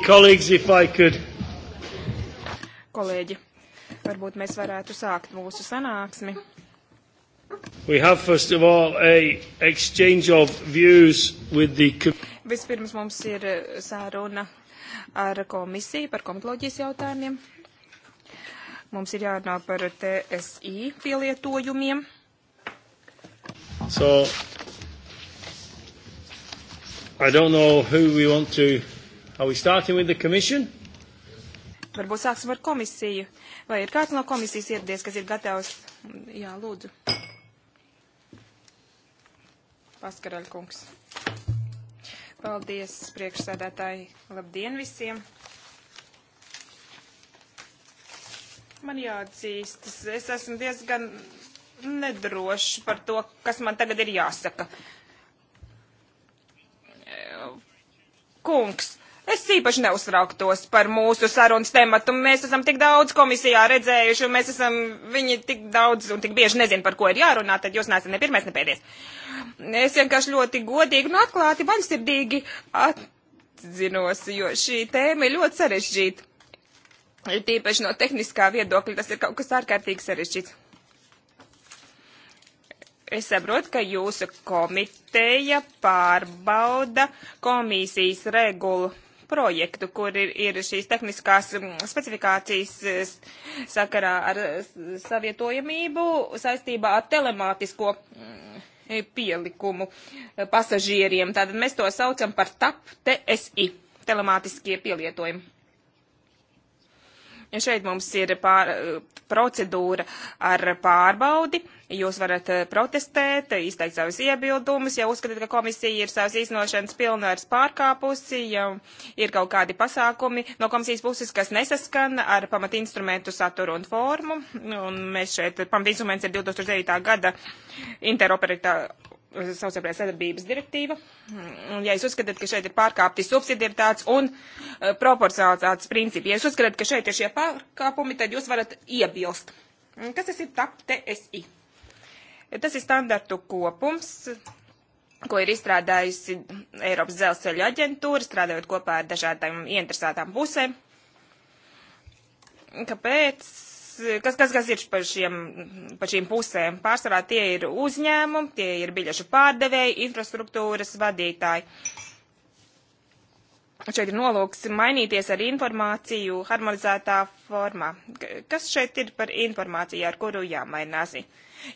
Kolēģi, varbūt mēs varētu sākt mūsu sanāksmi. All, the... Vispirms mums ir sāruna ar komisiju par komitoloģijas jautājumiem. Mums ir jārunā par TSI pielietojumiem. So, I don't know who we want to Are we starting with the Commission? Varbūt sāksim ar komisiju. Vai ir kāds no komisijas ieradies, kas ir gatavs? Jā, lūdzu. Paskaraļkungs. Paldies, priekšsēdētāji. Labdien visiem! Man jāatzīstas, es esmu diezgan nedrošs par to, kas man tagad ir jāsaka. Kungs, Es īpaši neuztrauktos par mūsu sarunas tematu. Mēs esam tik daudz komisijā redzējuši, un mēs esam viņi tik daudz un tik bieži nezin, par ko ir jārunā, tad jūs neesat ne pirmais, ne pēdējais. Es vienkārši ļoti godīgi un atklāti, vaļsirdīgi atzinos, jo šī tēma ir ļoti sarežģīta. Tīpaši no tehniskā viedokļa tas ir kaut kas ārkārtīgi sarežģīts. Es saprotu, ka jūsu komiteja pārbauda komisijas regulu projektu, kur ir, ir šīs tehniskās mm, specifikācijas eh, sakarā ar savietojamību saistībā ar telemātisko mm, e, pielikumu eh, pasažieriem. Tātad mēs to saucam par TAP TSI, telemātiskie pielietojumi. Un šeit mums ir pār, procedūra ar pārbaudi. Jūs varat eh, protestēt, izteikt savus iebildumus, ja uzskatāt, ka komisija ir savas īstenošanas pilnvaras pārkāpusi, ja ir kaut kādi pasākumi no komisijas puses, kas nesaskan ar pamatinstrumentu saturu un formu. Un mēs šeit, pamatinstruments ir 2009. gada interoperabilitāte savstarpējā sadarbības direktīva. Ja jūs uzskatāt, ka šeit ir pārkāpti subsidiaritātes un eh, proporcionalitātes principi, ja jūs uzskatāt, ka šeit ir šie pārkāpumi, tad jūs varat iebilst. Kas tas ir TAP TSI? Tas ir standartu kopums, ko ir izstrādājusi Eiropas dzelzceļa aģentūra, strādājot kopā ar dažādām ieinteresētām pusēm. Kāpēc? kas, kas, kas ir par, šiem, par šīm pusēm? Pārsvarā tie ir uzņēmumi, tie ir biļešu pārdevēji, infrastruktūras vadītāji. Šeit ir nolūks mainīties ar informāciju harmonizētā formā. Kas šeit ir par informāciju, ar kuru jāmainās?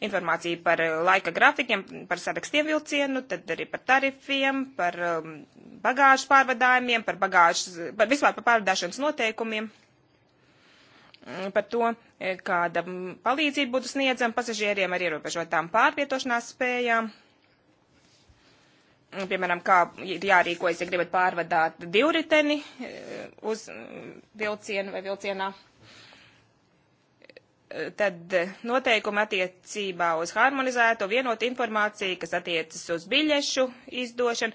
Informācija par laika grafikiem, par sarakstiem vilcienu, tad arī par tarifiem, par um, bagāžu pārvadājumiem, par, bagāžu, par vispār par pārvadāšanas noteikumiem. Mm, par to, e, kāda palīdzība būtu sniedzama pasažieriem ar ierobežotām pārvietošanās spējām. Mm, piemēram, kā ir jārīkojas, ja gribat pārvadāt divriteni e, uz mm, vilcienu vai vilcienā. E, tad noteikumi attiecībā uz harmonizēto vienotu informāciju, kas attiecas uz biļešu izdošanu,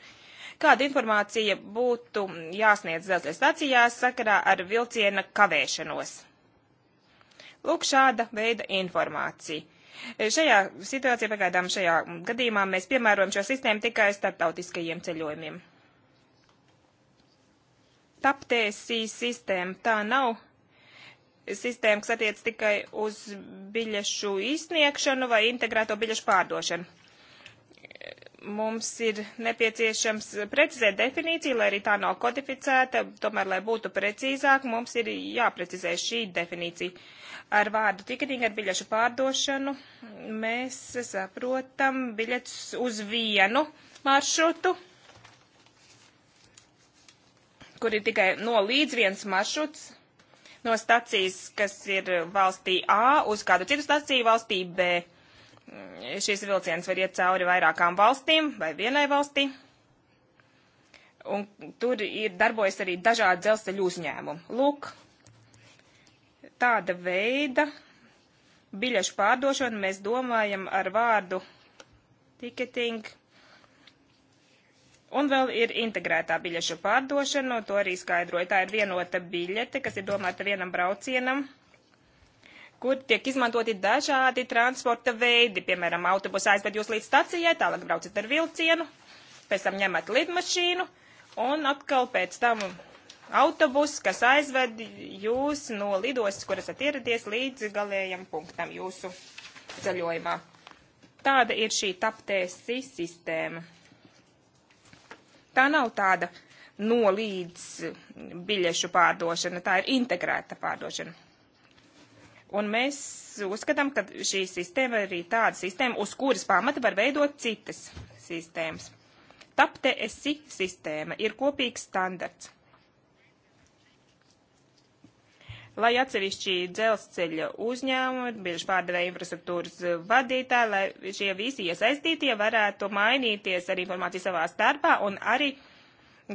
kāda informācija būtu jāsniedz dzelzceļa stacijās sakarā ar vilciena kavēšanos Lūk, šāda veida informācija. E, šajā situācijā, pagaidām šajā gadījumā, mēs piemērojam šo sistēmu tikai starptautiskajiem ceļojumiem. Taptēsī sistēma tā nav sistēma, kas attiec tikai uz biļešu izsniegšanu vai integrēto biļešu pārdošanu mums ir nepieciešams precizēt definīciju, lai arī tā nav kodificēta, tomēr, lai būtu precīzāk, mums ir jāprecizē šī definīcija. Ar vārdu tiketingu, ar biļešu pārdošanu mēs saprotam biļetus uz vienu maršrutu, kur ir tikai no līdz viens maršruts, no stacijas, kas ir valstī A, uz kādu citu staciju valstī B. Mm, šis vilciens var iet cauri vairākām valstīm vai vienai valstī. Un tur ir darbojas arī dažādi dzelzceļu uzņēmumi. Lūk, tāda veida biļešu pārdošanu mēs domājam ar vārdu ticketing. Un vēl ir integrētā biļešu pārdošana, to arī skaidroja. Tā ir vienota biļete, kas ir domāta vienam braucienam kur tiek izmantoti dažādi transporta veidi, piemēram, autobusu aizved jūs līdz stacijai, tālāk braucat ar vilcienu, pēc tam ņemat lidmašīnu un atkal pēc tam autobus, kas aizved jūs no lidostas, kur esat ieradies, līdz galējam punktam jūsu ceļojumā. Tāda ir šī taptēsi sistēma. Tā nav tāda nolīdz biļešu pārdošana, tā ir integrēta pārdošana. Un mēs uzskatām, ka šī sistēma ir arī tāda sistēma, uz kuras pamata var veidot citas sistēmas. Tapte esi sistēma ir kopīgs standarts. Lai atsevišķi dzelzceļa uzņēmumi, bieži pārdevēja infrastruktūras vadītāji, lai šie visi iesaistītie varētu mainīties ar informāciju savā starpā un arī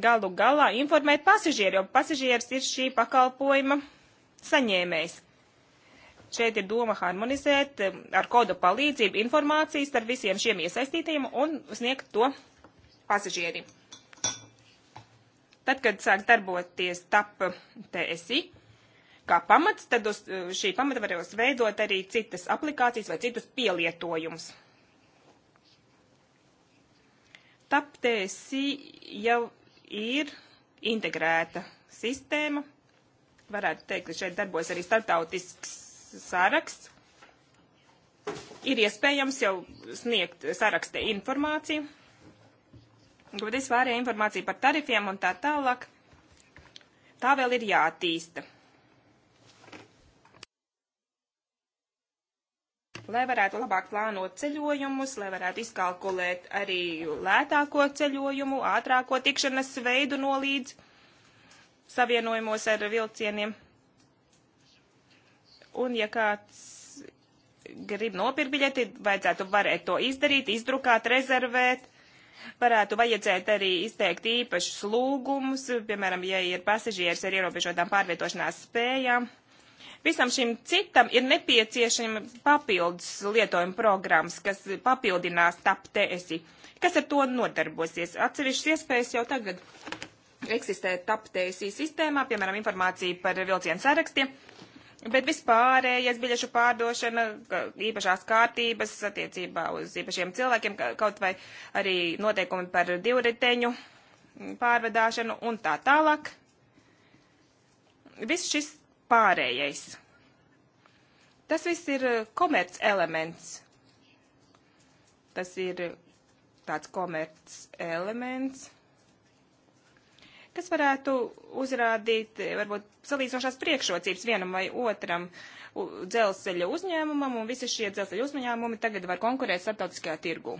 galu galā informēt pasažieru, jo pasažieris ir šī pakalpojuma saņēmējs. Šeit ir doma harmonizēt eh, ar kodu palīdzību informācijas ar visiem šiem iesaistītajiem un sniegt to pasažierim. Tad, kad sāk darboties TAP eh, TSI kā pamats, tad uz eh, šī pamata varēs veidot arī citas aplikācijas vai citus pielietojumus. TAP TSI jau ir integrēta sistēma. Varētu teikt, ka šeit darbojas arī startautisks saraksts. Ir iespējams jau sniegt sarakstē informāciju, gudīs vārējā informācija par tarifiem un tā tālāk. Tā vēl ir jātīsta. lai varētu labāk plānot ceļojumus, lai varētu izkalkulēt arī lētāko ceļojumu, ātrāko tikšanas veidu nolīdz savienojumos ar vilcieniem. Un ja kāds grib nopirkt biļeti, vajadzētu varēt to izdarīt, izdrukāt, rezervēt. Varētu vajadzēt arī izteikt īpašus lūgumus, piemēram, ja ir pasažieris ar ierobežotām pārvietošanās spējām. Visam šim citam ir nepieciešama papildus lietojuma programmas, kas papildinās TAPTSI. Kas ar to nodarbosies? Atsevišķas iespējas jau tagad eksistē TAPTSI sistēmā, piemēram, informācija par vilcienu sarakstiem. Bet vispārējais biļešu pārdošana, īpašās kārtības attiecībā uz īpašiem cilvēkiem, kaut vai arī noteikumi par divriteņu pārvedāšanu un tā tālāk. Viss šis pārējais. Tas viss ir komerc elements. Tas ir tāds komerc elements kas varētu uzrādīt eh, varbūt salīdzinošās priekšrocības vienam vai otram dzelzceļa uzņēmumam, un visi šie dzelzceļa uzņēmumi tagad var konkurēt starptautiskajā tirgū.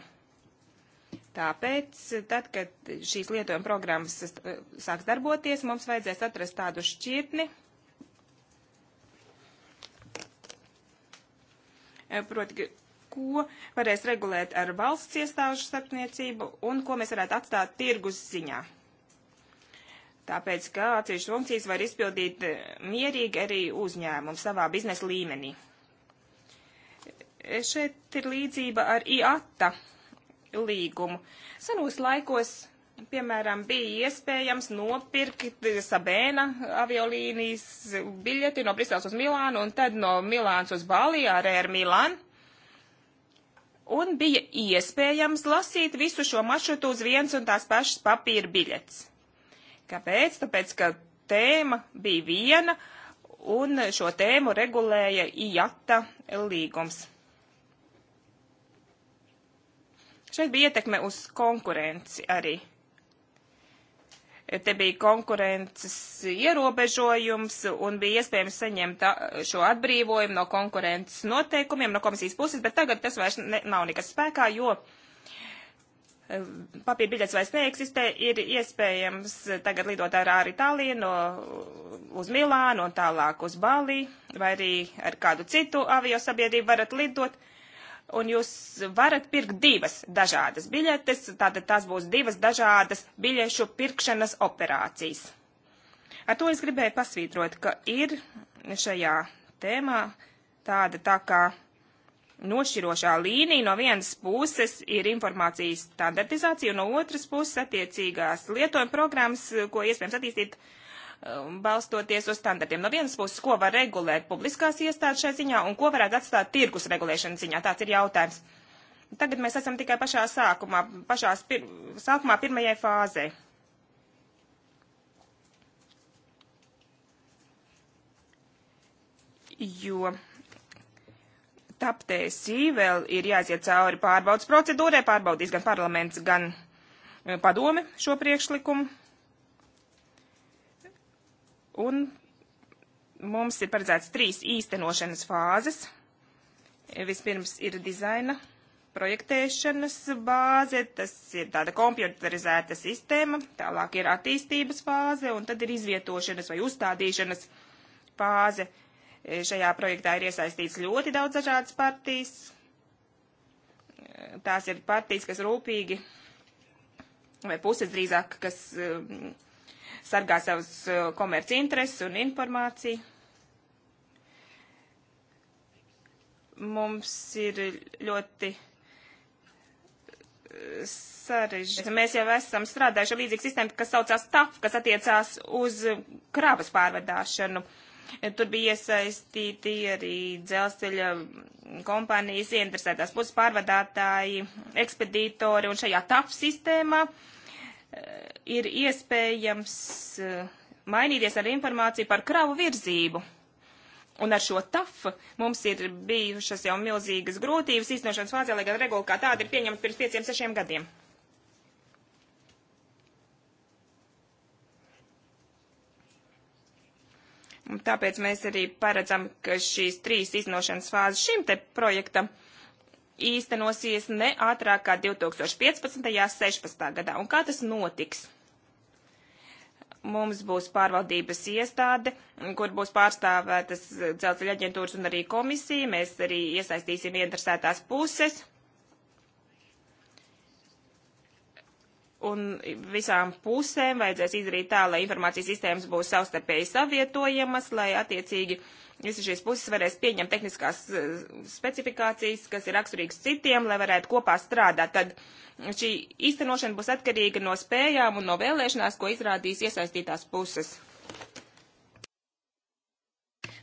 Tāpēc, eh, tad, kad šīs lietojuma programmas eh, sāks darboties, mums vajadzēs atrast tādu šķirtni, proti, ko varēs regulēt ar valsts iestāžu starpniecību un ko mēs varētu atstāt tirgus ziņā. Tāpēc, ka atsevišķas funkcijas var izpildīt eh, mierīgi arī uzņēmumu savā biznesa līmenī. Eh, šeit ir līdzība ar IATA līgumu. Senos laikos, piemēram, bija iespējams nopirkt eh, Sabēna aviolīnijas biļeti no Briseles uz Milānu un tad no Milāns uz Bali ar Air Milan. Un bija iespējams lasīt visu šo maršrutu uz viens un tās pašas papīra biļetes Kāpēc? Tāpēc, ka tēma bija viena, un šo tēmu regulēja IATA līgums. Šeit bija ietekme uz konkurenci arī. Te bija konkurences ierobežojums un bija iespējams saņemt šo atbrīvojumu no konkurences noteikumiem no komisijas puses, bet tagad tas vairs ne, nav nekas spēkā, jo uh, papīra biļets vairs neeksistē, ir iespējams tagad lidot ar ār Itāliju no, uz Milānu un tālāk uz Bali, vai arī ar kādu citu aviosabiedrību varat lidot. Un jūs varat pirkt divas dažādas biļetes, tātad tās būs divas dažādas biļešu pirkšanas operācijas. Ar to es gribēju pasvītrot, ka ir šajā tēmā tāda tā kā nošķirošā līnija no vienas puses ir informācijas standartizācija, un no otras puses attiecīgās lietojuma programmas, ko iespējams attīstīt um, balstoties uz standartiem. No vienas puses, ko var regulēt publiskās iestādes šai ziņā, un ko varētu atstāt tirgus regulēšanas ziņā, tāds ir jautājums. Tagad mēs esam tikai pašā sākumā, pašā pir sākumā pirmajai fāzē. Jo Taptēsī vēl ir jāiziet cauri pārbaudas procedūrai, pārbaudīs gan parlaments, gan eh, padome šo priekšlikumu. Un mums ir paredzēts trīs īstenošanas fāzes. Vispirms ir dizaina projektēšanas bāze, tas ir tāda kompjuterizēta sistēma, tālāk ir attīstības fāze, un tad ir izvietošanas vai uzstādīšanas fāze. Uh, Šajā projektā ir iesaistīts ļoti daudz dažādas partijas. Tās ir partijas, kas rūpīgi, vai puses drīzāk, kas um, sargā savus uh, komerci intereses un informāciju. Mums ir ļoti uh, sarežģīti. Mēs jau esam strādājuši ar līdzīgu sistēmu, kas saucās TAF, kas attiecās uz krāvas pārvedāšanu. Uh, Tur bija iesaistīti arī dzelzceļa kompānijas ieinteresētās puses pārvadātāji, ekspedītori, un šajā TAP sistēmā eh, ir iespējams eh, mainīties ar informāciju par kravu virzību. Un ar šo tafu mums ir bijušas jau milzīgas grūtības īstenošanas fāzē, lai gan regula kā tāda ir pieņemta pirms pieciem, sešiem gadiem. Un tāpēc mēs arī paredzam, ka šīs trīs iznošanas fāzes šim te projektam īstenosies ne ātrāk kā 2015. un 2016. gadā. Un kā tas notiks? Mums būs pārvaldības iestāde, kur būs pārstāvētas dzelzceļa aģentūras un arī komisija. Mēs arī iesaistīsim interesētās puses un visām pusēm vajadzēs izdarīt tā, lai informācijas sistēmas būs savstarpēji savietojamas, lai attiecīgi visas šīs puses varēs pieņemt tehniskās eh, specifikācijas, kas ir raksturīgas citiem, lai varētu kopā strādāt. Tad šī īstenošana būs atkarīga no spējām un no vēlēšanās, ko izrādīs iesaistītās puses.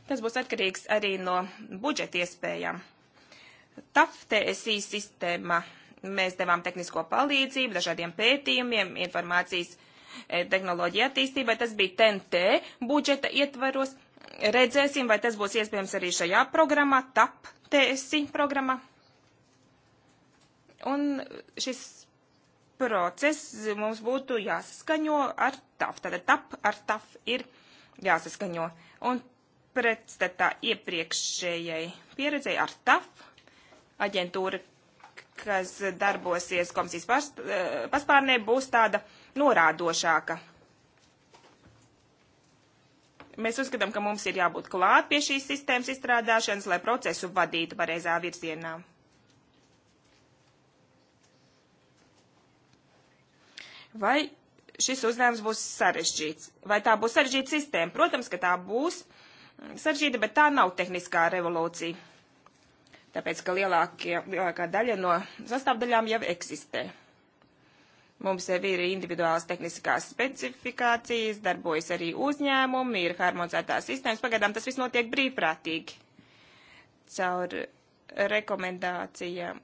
Tas būs atkarīgs arī no budžeta iespējām. TAFTSI e sistēma Mēs devām tehnisko palīdzību dažādiem pētījumiem, informācijas e, tehnoloģija attīstībai. Tas bija TNT budžeta ietvaros. Redzēsim, vai tas būs iespējams arī šajā programmā, TAP TSI programmā. Un šis process mums būtu jāsaskaņo ar TAF. Tātad TAP ar TAF ir jāsaskaņo. Un pretstatā iepriekšējai pieredzei ar TAF aģentūra kas darbosies komisijas eh, paspārnē, būs tāda norādošāka. Mēs uzskatām, ka mums ir jābūt klāt pie šīs sistēmas izstrādāšanas, lai procesu vadītu pareizā virzienā. Vai šis uzdevums būs sarežģīts? Vai tā būs sarežģīta sistēma? Protams, ka tā būs sarežģīta, bet tā nav tehniskā revolūcija tāpēc ka lielākie, lielākā daļa no sastāvdaļām jau eksistē. Mums jau ir individuālas tehniskās specifikācijas, darbojas arī uzņēmumi, ir harmonizētās sistēmas. Pagaidām tas viss notiek brīvprātīgi caur rekomendācijām.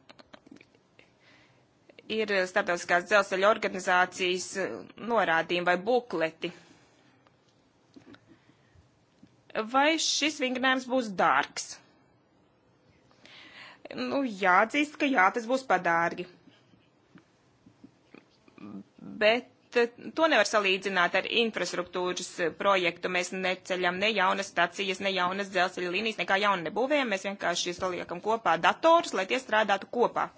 Ir starptautiskās dzelzceļa organizācijas norādījumi vai bukleti. Vai šis vingrinājums būs dārgs? nu, jāatzīst, ka jā, tas būs padārgi. Bet eh, to nevar salīdzināt ar infrastruktūras eh, projektu. Mēs neceļam ne jaunas stacijas, ne jaunas dzelzceļa līnijas, nekā jaunu nebūvējam. Mēs vienkārši saliekam kopā datorus, lai tie strādātu kopā.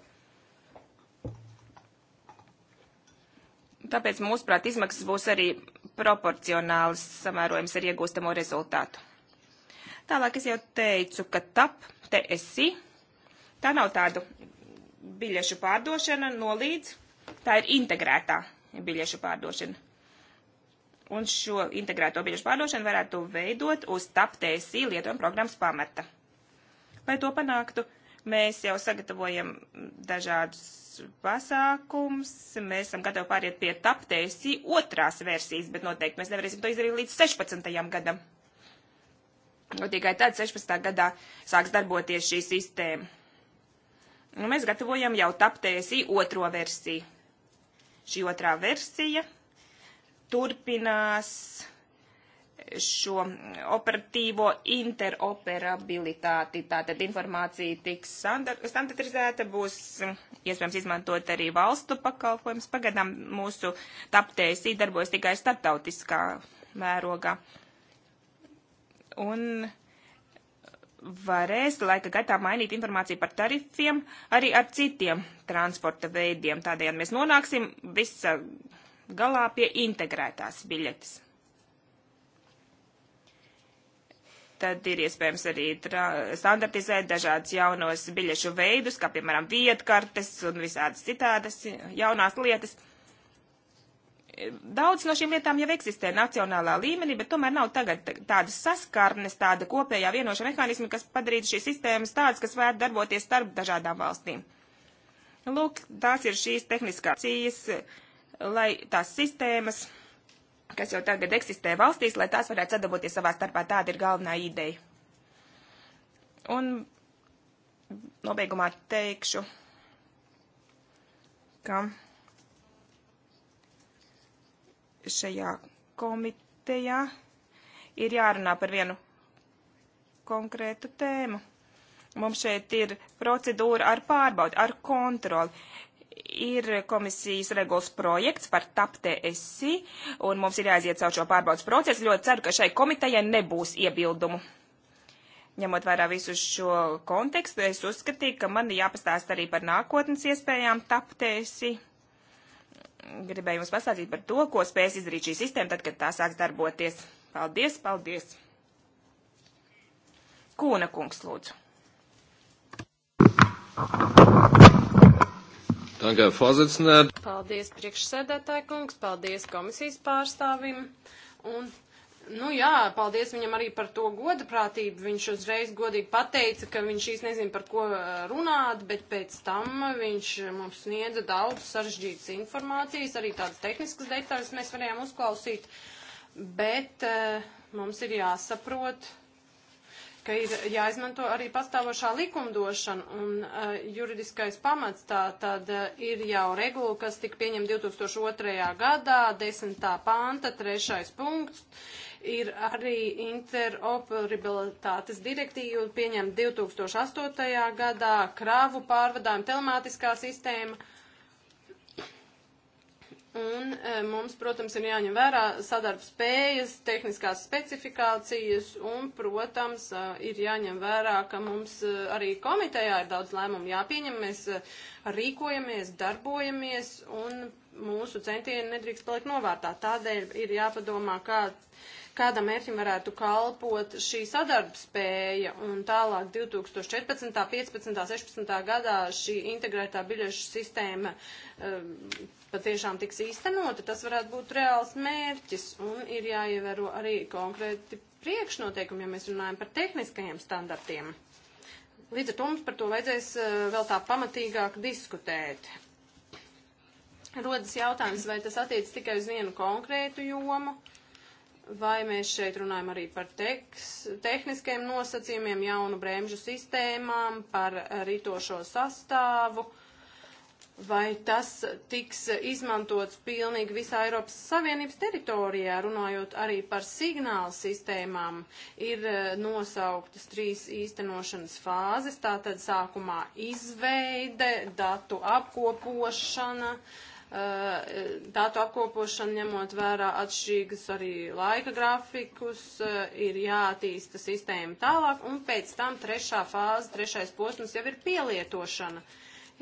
Tāpēc, mūsuprāt, izmaksas būs arī proporcionāls samērojums ar iegūstamo rezultātu. Tālāk es jau teicu, ka tap, te esi. Tā nav tāda biļešu pārdošana no līdz, tā ir integrētā biļešu pārdošana. Un šo integrēto biļešu pārdošanu varētu veidot uz TAPTSI lietojuma programmas pamata. Lai to panāktu, mēs jau sagatavojam dažādus pasākums, mēs esam gatavi pāriet pie TAPTSI otrās versijas, bet noteikti mēs nevarēsim to izdarīt līdz 16. gadam. Un tikai tad 16. gadā sāks darboties šī sistēma Nu, mēs gatavojam jau taptēsī otro versiju. Šī otrā versija turpinās šo operatīvo interoperabilitāti. Tātad informācija tiks standartizēta, būs iespējams izmantot arī valstu pakalpojums. Pagadām mūsu taptēsī darbojas tikai starptautiskā mērogā. Un varēs laika gaitā mainīt informāciju par tarifiem arī ar citiem transporta veidiem. Tādējādi mēs nonāksim visa galā pie integrētās biļetes. Tad ir iespējams arī standartizēt dažādas jaunos biļešu veidus, kā piemēram vietkartes un visādas citādas jaunās lietas. Daudz no šīm lietām jau eksistē nacionālā līmenī, bet tomēr nav tagad tādas saskarnes, tāda kopējā vienoša mehānisma, kas padarītu šīs sistēmas tādas, kas varētu darboties starp dažādām valstīm. Lūk, tās ir šīs tehniskās cijas, lai tās sistēmas, kas jau tagad eksistē valstīs, lai tās varētu sadaboties savā starpā. Tāda ir galvenā ideja. Un nobeigumā teikšu, ka šajā komitejā ir jārunā par vienu konkrētu tēmu. Mums šeit ir procedūra ar pārbaudi, ar kontroli. Ir komisijas regulas projekts par TAPTSI, un mums ir jāiziet caur šo pārbaudas procesu. Ļoti ceru, ka šai komitejai nebūs iebildumu. Ņemot vērā visu šo kontekstu, es uzskatīju, ka man jāpastāst arī par nākotnes iespējām TAPTSI gribēju jums pastāstīt par to, ko spēs izdarīt šī sistēma, tad, kad tā sāks darboties. Paldies, paldies! Kūna kungs, lūdzu. Danke, Vorsitzender. Paldies, priekšsēdētāji kungs, paldies komisijas pārstāvim. Un Nu jā, paldies viņam arī par to godaprātību. Viņš uzreiz godīgi pateica, ka viņš īsti nezina, par ko uh, runāt, bet pēc tam viņš mums sniedza daudz sarežģītas informācijas, arī tādas tehniskas detaļas mēs varējām uzklausīt. Bet uh, mums ir jāsaprot, ka ir jāizmanto arī pastāvošā likumdošana un uh, juridiskais pamats tā tad uh, ir jau regula, kas tika pieņemta 2002. gadā, 10. panta, 3. punkts. Ir arī interoperabilitātes direktīva pieņemta 2008. gadā, krāvu pārvadājuma telemātiskā sistēma. Uh, Un e, mums, protams, ir jāņem vērā sadarba spējas, tehniskās specifikācijas un, protams, e, ir jāņem vērā, ka mums e, arī komitejā ir daudz lēmumu jāpieņem. Mēs rīkojamies, darbojamies un mūsu centieni nedrīkst palikt novārtā. Tādēļ ir jāpadomā, kā kādam mērķim varētu kalpot šī sadarbspēja, un tālāk 2014., 15., 16. gadā šī integrētā biļešu sistēma um, patiešām tiks īstenota, tas varētu būt reāls mērķis, un ir jāievēro arī konkrēti priekšnoteikumi, ja mēs runājam par tehniskajiem standartiem. Līdz ar to mums par to vajadzēs uh, vēl tā pamatīgāk diskutēt. Rodas jautājums, vai tas attiec tikai uz vienu konkrētu jomu, vai mēs šeit runājam arī par teks, tehniskiem nosacījumiem, jaunu bremžu sistēmām, par rītošo sastāvu, vai tas tiks izmantots pilnīgi visā Eiropas Savienības teritorijā, runājot arī par signālu sistēmām, ir eh, nosauktas trīs īstenošanas fāzes, tātad sākumā izveide, datu apkopošana, uh, Eh, datu apkopošana, ņemot vērā atšķirīgas arī laika grafikus, eh, ir jātīsta sistēma tālāk, un pēc tam trešā fāze, trešais posms jau ir pielietošana.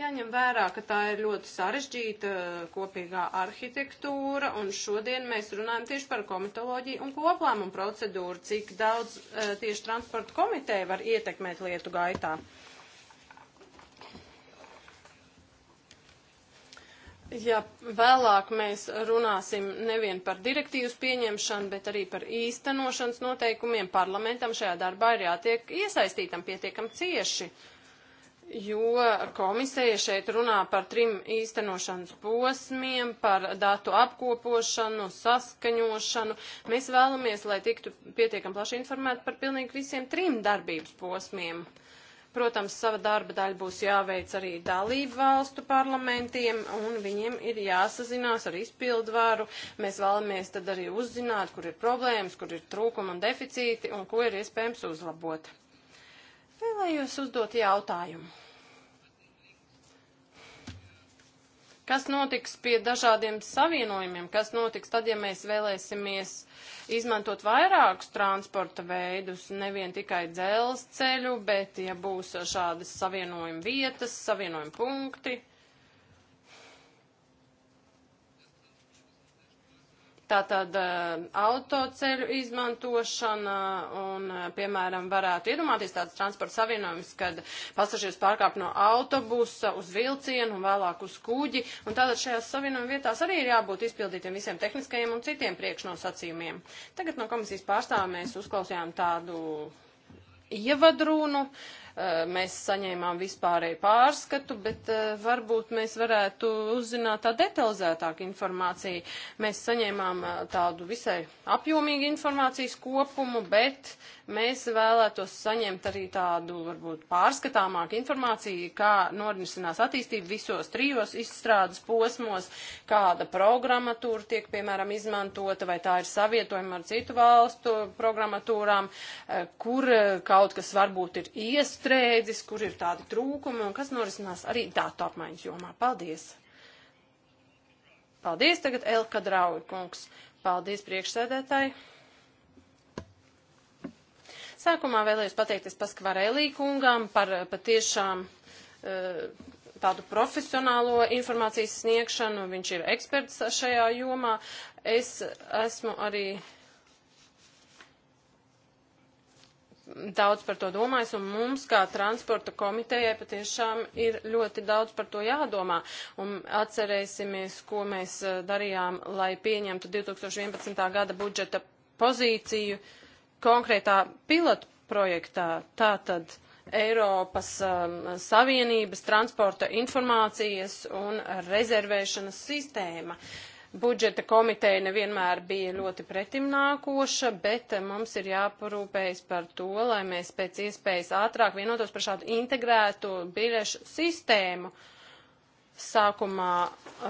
Jāņem vērā, ka tā ir ļoti sarežģīta eh, kopīgā arhitektūra, un šodien mēs runājam tieši par komitoloģiju un koplēmumu procedūru, cik daudz tieši transporta komiteja var ietekmēt lietu gaitā. Ja vēlāk mēs runāsim nevien par direktīvas pieņemšanu, bet arī par īstenošanas noteikumiem, parlamentam šajā darbā ir jātiek iesaistītam pietiekam cieši, jo komisija šeit runā par trim īstenošanas posmiem, par datu apkopošanu, saskaņošanu. Mēs vēlamies, lai tiktu pietiekam plaši informēti par pilnīgi visiem trim darbības posmiem. Uh, Protams, sava darba daļa būs jāveic arī dalību valstu parlamentiem, un viņiem ir jāsazinās ar izpildvaru. Mēs vēlamies tad arī uzzināt, kur ir problēmas, kur ir trūkumi un deficīti, un ko ir iespējams uzlabot. Vēlējos uzdot jautājumu. Kas notiks pie dažādiem savienojumiem? Kas notiks tad, ja mēs vēlēsimies izmantot vairākus transporta veidus, nevien tikai dzelzceļu, bet ja būs šādas savienojuma vietas, savienojuma punkti? Tātad eh, autoceļu izmantošana un, eh, piemēram, varētu iedomāties tāds transporta savienojums, kad pasažieris pārkāp no autobusa uz vilcienu un vēlāk uz kuģi. Un tātad šajās savienojuma vietās arī ir jābūt izpildītiem visiem tehniskajiem un citiem priekšnosacījumiem. Tagad no komisijas pārstāvja mēs uzklausījām tādu ievadrūnu. Uh, Eh, mēs saņēmām vispārēju pārskatu, bet eh, varbūt mēs varētu uzzināt tā detalizētāk informāciju. Mēs saņēmām eh, tādu visai apjomīgu informācijas kopumu, bet Mēs vēlētos saņemt arī tādu, varbūt, pārskatāmāku informāciju, kā norisinās attīstība visos trijos izstrādes posmos, kāda programmatūra tiek, piemēram, izmantota, vai tā ir savietojama ar citu valstu programmatūrām, e, kur e, kaut kas varbūt ir iestrēdzis, kur ir tādi trūkumi un kas norisinās arī datu apmaiņas jomā. Paldies! Paldies tagad Elka Draugi kungs. Paldies priekšsēdētāji. Sākumā vēlējos pateikties Paskvarēlī kungam par eh, patiešām eh, tādu profesionālo informācijas sniegšanu. Viņš ir eksperts šajā jomā. Es esmu arī daudz par to domājis, un mums, kā transporta komitejai, patiešām ir ļoti daudz par to jādomā. Un atcerēsimies, ko mēs eh, darījām, lai pieņemtu 2011. gada budžeta pozīciju. Uh, konkrētā pilotu projektā. Tātad Eiropas um, Savienības transporta informācijas un rezervēšanas sistēma. Budžeta komiteja nevienmēr bija ļoti pretimnākoša, bet eh, mums ir jāparūpējas par to, lai mēs pēc iespējas ātrāk vienotos par šādu integrētu biļešu sistēmu. Uh, Sākumā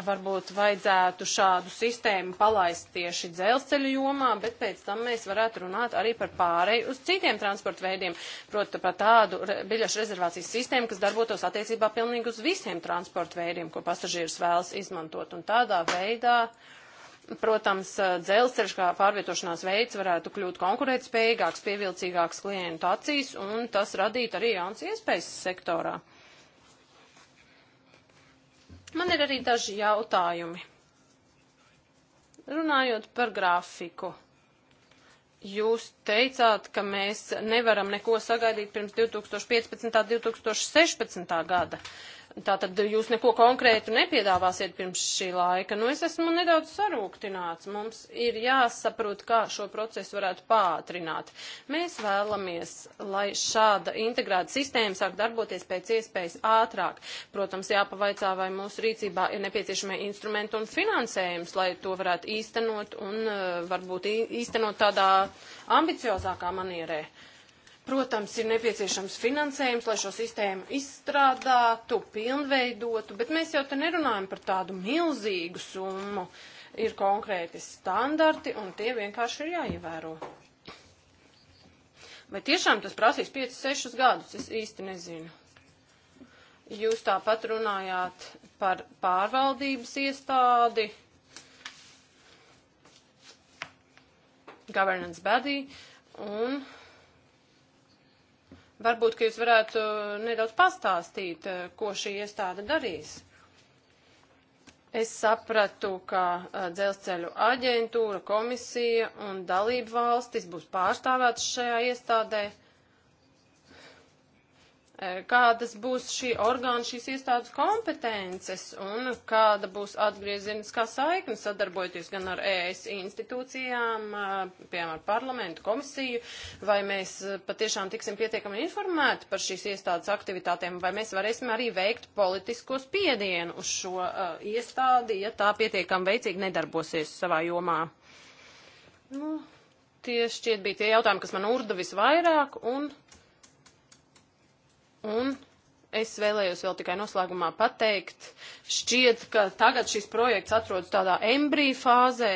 varbūt vajadzētu šādu sistēmu palaist tieši dzelzceļu jomā, bet pēc tam mēs varētu runāt arī par pārēju uz citiem transporta veidiem, proti par tādu re biļešu rezervācijas sistēmu, kas darbotos attiecībā pilnīgi uz visiem transporta veidiem, ko pasažieris vēlas izmantot. Un tādā veidā protams, dzelzceļš kā pārvietošanās veids varētu kļūt konkurētspējīgāks, pievilcīgāks klientu acīs, un tas radītu arī jauns iespējas sektorā. Man ir arī daži jautājumi. Runājot par grafiku. Jūs teicāt, ka mēs nevaram neko sagaidīt pirms 2015. un 2016. gada. Uh, Tātad jūs neko konkrētu nepiedāvāsiet pirms šī laika. Nu, es esmu nedaudz sarūktināts. Mums ir jāsaprot, kā šo procesu varētu pātrināt. Mēs vēlamies, lai šāda integrēta sistēma sāk darboties pēc iespējas ātrāk. Protams, jāpavaicā, vai mūsu rīcībā ir nepieciešamie instrumenti un finansējums, lai to varētu īstenot un eh, varbūt īstenot tādā ambiciozākā manierē. Uh, Protams, ir nepieciešams finansējums, lai šo sistēmu izstrādātu, pilnveidotu, bet mēs jau te nerunājam par tādu milzīgu summu. Ir konkrēti standarti, un tie vienkārši ir jāievēro. Vai tiešām tas prasīs 5-6 gadus? Es īsti nezinu. Jūs tāpat runājāt par pārvaldības iestādi, governance body, un Varbūt, ka jūs varētu nedaudz pastāstīt, eh, ko šī iestāde darīs. Es sapratu, ka eh, dzelzceļu aģentūra, komisija un dalību valstis būs pārstāvētas šajā iestādē. Uh, Eh, kādas būs šī orgāna, šīs iestādes kompetences un kāda būs atgriezeniskā saikne sadarbojoties gan ar ES institūcijām, eh, piemēram, ar parlamentu komisiju, vai mēs eh, patiešām tiksim pietiekami informēti par šīs iestādes aktivitātēm, vai mēs varēsim arī veikt politisko spiedienu uz šo uh, iestādi, ja tā pietiekami veicīgi nedarbosies savā jomā. Nu, tie šķiet bija tie jautājumi, kas man urda visvairāk, un Un es vēlējos vēl tikai noslēgumā pateikt, šķiet, ka tagad šis projekts atrodas tādā embrija fāzē,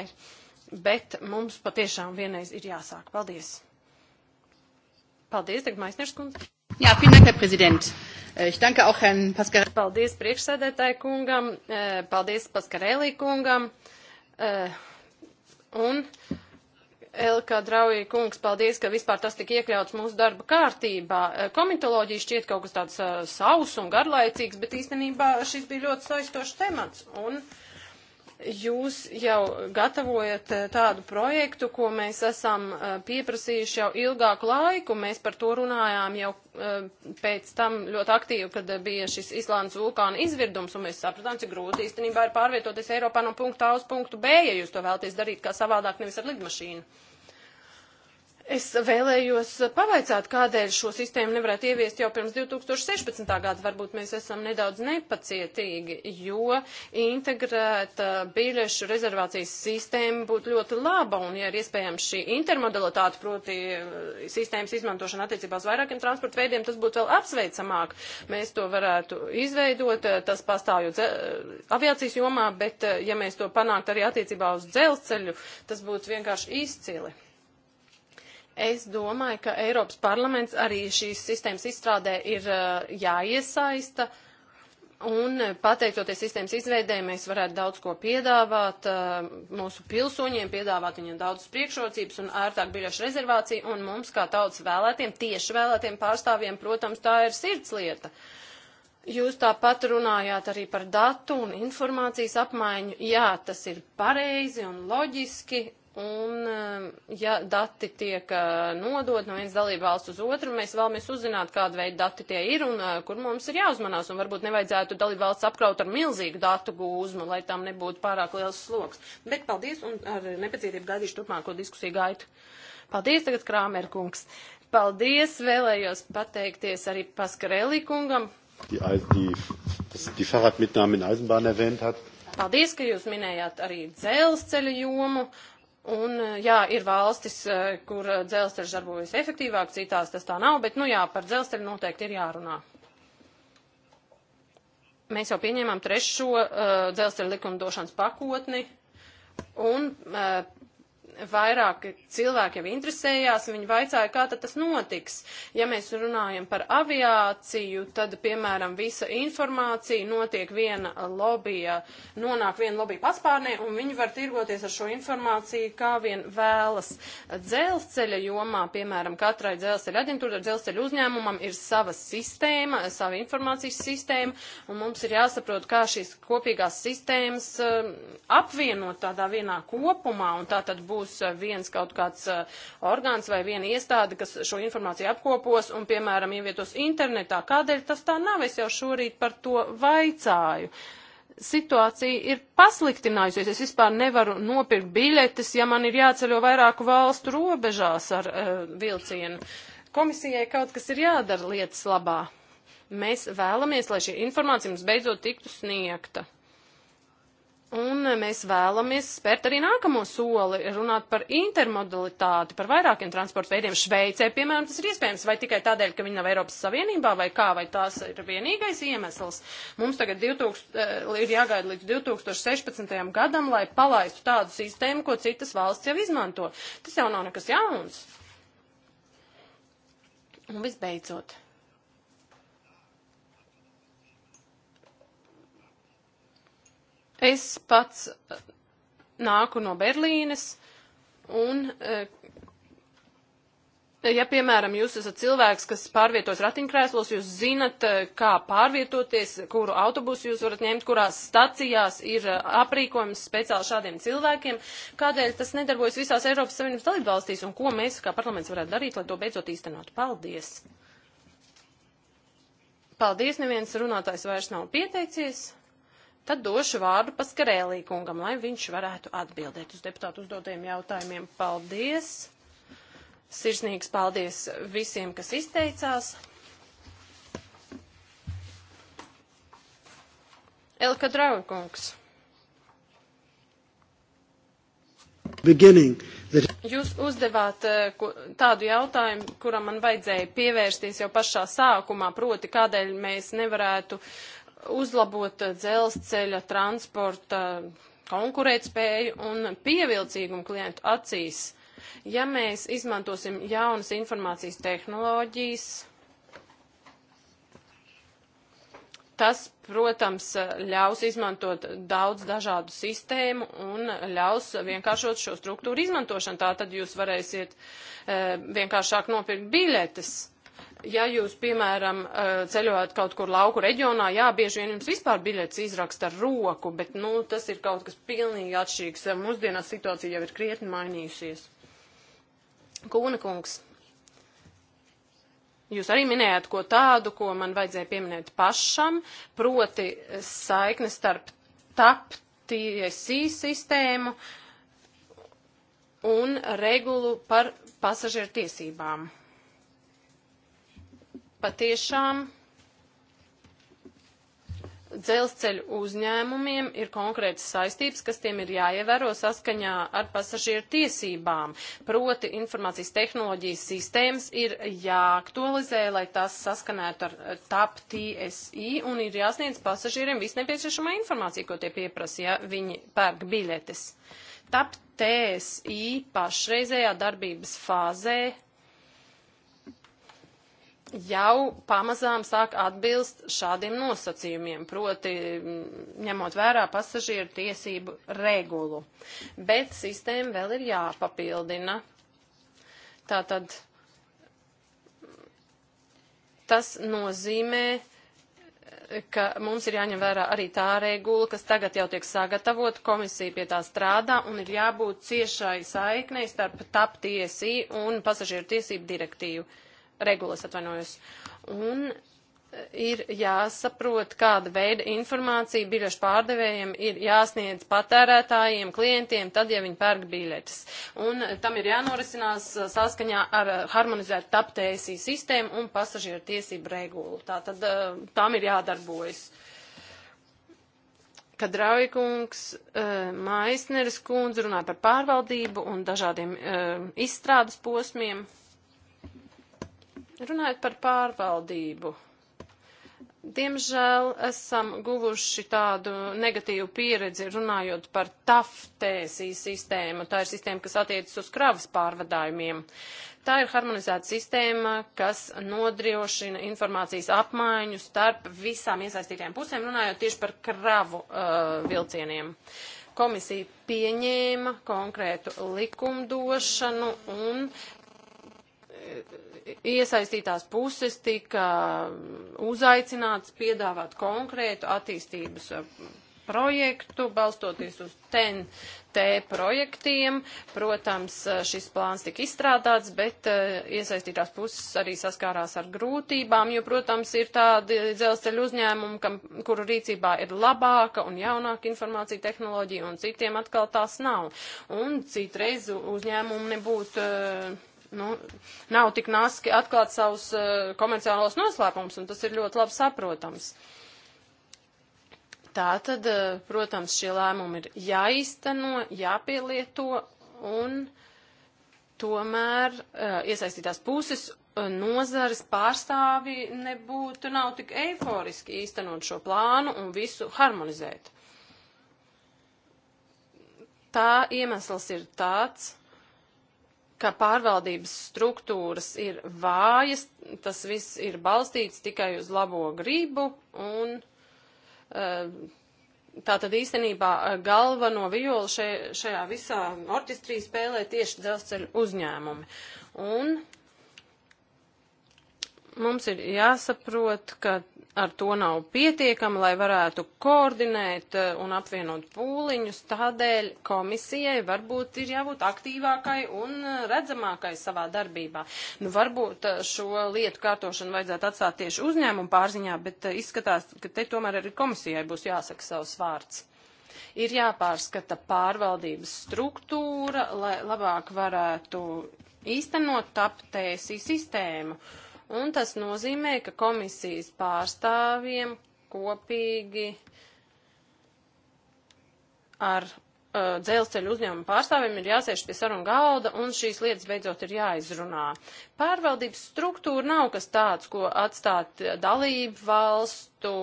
bet mums patiešām vienreiz ir jāsāk. Paldies! Paldies, Dagmais Nerskundze! Jā, vielen Dank, Herr Präsident. Äh, ich danke auch Herrn Pascarelli. Paldies priekšsēdētāju kungam, äh, paldies Pascarelli kungam. Äh, un Elka Draujī kungs, paldies, ka vispār tas tika iekļauts mūsu darba kārtībā. Eh, komitoloģija šķiet kaut kas tāds uh, eh, savs un garlaicīgs, bet īstenībā šis bija ļoti saistošs temats. Un, uh, jūs jau gatavojat eh, tādu projektu, ko mēs esam eh, pieprasījuši jau ilgāku laiku. Mēs par to runājām jau eh, pēc tam ļoti aktīvi, kad bija šis Islāns vulkāna izvirdums, un mēs sapratām, cik grūti īstenībā ir pārvietoties Eiropā no punkta A uz punktu B, ja jūs to vēlaties darīt kā savādāk, nevis ar lidmašīnu. Es vēlējos pavaicāt, kādēļ šo sistēmu nevarētu ieviest jau pirms 2016. gada. Varbūt mēs esam nedaudz nepacietīgi, jo integrēta biļešu rezervācijas sistēma būtu ļoti laba, un ja ir iespējams šī intermodalitāte, proti eh, sistēmas izmantošana attiecībā uz vairākiem transporta veidiem, tas būtu vēl apsveicamāk. Mēs to varētu izveidot, eh, tas pastāv jau eh, aviācijas jomā, bet ja mēs to panākt arī attiecībā uz dzelzceļu, tas būtu vienkārši izcili. Es domāju, ka Eiropas parlaments arī šīs sistēmas izstrādē ir uh, jāiesaista. Un pateicoties sistēmas izveidē, mēs varētu daudz ko piedāvāt uh, mūsu pilsoņiem, piedāvāt viņiem daudzas priekšrocības un ērtāk biļešu rezervāciju, un mums kā tautas vēlētiem, tieši vēlētiem pārstāvjiem, protams, tā ir sirds lieta. Jūs tāpat runājāt arī par datu un informācijas apmaiņu. Jā, tas ir pareizi un loģiski, Un, eh, ja dati tiek eh, nodot no vienas dalībvalsts uz otru, mēs vēlamies uzzināt, kāda veida dati tie ir un eh, kur mums ir jāuzmanās. Un varbūt nevajadzētu dalībvalsts apkraut ar milzīgu datu gūzmu, lai tam nebūtu pārāk liels sloks. Bet paldies un ar nepacietību gaidīšu turpmāko diskusiju gaitu. Paldies tagad Krāmer kungs. Paldies, vēlējos pateikties arī Paskarelī kungam. Die, die, das, die Fahrradmitnahme in Eisenbahn erwähnt hat. Paldies, ka jūs minējāt arī dzelzceļa jomu Un, eh, jā, ir valstis, eh, kur eh, dzelzceļš darbojas efektīvāk, citās tas tā nav, bet, nu jā, par dzelzceļu noteikti ir jārunā. Mēs jau pieņēmām trešo uh, dzelzceļa likumdošanas pakotni, un uh, vairāki cilvēki jau interesējās, viņi vaicāja, kā tad tas notiks. Ja mēs runājam par aviāciju, tad, piemēram, visa informācija notiek viena lobija, nonāk viena lobija paspārnē, un viņi var tirgoties ar šo informāciju, kā vien vēlas. Dzelzceļa jomā, piemēram, katrai dzelzceļa aģentūra, dzelzceļa uzņēmumam ir sava sistēma, sava informācijas sistēma, un mums ir jāsaprot, kā šīs kopīgās sistēmas um, apvienot tādā vienā kopumā, un tā tad būs būs eh, viens kaut kāds eh, orgāns vai viena iestāde, kas šo informāciju apkopos un, piemēram, ievietos internetā. Kādēļ tas tā nav? Es jau šorīt par to vaicāju. Situācija ir pasliktinājusies. Es vispār nevaru nopirkt biļetes, ja man ir jāceļo vairāku valstu robežās ar uh, vilcienu. Komisijai kaut kas ir jādara lietas labā. Mēs vēlamies, lai šī informācija mums beidzot tiktu sniegta. Un mēs vēlamies spērt arī nākamo soli, runāt par intermodalitāti, par vairākiem transporta veidiem. Šveicē, piemēram, tas ir iespējams, vai tikai tādēļ, ka viņi nav Eiropas Savienībā, vai kā, vai tās ir vienīgais iemesls. Mums tagad 2000, eh, ir jāgaida līdz 2016. gadam, lai palaistu tādu sistēmu, ko citas valsts jau izmanto. Tas jau nav nekas jauns. Un visbeidzot. Es pats eh, nāku no Berlīnes un eh, Ja, piemēram, jūs esat cilvēks, kas pārvietos ratiņkrēslos, jūs zinat, eh, kā pārvietoties, kuru autobusu jūs varat ņemt, kurās stacijās ir aprīkojums speciāli šādiem cilvēkiem, kādēļ tas nedarbojas visās Eiropas Savienības dalībvalstīs un ko mēs kā parlaments varētu darīt, lai to beidzot īstenot. Paldies! Paldies, neviens runātājs vairs nav pieteicies. Tad došu vārdu paskarēlī kungam, lai viņš varētu atbildēt uz deputātu uzdotajiem jautājumiem. Paldies! Sirsnīgs paldies visiem, kas izteicās. Elka Draugungs. Beginning. Jūs uzdevāt eh, tādu jautājumu, kuram man vajadzēja pievērsties jau pašā sākumā, proti, kādēļ mēs nevarētu uh, uzlabot eh, dzelzceļa transporta eh, konkurētspēju un pievilcīgumu klientu acīs. Ja mēs izmantosim jaunas informācijas tehnoloģijas, tas, protams, eh, ļaus izmantot daudz dažādu sistēmu un ļaus vienkāršot šo struktūru izmantošanu. Tā tad jūs varēsiet e, vienkāršāk nopirkt biļetes ja jūs, piemēram, eh, ceļojat kaut kur lauku reģionā, jā, bieži vien jums vispār biļets izraksta ar roku, bet, nu, tas ir kaut kas pilnīgi atšķirīgs. Eh, mūsdienās situācija jau ir krietni mainījusies. Kūna kungs, Jūs arī minējāt ko tādu, ko man vajadzēja pieminēt pašam, proti eh, saikne starp TAP TSI sistēmu un regulu par pasažieru tiesībām patiešām dzelzceļu uzņēmumiem ir konkrētas saistības, kas tiem ir jāievēro saskaņā ar pasažieru tiesībām. Proti informācijas tehnoloģijas sistēmas ir jāaktualizē, lai tas saskanētu ar TAP TSI un ir jāsniedz pasažieriem visnepieciešamā informācija, ko tie pieprasa, ja viņi pērk biļetes. TAP TSI pašreizējā darbības fāzē jau pamazām sāk atbilst šādiem nosacījumiem, proti ņemot vērā pasažieru tiesību regulu. Bet sistēma vēl ir jāpapildina. Tātad tas nozīmē, ka mums ir jāņem vērā arī tā regula, kas tagad jau tiek sagatavota, komisija pie tā strādā un ir jābūt ciešai saiknei starp tap tiesī un pasažieru tiesību direktīvu. Uh, regulas atvainojos. Un e, ir jāsaprot, kāda veida informācija biļešu pārdevējiem ir jāsniedz patērētājiem, klientiem, tad, ja viņi pērk biļetes. Un e, tam ir jānorisinās e, saskaņā ar harmonizētu taptēsī sistēmu un pasažieru tiesību regulu. Tā tad tam ir jādarbojas. Kad Raujikungs, Maisneres kundze runāja par pārvaldību un dažādiem izstrādes posmiem, Runājot par pārvaldību. Diemžēl esam guvuši tādu negatīvu pieredzi runājot par taftēsī sistēmu. Tā ir sistēma, kas attiecas uz kravas pārvadājumiem. Tā ir harmonizēta sistēma, kas nodrošina informācijas apmaiņu starp visām iesaistītajām pusēm, runājot tieši par kravu uh, vilcieniem. Komisija pieņēma konkrētu likumdošanu un iesaistītās puses tika uzaicināts piedāvāt konkrētu attīstības uh, projektu, balstoties uz TNT projektiem. Protams, uh, šis plāns tika izstrādāts, bet uh, iesaistītās puses arī saskārās ar grūtībām, jo, protams, ir tādi dzelzceļu uzņēmumi, kam, kuru rīcībā ir labāka un jaunāka informācija tehnoloģija, un citiem atkal tās nav. Un citreiz uzņēmumi nebūtu nu, nav tik naski atklāt savus uh, komerciālos noslēpumus, un tas ir ļoti labi saprotams. Tā tad, uh, protams, šie lēmumi ir jāizteno, jāpielieto, un tomēr uh, iesaistītās puses nozares pārstāvi nebūtu, nav tik eiforiski īstenot šo plānu un visu harmonizēt. Tā iemesls ir tāds, ka pārvaldības struktūras ir vājas, tas viss ir balstīts tikai uz labo gribu un eh, tā tad īstenībā eh, galveno violu šajā, šajā visā orķestrī spēlē tieši dzelzceļu uzņēmumi. Un Mums ir jāsaprot, ka ar to nav pietiekami, lai varētu koordinēt eh, un apvienot pūliņus. Tādēļ komisijai varbūt ir jābūt aktīvākai un eh, redzamākai savā darbībā. Nu, varbūt eh, šo lietu kārtošanu vajadzētu atstāt tieši uzņēmumu pārziņā, bet izskatās, ka te tomēr arī komisijai būs jāsaka savs vārds. Ir jāpārskata pārvaldības struktūra, lai labāk varētu īstenot taptēsī sistēmu. Uh, un tas nozīmē, ka komisijas pārstāvjiem kopīgi ar uh, dzelzceļu uzņēmumu pārstāvjiem ir jāsēž pie sarunu galda un šīs lietas beidzot ir jāizrunā. Pārvaldības struktūra nav kas tāds, ko atstāt dalību valstu,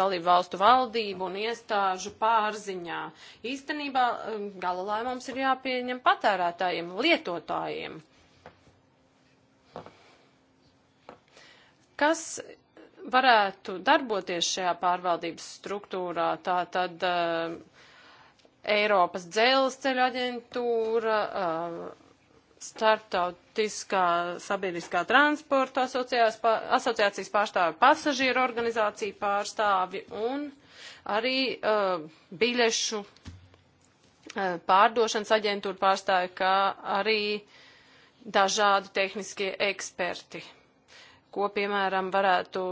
dalību valstu valdību un iestāžu pārziņā. Īstenībā um, gala lēmums ir jāpieņem patērētājiem, lietotājiem. Kas varētu darboties šajā pārvaldības struktūrā? Tā tad uh, Eiropas dzelzceļa aģentūra, uh, eh, starptautiskā sabiedriskā transporta asociācijas pārstāvi, pasažieru organizāciju pārstāvi un arī uh, biļešu pārdošanas aģentūra pārstāvi, kā arī dažādi tehniskie eksperti ko, piemēram, varētu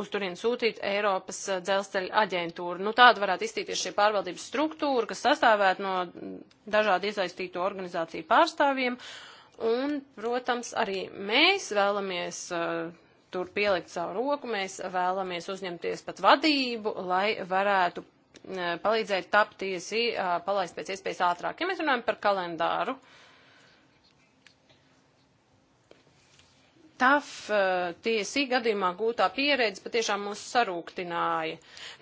uz turien sūtīt Eiropas eh, dzelzceļa aģentūra. Nu, tāda varētu izstīties šie pārvaldības struktūra, kas sastāvētu no dažādu iesaistīto organizāciju pārstāvjiem. Un, protams, arī mēs vēlamies uh, tur pielikt savu roku, mēs vēlamies uzņemties pat vadību, lai varētu uh, palīdzēt tapt tiesī, uh, palaist pēc iespējas ātrāk. Ja mēs runājam par kalendāru, uh, TAF eh, tiesī gadījumā gūtā pieredze patiešām mūs sarūktināja.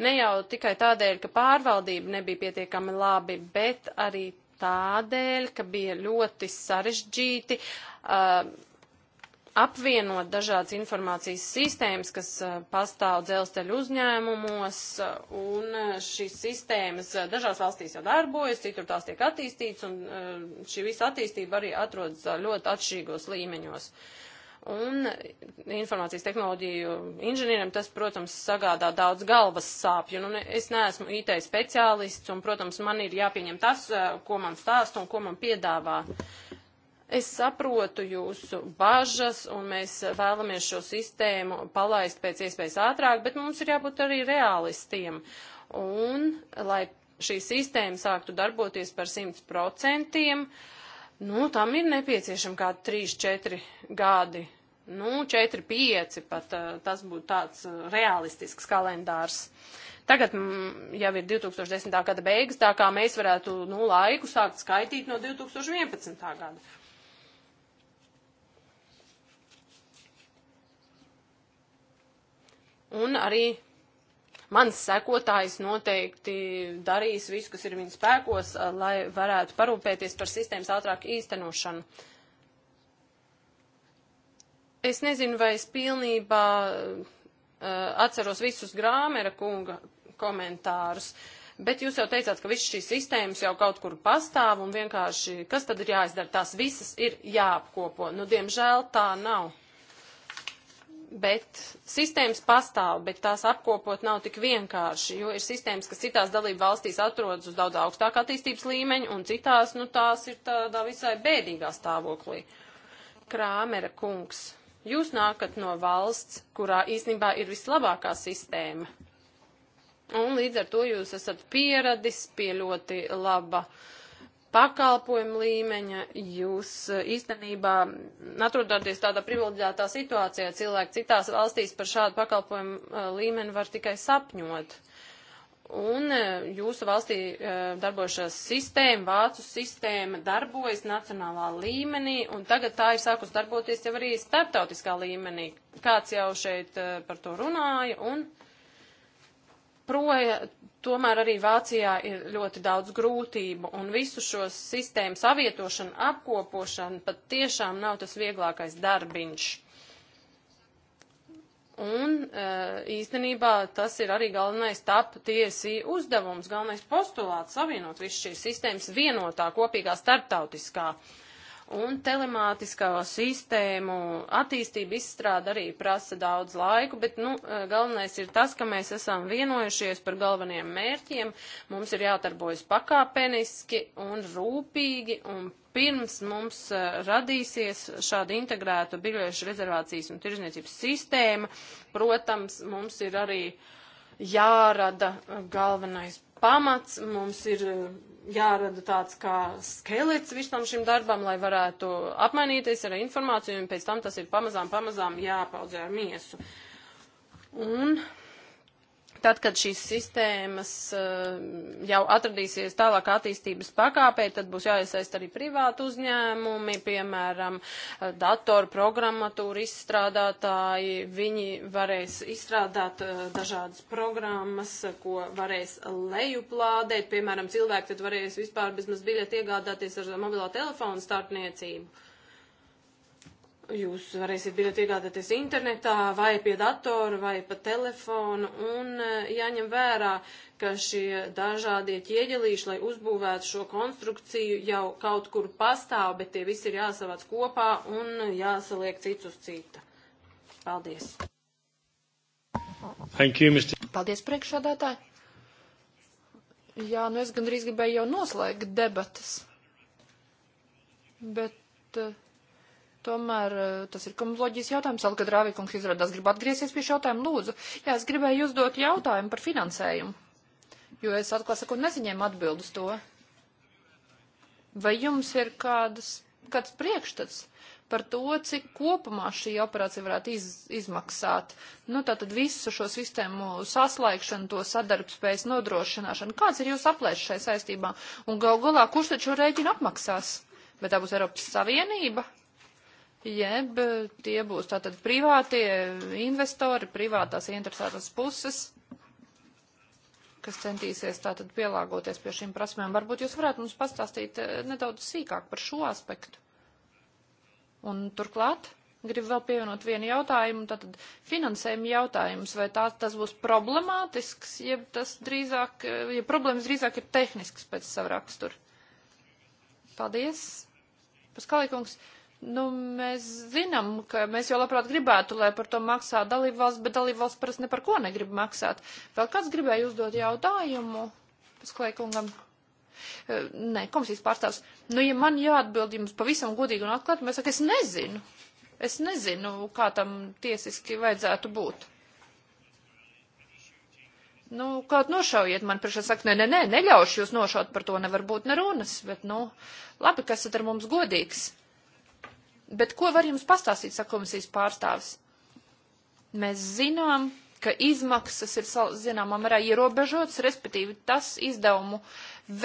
Ne jau tikai tādēļ, ka pārvaldība nebija pietiekami labi, bet arī tādēļ, ka bija ļoti sarežģīti uh, apvienot dažādas informācijas sistēmas, kas uh, pastāv dzelzceļu uzņēmumos, un šīs sistēmas dažās valstīs jau darbojas, citur tās tiek attīstītas, un uh, šī visa attīstība arī atrodas ļoti atšķirīgos līmeņos. Uh, Un informācijas tehnoloģiju inženierim tas, protams, sagādā daudz galvas sāpju. Nu, ne, es neesmu IT speciālists, un, protams, man ir jāpieņem tas, eh, ko man stāst un ko man piedāvā. Es saprotu jūsu bažas, un mēs vēlamies šo sistēmu palaist pēc iespējas ātrāk, bet mums ir jābūt arī realistiem. Un, lai šī sistēma sāktu darboties par 100%, nu, tam ir nepieciešama kādi 3-4 gadi Nu, 4, 5 pat tas būtu tāds realistisks kalendārs. Tagad jau ir 2010. gada beigas, tā kā mēs varētu nu, laiku sākt skaitīt no 2011. gada. Un arī mans sekotājs noteikti darīs visu, kas ir viņa spēkos, lai varētu parūpēties par sistēmas ātrāku īstenošanu. Uh, Es nezinu, vai es pilnībā uh, atceros visus grāmera kunga komentārus, bet jūs jau teicāt, ka visas šīs sistēmas jau kaut kur pastāv un vienkārši, kas tad ir jāizdara, tās visas ir jāapkopo. Nu, diemžēl tā nav bet sistēmas pastāv, bet tās apkopot nav tik vienkārši, jo ir sistēmas, kas citās dalību valstīs atrodas uz daudz augstāk attīstības līmeņa, un citās, nu, tās ir tādā visai bēdīgā stāvoklī. Krāmera kungs Jūs nākat no valsts, kurā īstenībā ir vislabākā sistēma. Un līdz ar to jūs esat pieradis pie ļoti laba pakalpojuma līmeņa. Jūs eh, īstenībā atrodaties tādā privileģētā situācijā, cilvēki citās valstīs par šādu pakalpojumu eh, līmeni var tikai sapņot. Uh, Un e, jūsu valstī e, darbojušās sistēma, vācu sistēma darbojas nacionālā līmenī, un tagad tā ir sākus darboties jau arī starptautiskā līmenī. Kāds jau šeit e, par to runāja, un proja, tomēr arī Vācijā ir ļoti daudz grūtību, un visu šo sistēmu savietošana, apkopošana pat tiešām nav tas vieglākais darbiņš. Un e, īstenībā tas ir arī galvenais tap tiesī uzdevums, galvenais postulāts savienot visu šīs sistēmas vienotā, kopīgā, starptautiskā. Un telemātiskā sistēmu attīstība izstrāda arī prasa daudz laiku, bet nu, e, galvenais ir tas, ka mēs esam vienojušies par galveniem mērķiem. Mums ir jātarbojas pakāpeniski un rūpīgi un pirms mums eh, radīsies šāda integrēta biļešu rezervācijas un tirzniecības sistēma, protams, mums ir arī jārada eh, galvenais pamats, mums ir eh, jārada tāds kā skelets visam šim darbam, lai varētu apmainīties ar informāciju, un pēc tam tas ir pamazām, pamazām jāpaudzē ar miesu. Un Tad, kad šīs sistēmas eh, jau atradīsies tālāk attīstības pakāpē, tad būs jāiesaist arī privātu uzņēmumi, piemēram, eh, datoru programmatūru izstrādātāji. Viņi varēs izstrādāt eh, dažādas programmas, ko varēs lejuplādēt. Piemēram, cilvēki tad varēs vispār bezmaz biļeti iegādāties ar mobilo telefonu starpniecību. Jūs varēsiet biļeti iegādāties internetā, vai pie datora, vai pa telefonu, un e, jāņem vērā, ka šie dažādie ķieģelīši, lai uzbūvētu šo konstrukciju, jau kaut kur pastāv, bet tie visi ir jāsavāc kopā un jāsaliek cits uz cita. Paldies! Thank you, Mr. Paldies, priekšādātāji! Jā, nu es gandrīz gribēju jau noslēgt debatas, bet. Uh, Tomēr eh, tas ir komoloģijas jautājums. Alka Drāvīkungs izrādās grib atgriezties pie šī jautājuma. Lūdzu, jā, es gribēju uzdot jautājumu par finansējumu, jo es atklāt sakot nesaņēmu atbildus to. Vai jums ir kādas, kāds priekšstats par to, cik kopumā šī operācija varētu iz, izmaksāt? Nu, tātad visu šo sistēmu saslaikšanu, to sadarbspējas nodrošināšanu. Kāds ir jūs aplēšs šai saistībā? Un gal galā, kurš taču rēķinu apmaksās? Vai tā būs Eiropas Savienība? jeb tie būs tātad privātie investori, privātās interesētās puses, kas centīsies tātad pielāgoties pie šīm prasmēm. Varbūt jūs varētu mums pastāstīt eh, nedaudz sīkāk par šo aspektu. Un turklāt gribu vēl pievienot vienu jautājumu, tātad finansējuma jautājums, vai tā, tas būs problemātisks, jeb tas drīzāk, eh, ja problēmas drīzāk ir tehnisks pēc savu raksturu. Paldies, Paskalīkungs. kungs. Nu, mēs zinām, ka mēs jau labprāt gribētu, lai par to maksā dalībvalsts, bet dalībvalsts parasti ne par ko negrib maksāt. Vēl kāds gribēja uzdot jautājumu pasklēkungam? E, nē, komisijas pārstāvs. Nu, ja man jāatbild jums pavisam godīgi un atklāti, mēs sakam, es nezinu. Es nezinu, kā tam tiesiski vajadzētu būt. Nu, kaut nošaujiet man priekšā, saka, nē, nē, nē, neļaušu jūs nošaut, par to nevar būt nerunas, bet, nu, labi, kas tad ar mums godīgs? Bet ko var jums pastāstīt, saka komisijas pārstāvis? Mēs zinām, ka izmaksas ir, zināmā mērā, ierobežotas, respektīvi tas izdevumu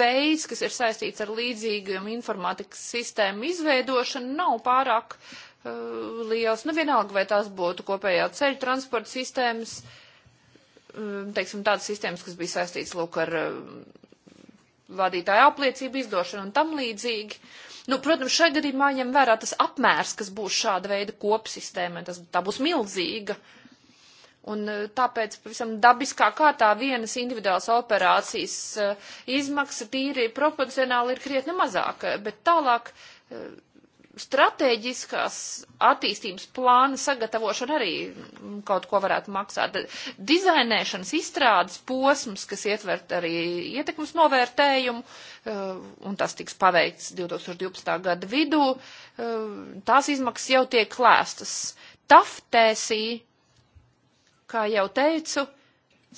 veids, kas ir saistīts ar līdzīgiem informātikas sistēmu izveidošanu, nav pārāk uh, liels. Nu, vienalga, vai tās būtu kopējā ceļu transporta sistēmas, um, teiksim, tādas sistēmas, kas bija saistīts, lūk, ar uh, vadītāja apliecību izdošanu un tam līdzīgi. Nu, protams, šajā gadījumā ņem vērā tas apmērs, kas būs šāda veida kopsistēma, tas, tā būs milzīga. Un e, tāpēc pavisam dabiskā kārtā vienas individuālas operācijas e, izmaksa tīri proporcionāli ir krietni mazāka, bet tālāk e, stratēģiskās attīstības plāna sagatavošana arī kaut ko varētu maksāt. Dizainēšanas izstrādes posms, kas ietvert arī ietekmes novērtējumu, uh, un tas tiks paveikts 2012. gada vidū, uh, tās izmaksas jau tiek klēstas. Taftēsī, kā jau teicu,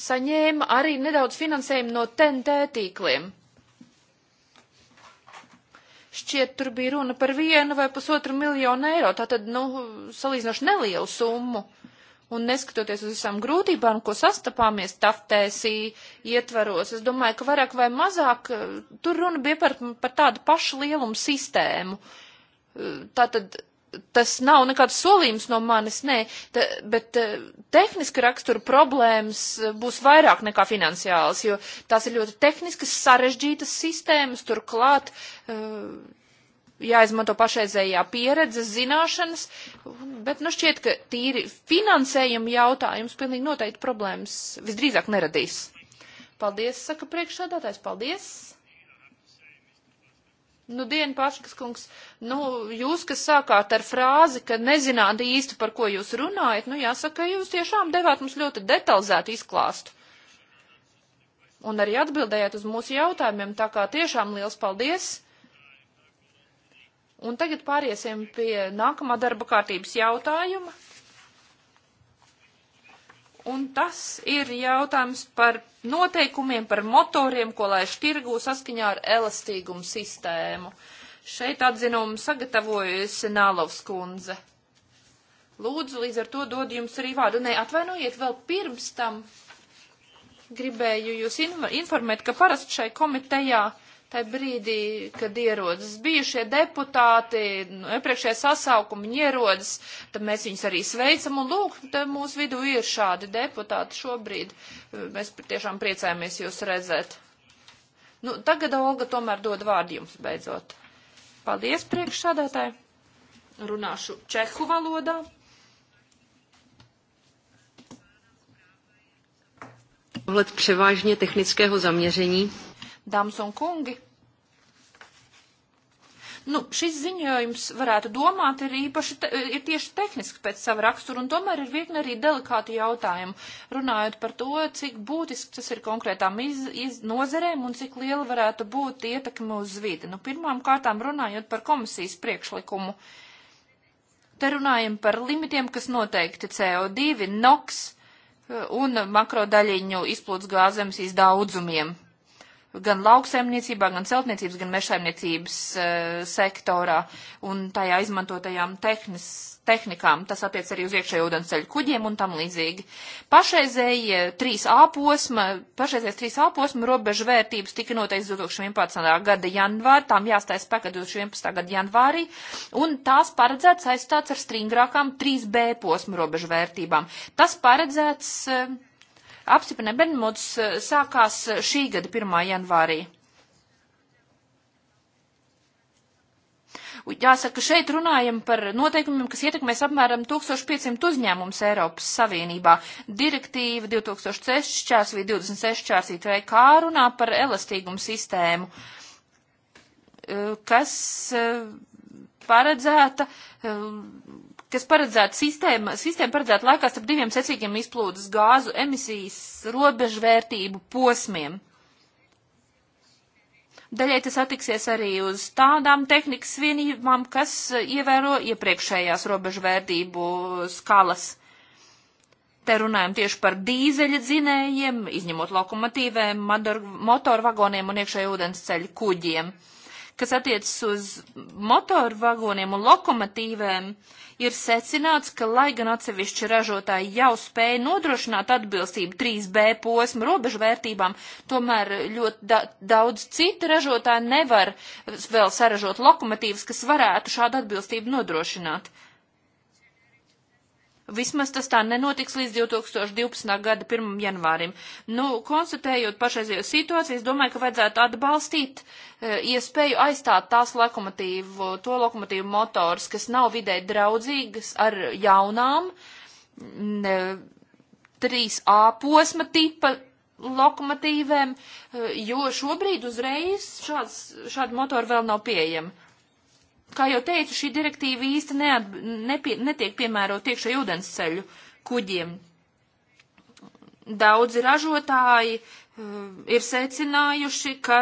saņēma arī nedaudz finansējumu no TNT tīkliem šķiet tur bija runa par vienu vai pusotru miljonu eiro, tātad, nu, salīdzinoši nelielu summu. Un neskatoties uz visām grūtībām, ko sastapāmies taftēsī ietvaros, es domāju, ka vairāk vai mazāk eh, tur runa bija par, par tādu pašu lielumu sistēmu. Eh, tātad tas nav nekāds solījums no manis, nē, te, bet eh, tehniski rakstura problēmas eh, būs vairāk nekā finansiāls, jo tās ir ļoti tehniski sarežģītas sistēmas, turklāt eh, jāizmanto pašreizējā pieredze, zināšanas, bet nu šķiet, ka tīri finansējuma jautājums pilnīgi noteikti problēmas visdrīzāk neradīs. Paldies, saka priekšsādātājs, paldies! Nu, diena paškas kungs, nu, jūs, kas sākāt ar frāzi, ka nezināt īsti, par ko jūs runājat, nu, jāsaka, jūs tiešām devāt mums ļoti detalizētu izklāstu. Un arī atbildējāt uz mūsu jautājumiem, tā kā tiešām liels paldies. Un tagad pāriesim pie nākamā darba kārtības jautājuma. Un tas ir jautājums par noteikumiem, par motoriem, ko laiž tirgū saskaņā ar elastīgumu sistēmu. Šeit atzinumu sagatavojusi Nālovs kundze. Lūdzu, līdz ar to dod jums arī vārdu. Nē, atvainojiet, vēl pirms tam gribēju jūs informēt, ka parasti šai komitejā Tajā brīdī, kad ierodas bijušie deputāti, nu, iepriekšējā sasaukuma ierodas, tad mēs viņus arī sveicam un lūk, mūsu vidū ir šādi deputāti šobrīd. Mēs tiešām priecājamies jūs redzēt. Nu, tagad Olga tomēr dod vārdu jums beidzot. Paldies priekšsādātāji. Runāšu čehu valodā. Pohled převážně technického zaměření dāmas un kungi. Nu, šis ziņojums, varētu domāt, ir īpaši, te, ir tieši tehnisks pēc sava rakstura, un tomēr ir virkni arī delikāti jautājumi, runājot par to, cik būtiski tas ir konkrētām iz, iz nozerēm un cik liela varētu būt ietekme uz vidi. Nu, pirmām kārtām runājot par komisijas priekšlikumu. Te runājam par limitiem, kas noteikti CO2, NOx un makrodaļiņu izplūdes gāzemes izdaudumiem gan lauksaimniecībā, gan celtniecības, gan mešaimniecības uh, eh, sektorā un tajā izmantotajām tehnis, tehnikām. Tas attiec arī uz iekšējo ūdensceļu kuģiem un tam līdzīgi. Pašreizēji 3A eh, posma, pašreizējais 3A posma robežu vērtības tika noteikts 2011. gada janvārī, tām jāstāja spēkā 2011. gada janvārī, un tās paredzēts aizstāts ar stringrākām 3B posma robežu vērtībām. Tas paredzēts uh, Apstiprinē Benmuts eh, sākās eh, šī gada 1. janvārī. Jāsaka, šeit runājam par noteikumiem, kas ietekmēs apmēram 1500 uzņēmumus Eiropas Savienībā. Direktīva 2006.26.4ITVK runā par elastīgumu sistēmu, eh, kas paredzēta kas paredzēta sistēma, sistēma paredzēta laikā starp diviem secīgiem izplūdes gāzu emisijas robežvērtību posmiem. Daļai tas attiksies arī uz tādām tehnikas vienībām, kas ievēro iepriekšējās robežvērtību skalas. Te runājam tieši par dīzeļa dzinējiem, izņemot lokomotīvēm, motorvagoniem un iekšēju ūdens ceļu kuģiem. Uh, kas attiecas uz motoru vagoniem un lokomotīvēm, ir secināts, ka, lai gan atsevišķi ražotāji jau spēja nodrošināt atbilstību 3B posmu robežvērtībām, tomēr ļoti da daudz citi ražotāji nevar vēl saražot lokomotīvas, kas varētu šādu atbilstību nodrošināt. Uh, Vismaz tas tā nenotiks līdz 2012. gada 1. janvārim. Nu, konstatējot pašreizējo situāciju, es domāju, ka vajadzētu atbalstīt e, iespēju aizstāt tās lokomotīvu, to lokomotīvu motors, kas nav vidē draudzīgas ar jaunām ne, 3A posma tipa lokomotīvēm, e, jo šobrīd uzreiz šāds, šādi motori vēl nav pieejami. Kā jau teicu, šī direktīva īsti neat, nepie, netiek piemērot iekšēju ūdensceļu kuģiem. Daudzi ražotāji uh, ir secinājuši, ka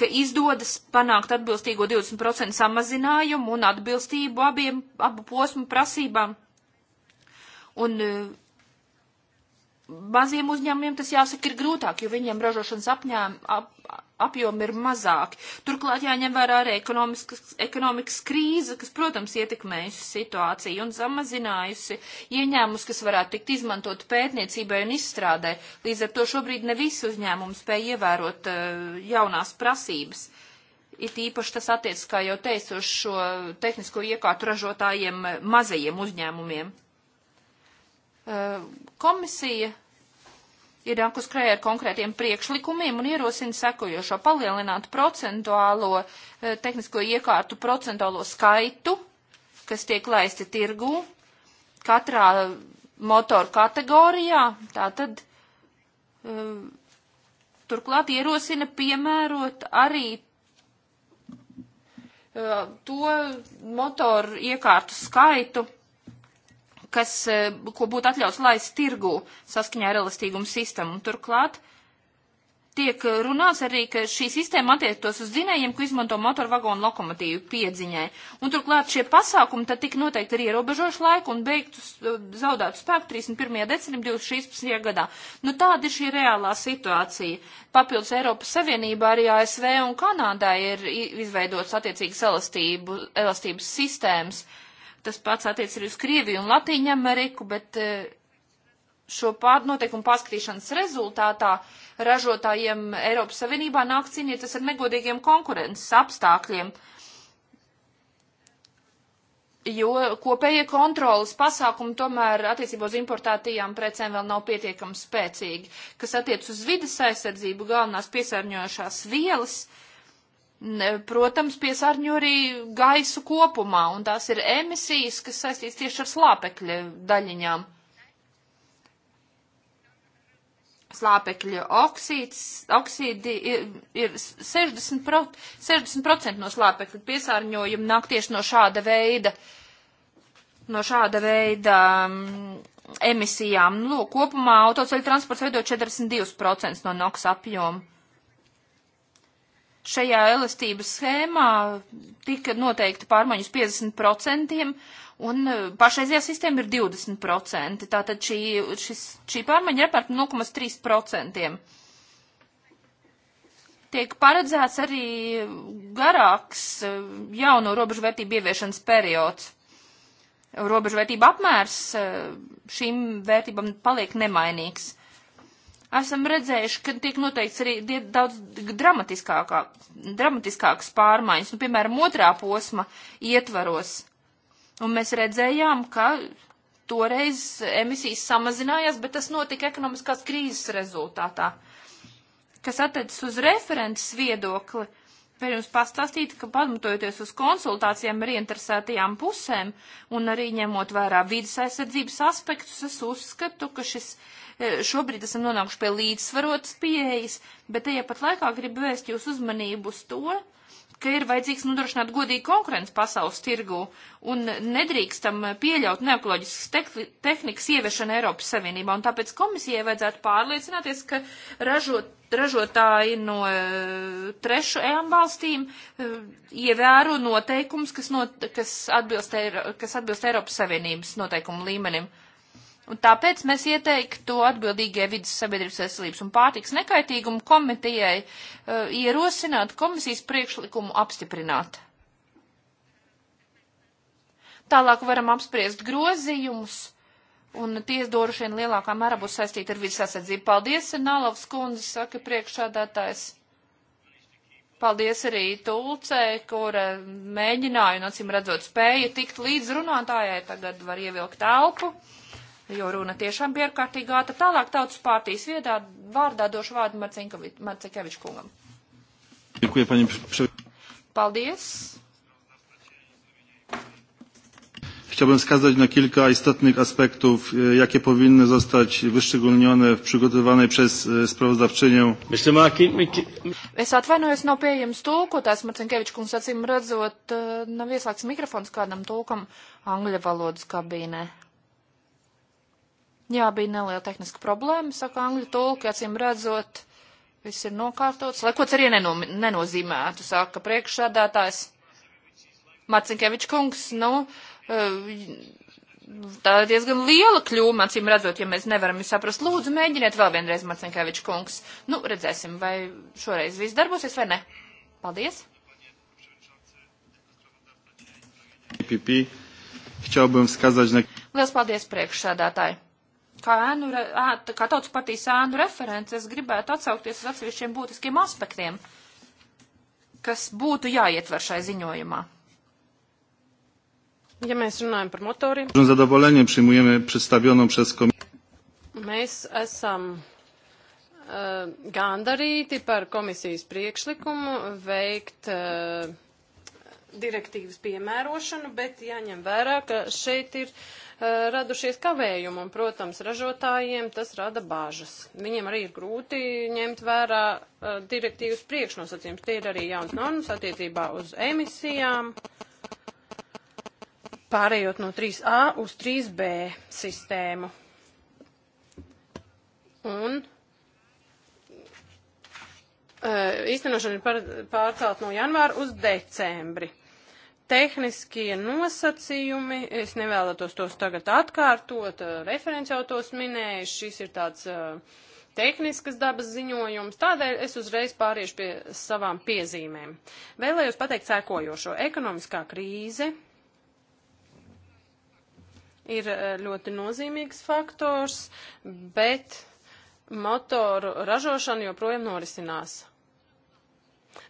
ka izdodas panākt atbilstīgo 20% samazinājumu un atbilstību abiem abu posmu prasībām. Un eh, maziem uzņēmumiem tas jāsaka ir grūtāk, jo viņiem ražošanas apņēm, ap, apjomi ir mazāki. Turklāt jāņem vērā arī ekonomikas krīze, kas, protams, ietekmējusi situāciju un samazinājusi ieņēmumus, kas varētu tikt izmantot pētniecībai un izstrādē. Līdz ar to šobrīd ne visi uzņēmumi spēja ievērot uh, jaunās prasības. It īpaši tas attiec, kā jau teicu, uz šo tehnisko iekārtu ražotājiem mazajiem uzņēmumiem. Eh, komisija ir nākus krējā ar konkrētiem priekšlikumiem un ierosina sekojošo palielinātu procentuālo eh, tehnisko iekārtu procentuālo skaitu, kas tiek laisti tirgū katrā motoru kategorijā. Tātad eh, turklāt ierosina piemērot arī eh, to motoru iekārtu skaitu kas, e, ko būtu atļauts laist tirgu saskaņā ar elastīgumu sistēmu. Un turklāt tiek runāts arī, ka šī sistēma attiektos uz dzinējiem, ko izmanto motorvagonu lokomotīvu piedziņai. Un turklāt šie pasākumi tad tik noteikti ir ierobežojuši laiku un beigtu e, zaudētu spēku 31. decembrim 2016. gadā. Nu tāda ir šī reālā situācija. Papildus Eiropas Savienībā arī ASV un Kanādā ir izveidots attiecīgas elastību, elastības sistēmas. Uh, Tas pats attiec arī uz Krieviju un Latīņu Ameriku, bet eh, šo pārnoteikumu pārskatīšanas rezultātā ražotājiem Eiropas Savienībā nāk cīnīties ar negodīgiem konkurences apstākļiem, jo kopējie kontrolas pasākumi tomēr attiecībā uz importētajām precēm vēl nav pietiekami spēcīgi. Kas attiec uz vides aizsardzību, galvenās piesārņojošās vielas, uh, protams, piesārņo arī gaisu kopumā, un tās ir emisijas, kas saistīts tieši ar slāpekļa daļiņām. Slāpekļa oksīds, oksīdi ir, ir 60%, pro, 60 no slāpekļa piesārņojuma nāk tieši no šāda veida, no šāda veida um, emisijām. Nu, lūk, kopumā autoceļu transports veido 42% no NOx apjomu šajā elastības schēmā tika noteikti pārmaiņas 50%, un e, pašreizajā sistēma ir 20%. Tātad šī, šis, šī pārmaiņa ir par 0,3%. Tiek paredzēts arī garāks e, jauno robežu vērtību ieviešanas periods. Robežu vērtība apmērs e, šīm vērtībām paliek nemainīgs esam redzējuši, ka tiek noteikts arī daudz dramatiskākā, dramatiskākas pārmaiņas, nu, piemēram, otrā posma ietvaros. Un mēs redzējām, ka toreiz emisijas samazinājās, bet tas notika ekonomiskās krīzes rezultātā. Kas attiecas uz referents viedokli, var jums pastāstīt, ka pamatojoties uz konsultācijām ar interesētajām pusēm un arī ņemot vērā vidas aizsardzības aspektus, es uzskatu, ka šis E, šobrīd esam nonākuši pie līdzsvarotas pieejas, bet tajā pat laikā gribu vēst jūs uzmanību uz to, ka ir vajadzīgs nodrošināt godīgu konkurenci pasaules tirgu un nedrīkstam pieļaut neekoloģiskas tehnikas ieviešanu Eiropas Savienībā. Un tāpēc komisijai vajadzētu pārliecināties, ka ražot, ražotāji no e, trešajām valstīm e, ievēro noteikums, kas, not, kas, atbilst, Eiro, kas atbilst Eiropas Savienības noteikumu līmenim. Un tāpēc mēs ieteiktu to atbildīgajai vidas sabiedrības veselības un pārtiks nekaitīgumu komitejai uh, ierosināt komisijas priekšlikumu apstiprināt. Tālāk varam apspriest grozījumus, un tie droši vien lielākā mērā būs saistīti ar vidas aizsardzību. Paldies, Nālavs kundze, saka priekšādātājs. Paldies arī Tulcē, kur mēģināju, un acīm redzot, spēja tikt līdz runātājai, tagad var ievilkt elpu jo runa tiešām bija ārkārtīgi gāta. Tālāk tautas pārtīs viedā vārdā došu vārdu Marcinkeviču kungam. Paldies! Chciałbym wskazać na kilka istotnych aspektów, e, jakie powinny zostać wyszczególnione w przygotowanej przez e, sprawozdawczynię. Es atvainojos, nav pieejams tulkotājs Marcinkevičs kungs, acīm redzot, e, nav ieslēgts mikrofons kādam tulkam angļu valodas kabīnē. Jā, bija neliela tehniska problēma, saka angļu tulki, acīm redzot, viss ir nokārtots, lai ko arī neno, nenozīmētu, saka priekšsēdētājs Marcinkevičs kungs, nu, eh, tā ir diezgan liela kļūma, acīm redzot, ja mēs nevaram viņu saprast. Lūdzu, mēģiniet vēl vienreiz, Marcinkevičs kungs. Nu, redzēsim, vai šoreiz viss darbosies vai ne. Paldies! Liels paldies priekšsēdētāji! kā, ēnu, ē, kā tautas partijas ēnu referents, es gribētu atsaukties uz atsevišķiem būtiskiem aspektiem, kas būtu jāietver šai ziņojumā. Ja mēs runājam par motoriem. Mēs esam uh, gandarīti par komisijas priekšlikumu veikt uh, direktīvas piemērošanu, bet jāņem vērā, ka šeit ir uh, radušies kavējumi, un, protams, ražotājiem tas rada bāžas. Viņiem arī ir grūti ņemt vērā uh, direktīvas priekšnosacījums. Tie ir arī jauns normas attiecībā uz emisijām, pārējot no 3A uz 3B sistēmu. Un uh, īstenošana ir pārcelt no janvāra uz decembri tehniskie nosacījumi, es nevēlētos tos tagad atkārtot, eh, referents jau tos minēja, šis ir tāds eh, tehniskas dabas ziņojums, tādēļ es uzreiz pāriešu pie savām piezīmēm. Vēlējos pateikt sēkojošo. Ekonomiskā krīze ir eh, ļoti nozīmīgs faktors, bet motoru ražošana joprojām norisinās.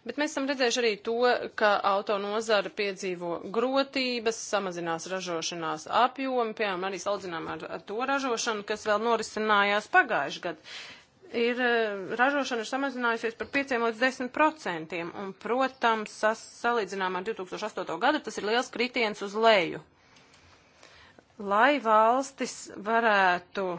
Bet mēs esam redzējuši arī to, ka auto nozara piedzīvo grotības, samazinās ražošanās apjomi, piemēram, arī salīdzinām ar, ar to ražošanu, kas vēl norisinājās pagājuši gadu. Ir, eh, ražošana ir samazinājusies par 5 līdz 10 procentiem, un, protams, salīdzinām ar 2008. gadu, tas ir liels kritiens uz leju. Lai valstis varētu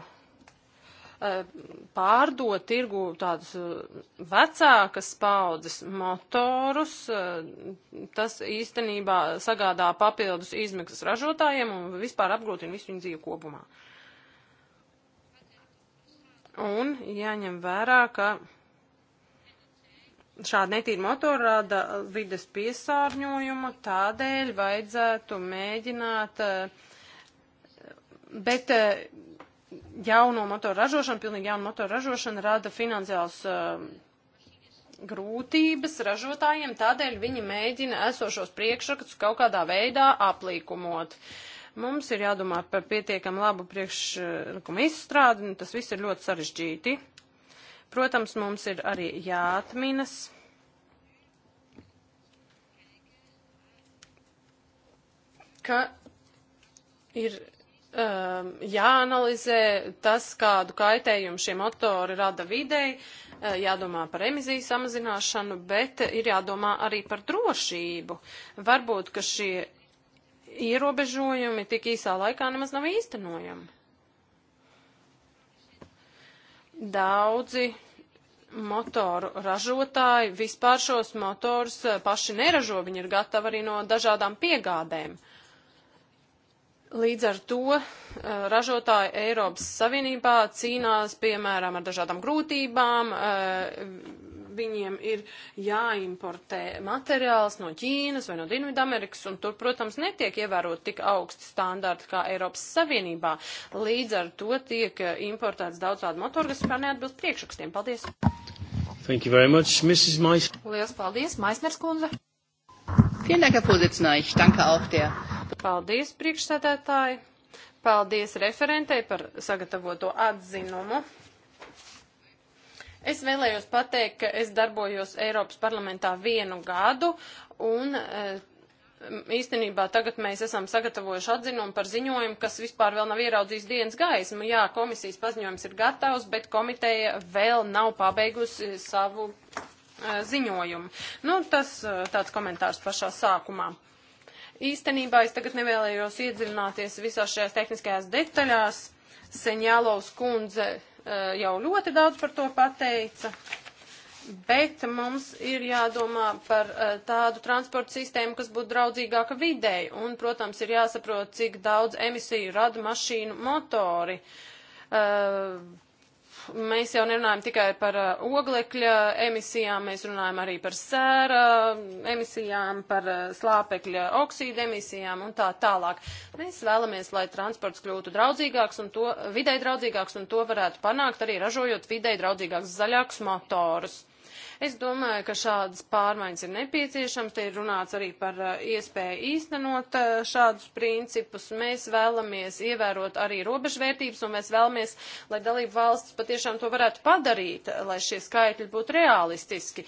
pārdot tirgu tādus uh, vecākas paudzes motorus. Uh, tas īstenībā sagādā papildus izmaksas ražotājiem un vispār apgrūtina visu viņu dzīvi kopumā. Un jāņem vērā, ka šādi netīri motori rada vides piesārņojumu, tādēļ vajadzētu mēģināt, uh, bet jauno motoru ražošana, pilnīgi jauna motoru ražošana rada finansiāls uh, grūtības ražotājiem, tādēļ viņi mēģina esošos priekšrakstus kaut kādā veidā aplīkumot. Mums ir jādomā par pietiekam labu priekšlikumu izstrādi, un tas viss ir ļoti sarežģīti. Protams, mums ir arī jāatminas. ka ir um, jāanalizē tas, kādu kaitējumu šie motori rada videi, ehm, jādomā par emiziju samazināšanu, bet ir jādomā arī par drošību. Varbūt, ka šie ierobežojumi tik īsā laikā nemaz nav īstenojami. Daudzi motoru ražotāji vispār šos motorus ehm, paši neražo, viņi ir gatavi arī no dažādām piegādēm. Uh, Līdz ar to uh, ražotāji Eiropas Savienībā cīnās, piemēram, ar dažādām grūtībām, uh, viņiem ir jāimportē materiāls no Ķīnas vai no Dienvidamerikas, un tur, protams, netiek ievērot tik augsti standarti kā Eiropas Savienībā. Līdz ar to tiek uh, importēts daudz tādu motoru, kas vispār neatbilst priekšrakstiem. Paldies! Thank you very much, Mrs. Mais. Lielas paldies, Maisners kundze. Vielen Dank, Herr Vorsitzender. Ich danke auch der. Paldies, priekšsēdētāji. Paldies referentei par sagatavoto atzinumu. Es vēlējos pateikt, ka es darbojos Eiropas parlamentā vienu gadu un eh, īstenībā tagad mēs esam sagatavojuši atzinumu par ziņojumu, kas vispār vēl nav ieraudzījis dienas gaismu. Jā, komisijas paziņojums ir gatavs, bet komiteja vēl nav pabeigusi savu ziņojumu. Nu, tas tāds komentārs pašā sākumā. Īstenībā es tagad nevēlējos iedziļināties visās šajās tehniskajās detaļās. Seņālovs kundze jau ļoti daudz par to pateica. Bet mums ir jādomā par uh, tādu transporta sistēmu, kas būtu draudzīgāka videi. Un, protams, ir jāsaprot, cik daudz emisiju rada mašīnu motori. Uh, mēs jau nerunājam tikai par uh, oglekļa emisijām, mēs runājam arī par sēra emisijām, par uh, slāpekļa oksīda emisijām un tā tālāk. Mēs vēlamies, lai transports kļūtu draudzīgāks un to videi draudzīgāks un to varētu panākt arī ražojot videi draudzīgāks zaļāks motors. Es domāju, ka šādas pārmaiņas ir nepieciešams. Te ir runāts arī par uh, iespēju īstenot uh, šādus principus. Mēs vēlamies ievērot arī robežvērtības un mēs vēlamies, lai dalību valsts patiešām to varētu padarīt, uh, lai šie skaitļi būtu realistiski.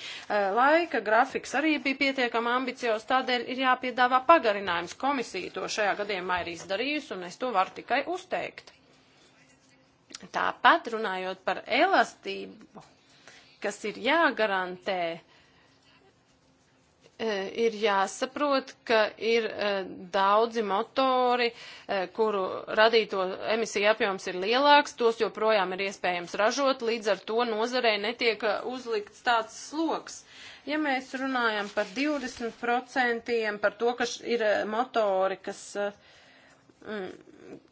Laika grafiks arī bija pietiekami ambiciozs, tādēļ ir jāpiedāvā pagarinājums. Komisija to šajā gadījumā ir izdarījusi un es to varu tikai uzteikt. Tāpat runājot par elastību kas ir jāgarantē, e, ir jāsaprot, ka ir e, daudzi motori, e, kuru radīto emisiju apjoms ir lielāks, tos joprojām ir iespējams ražot, līdz ar to nozarei netiek uzlikts tāds sloks. Ja mēs runājam par 20%, par to, ka ir motori, kas mm,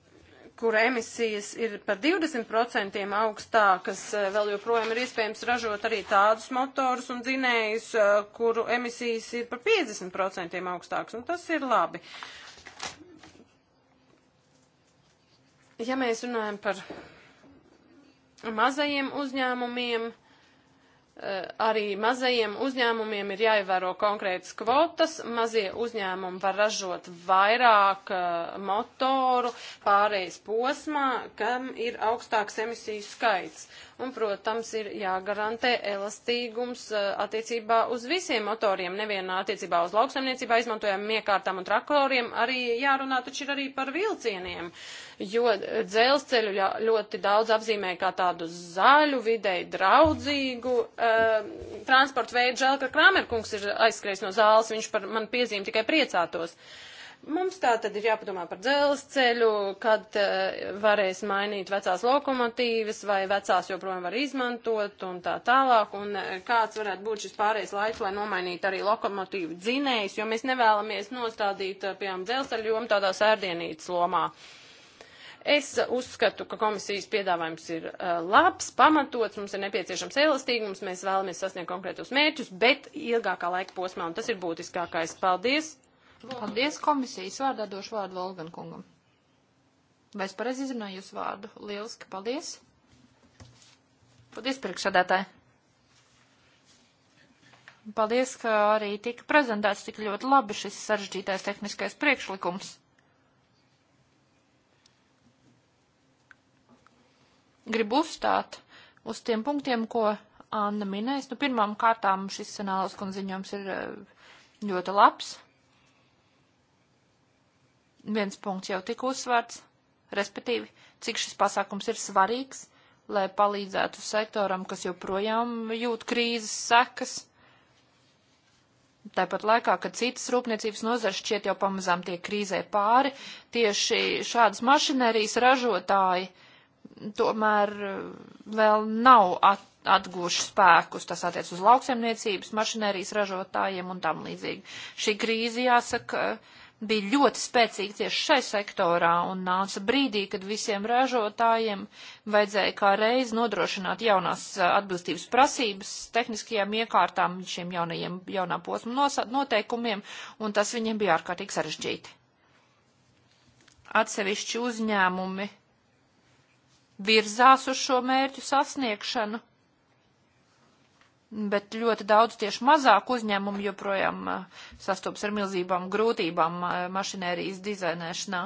kur emisijas ir par 20% augstākas, eh, vēl joprojām ir iespējams ražot arī tādus motorus un dzinējus, eh, kuru emisijas ir par 50% augstākas, un nu, tas ir labi. Ja mēs runājam par mazajiem uzņēmumiem, Eh, arī mazajiem uzņēmumiem ir jāievēro konkrētas kvotas. Mazie uzņēmumi var ražot vairāk eh, motoru pārējais posmā, kam ir augstāks emisiju skaits. Un, protams, ir jāgarantē elastīgums eh, attiecībā uz visiem motoriem, nevienā attiecībā uz lauksaimniecībā izmantojam iekārtām un traktoriem, arī jārunā taču ir arī par vilcieniem, jo dzelzceļu ļoti daudz apzīmē kā tādu zaļu, videi draudzīgu uh, transportu veidu. Žēl, ka Krāmerkungs ir aizskries no zāles, viņš par man piezīmi tikai priecātos. Uh, Mums tā tad ir jāpadomā par dzelzceļu, kad uh, varēs mainīt vecās lokomotīvas, vai vecās joprojām var izmantot un tā tālāk, un uh, kāds varētu būt šis pārējais laiks, lai nomainītu arī lokomotīvu dzinējus, jo mēs nevēlamies nostādīt, uh, piemēram, dzelzceļu jomu tādā sērdienītas lomā. Es uzskatu, ka komisijas piedāvājums ir uh, labs, pamatots, mums ir nepieciešams elastīgums, mēs vēlamies sasniegt konkrētos mērķus, bet ilgākā laika posmā, un tas ir būtiskākais. Paldies Paldies komisijas vārdā, došu vārdu Volgan kungam. Vai es pareizi izrunāju jūsu vārdu? Lieliski, paldies. Paldies, priekšsādātāji. Paldies, ka arī tika prezentēts tik ļoti labi šis sarežģītais tehniskais priekšlikums. Gribu uzstāt uz tiem punktiem, ko Anna minēs. Nu, pirmām kārtām šis senālas kundziņojums ir eh, ļoti labs. Viens punkts jau tika uzsvērts, respektīvi, cik šis pasākums ir svarīgs, lai palīdzētu sektoram, kas joprojām jūt krīzes sekas. Tāpat laikā, kad citas rūpniecības nozars šķiet jau pamazām tiek krīzē pāri, tieši šādas mašinērijas ražotāji tomēr eh, vēl nav at, atguvuši spēkus. Tas attiec uz lauksemniecības mašinērijas ražotājiem un tam līdzīgi. Šī krīze, jāsaka, uh, bija ļoti spēcīgi tieši šai sektorā un nāca brīdī, kad visiem ražotājiem vajadzēja kā reiz nodrošināt jaunās atbilstības prasības tehniskajām iekārtām, šiem jaunajiem, jaunā posma noteikumiem, un tas viņiem bija ārkārtīgi sarežģīti. Atsevišķi uzņēmumi virzās uz šo mērķu sasniegšanu Bet ļoti daudz tieši mazāku uzņēmumu joprojām eh, sastopas ar milzībām grūtībām eh, mašinērijas dizainēšanā.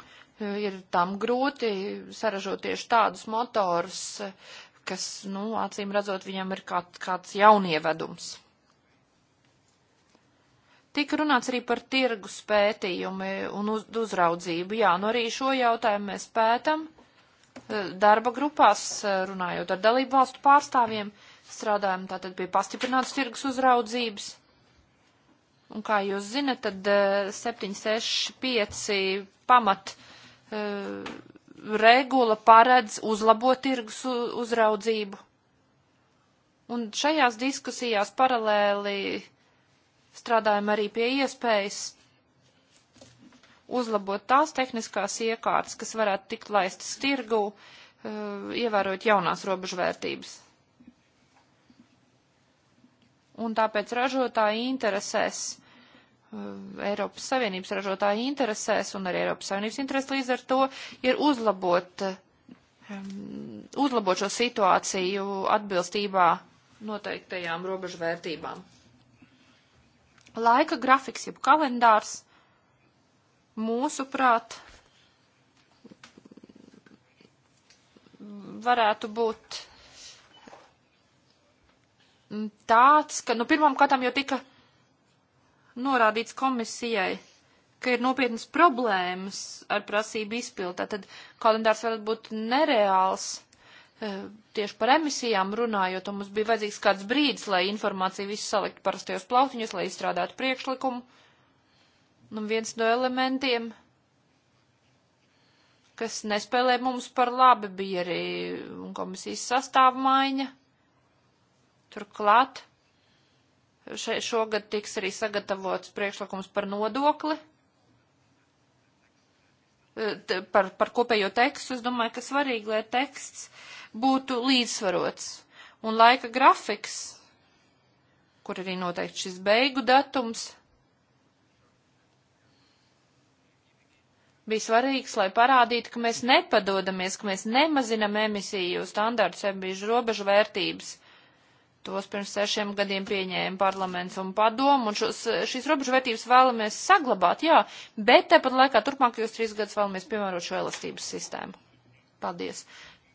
Eh, ir tam grūti saražot tieši tādus motors, kas, nu, acīm redzot, viņam ir kā, kāds jaunievedums. Tika runāts arī par tirgus pētījumi un uz, uzraudzību. Jā, nu arī šo jautājumu mēs pētam Eh, darba grupās, eh, runājot ar dalību valstu pārstāvjiem, strādājam tātad pie pastiprinātas tirgus uzraudzības. Un kā jūs zinat, tad 765 eh, pamat uh, regula paredz uzlabot tirgus uzraudzību. Un šajās diskusijās paralēli strādājam arī pie iespējas uzlabot tās tehniskās iekārtas, kas varētu tikt laistas tirgu, eh, ievērot jaunās robežvērtības. Un tāpēc ražotāji interesēs, eh, Eiropas Savienības ražotāji interesēs un arī Eiropas Savienības interesēs līdz ar to ir uzlabot, ehm, uzlabot šo situāciju atbilstībā noteiktajām robežvērtībām. Laika grafiks, jeb kalendārs mūsuprāt, varētu būt tāds, ka, nu, pirmām kārtām jau tika norādīts komisijai, ka ir nopietnas problēmas ar prasību izpildu, tad kalendārs varētu būt nereāls. Eh, tieši par emisijām runājot, un mums bija vajadzīgs kāds brīdis, lai informāciju visu salikt parastajos plautiņos, lai izstrādātu priekšlikumu. Nu, viens no elementiem, kas nespēlē mums par labi, bija arī komisijas sastāvmaiņa. Turklāt še, šogad tiks arī sagatavots priekšlikums par nodokli, e, T, par, par kopējo tekstu. Es domāju, ka svarīgi, lai teksts būtu līdzsvarots un laika grafiks, kur arī noteikti šis beigu datums. bija svarīgs, lai parādītu, ka mēs nepadodamies, ka mēs nemazinam emisiju standārtu sebežu robežu vērtības. Tos pirms sešiem gadiem pieņēma parlaments un padomu, un šos, šīs robežu vērtības vēlamies saglabāt, jā, bet tepat laikā turpmākajos trīs gadus vēlamies piemērot šo elastības sistēmu. Paldies.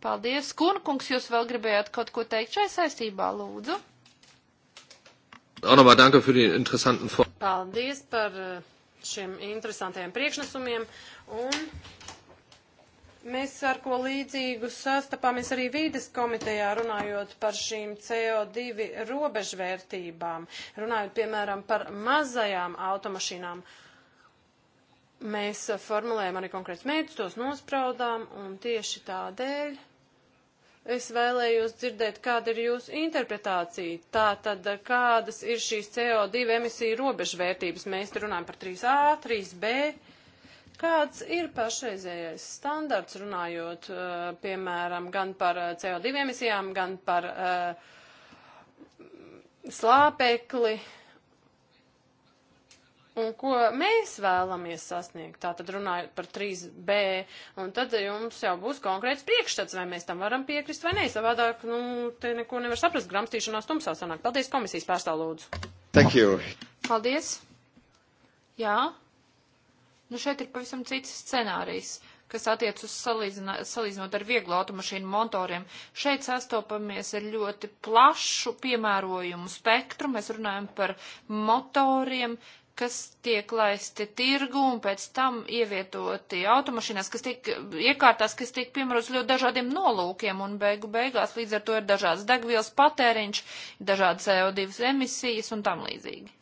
Paldies. Kunkungs, jūs vēl gribējāt kaut ko teikt šai saistībā, lūdzu. Paldies par šiem interesantiem priekšnesumiem. Un mēs ar ko līdzīgu sastapāmies arī vīdes komitejā, runājot par šīm CO2 robežvērtībām, runājot piemēram par mazajām automašīnām. Mēs formulējam arī konkrēts mērķus, tos nospraudām, un tieši tādēļ Es vēlējos dzirdēt, kāda ir jūsu interpretācija. Tā tad, eh, kādas ir šīs CO2 emisiju robežvērtības? Mēs te runājam par 3A, 3B. Kāds ir pašreizējais standarts runājot, eh, piemēram, gan par eh, CO2 emisijām, gan par slāpekli? Uh, Un ko mēs vēlamies sasniegt, tātad runājot par 3B, un tad jums jau būs konkrēts priekšstats, vai mēs tam varam piekrist vai nē, savādāk, nu, te neko nevar saprast, gramstīšanās tumsā sanāk. Paldies, komisijas pārstāv lūdzu. Thank you. Paldies. Jā. Nu, šeit ir pavisam cits scenārijs kas attiec uz salīdzinā, salīdzinot ar vieglu automašīnu motoriem. Šeit sastopamies ar ļoti plašu piemērojumu spektru. Mēs runājam par motoriem, uh, kas tiek laisti tirgu un pēc tam ievietoti automašīnās, kas tiek iekārtās, kas tiek piemērots ļoti dažādiem nolūkiem un beigu beigās līdz ar to ir dažāds degvielas patēriņš, dažādas CO2 emisijas un tam līdzīgi.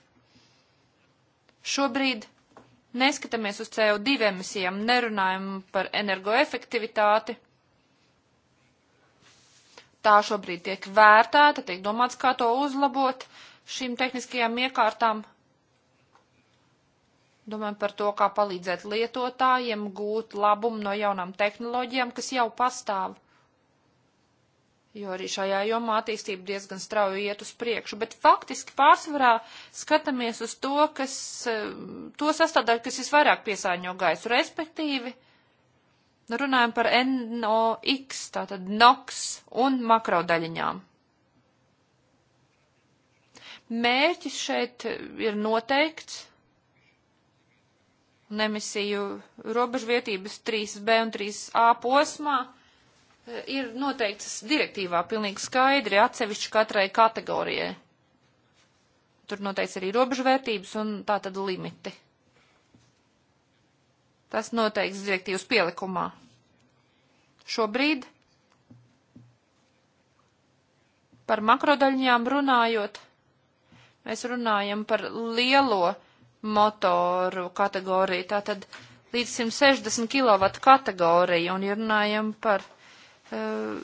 Šobrīd neskatāmies uz CO2 emisijām, nerunājam par energoefektivitāti. Tā šobrīd tiek vērtēta, tiek domāts, kā to uzlabot šīm tehniskajām iekārtām, Domājam par to, kā palīdzēt lietotājiem gūt labumu no jaunām tehnoloģijām, kas jau pastāv. Jo arī šajā jomā attīstība diezgan strauji iet uz priekšu, bet faktiski pārsvarā skatāmies uz to, kas, eh, to sastāvdaļu, kas visvairāk piesāņo gaisu, respektīvi runājam par NOx, tātad NOx un makrodaļiņām mērķis šeit ir noteikts un emisiju robežvietības 3B un 3A posmā e, ir noteikts direktīvā pilnīgi skaidri atsevišķi katrai kategorijai. Tur noteikts arī robežvērtības un tā tad limiti. Tas noteikts direktīvas pielikumā. Šobrīd par makrodaļņām runājot, mēs runājam par lielo motoru kategoriju, tātad līdz 160 kW kategoriju, un ja runājam par uh,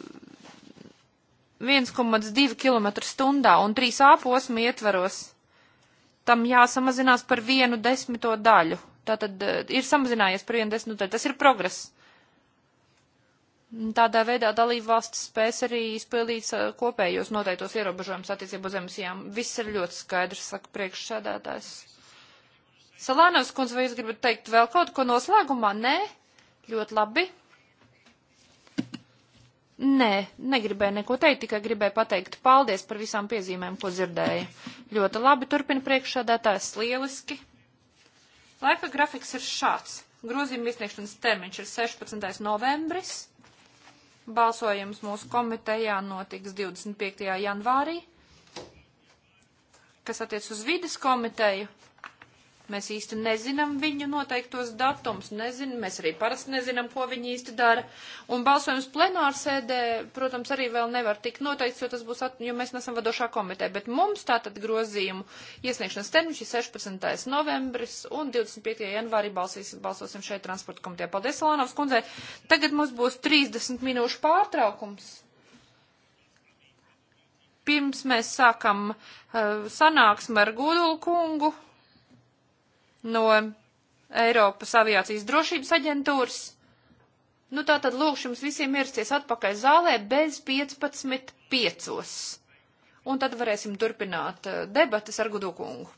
1,2 km stundā un 3A posmu ietveros, tam jāsamazinās par vienu desmito daļu. Tātad uh, ir samazinājies par vienu desmito daļu. Tas ir progress. Tādā veidā dalībvalstis spēs arī izpildīt eh, kopējos noteiktos ierobežojumus attiecībā uz emisijām. Viss ir ļoti skaidrs, saka priekšsēdētājs. Salānos kundze, vai jūs gribat teikt vēl kaut ko noslēgumā? Nē? Ļoti labi. Nē, negribēju neko teikt, tikai gribēju pateikt paldies par visām piezīmēm, ko dzirdēju. Ļoti labi, turpina priekšādātājs, lieliski. Laika grafiks ir šāds. Grozījuma iesniegšanas termiņš ir 16. novembris. Balsojums mūsu komitejā notiks 25. janvārī. Kas attiec uz vides komiteju, Mēs īsti nezinām viņu noteiktos datums, nezinām, mēs arī parasti nezinām, ko viņi īsti dara. Un balsojums plenārsēdē, protams, arī vēl nevar tikt noteikts, jo tas būs, at... jo mēs nesam vadošā komiteja. Bet mums tātad grozījumu iesniegšanas termiņš ir 16. novembris un 25. janvārī balsīs, balsosim šeit transporta komitejā. Paldies, Alānovs kundzei. Tagad mums būs 30 minūšu pārtraukums pirms mēs sākam uh, sanāksmi ar Gudulu kungu, no Eiropas aviācijas drošības aģentūras. Nu tā tad lūkšu jums visiem ierasties atpakaļ zālē bez 15.5. Un tad varēsim turpināt eh, debatas ar Gudu kungu.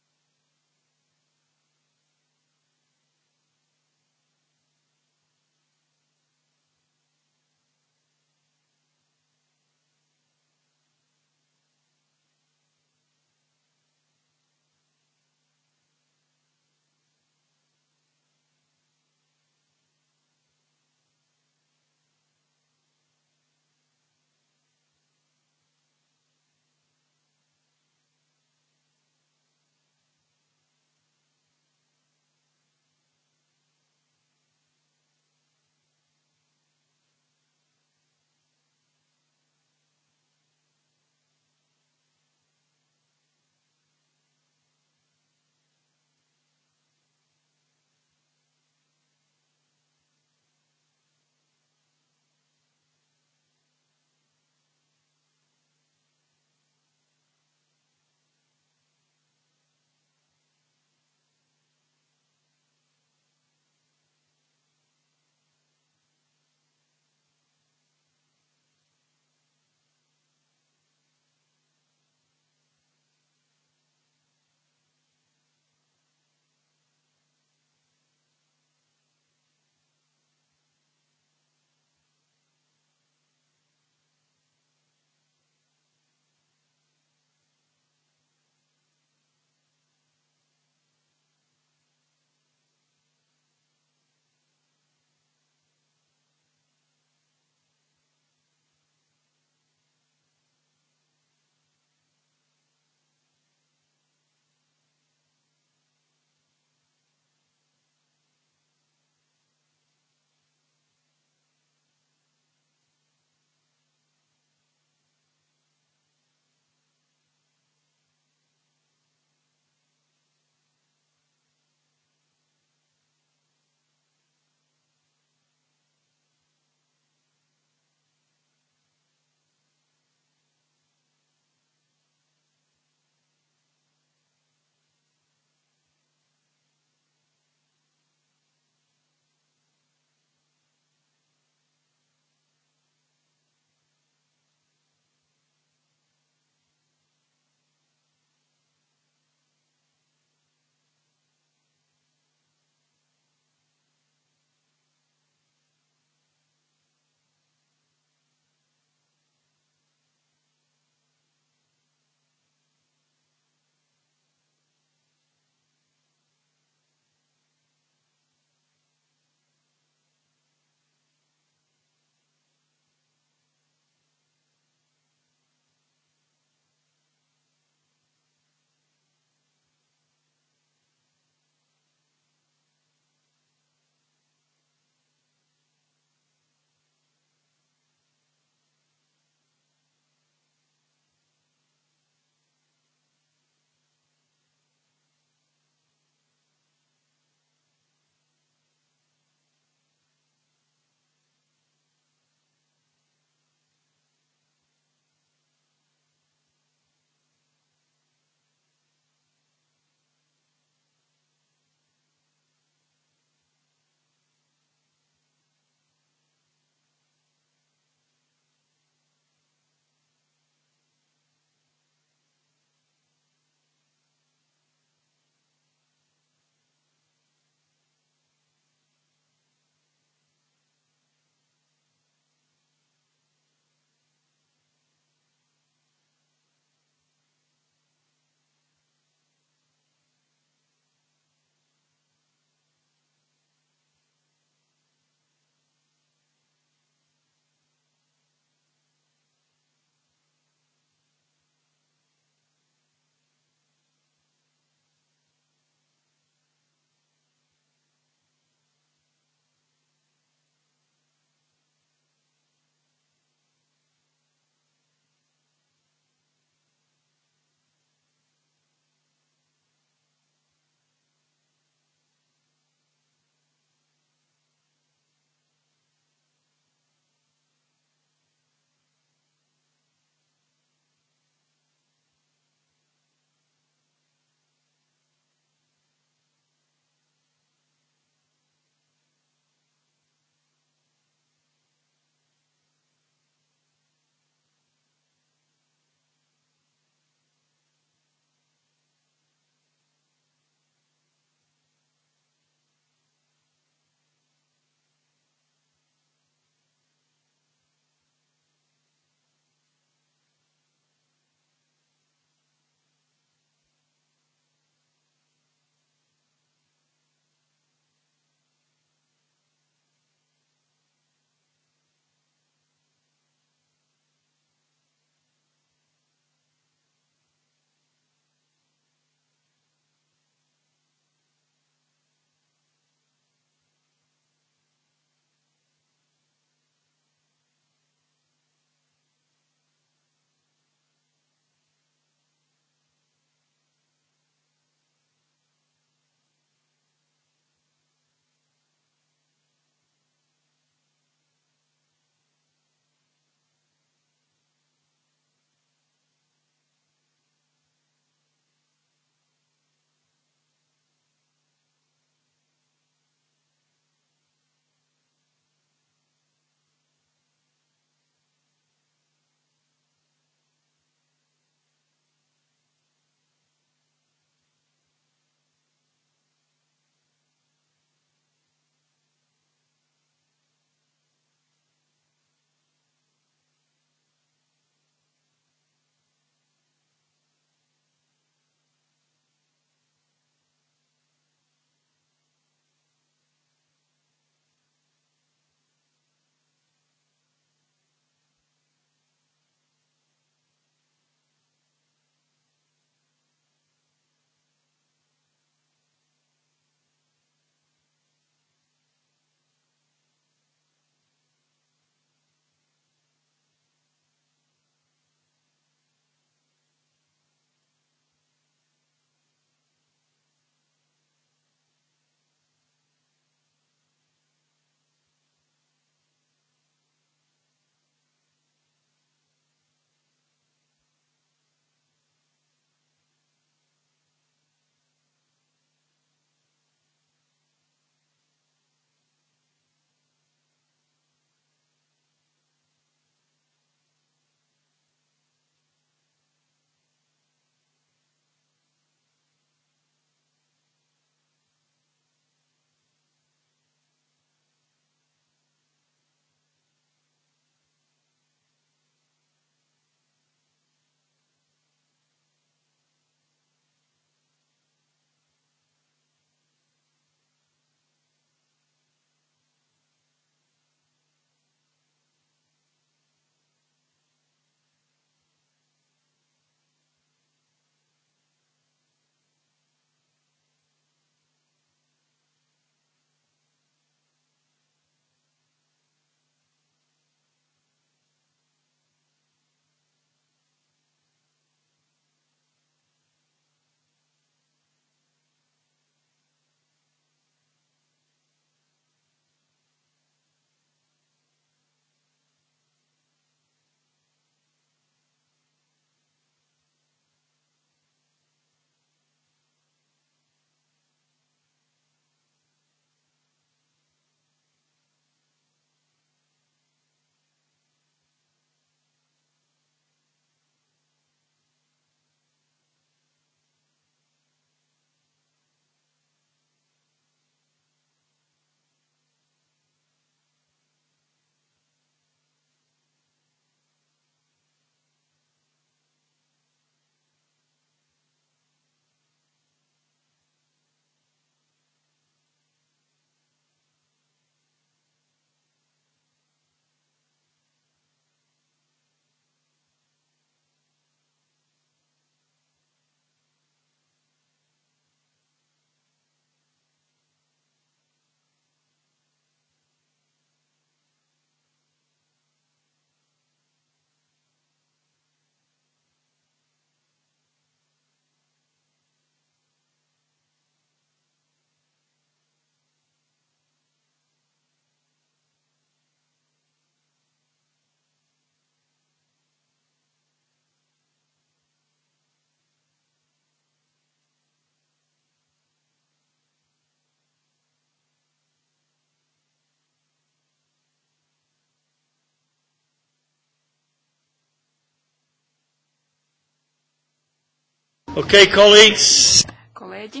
Okay, colleagues. Kolēģi.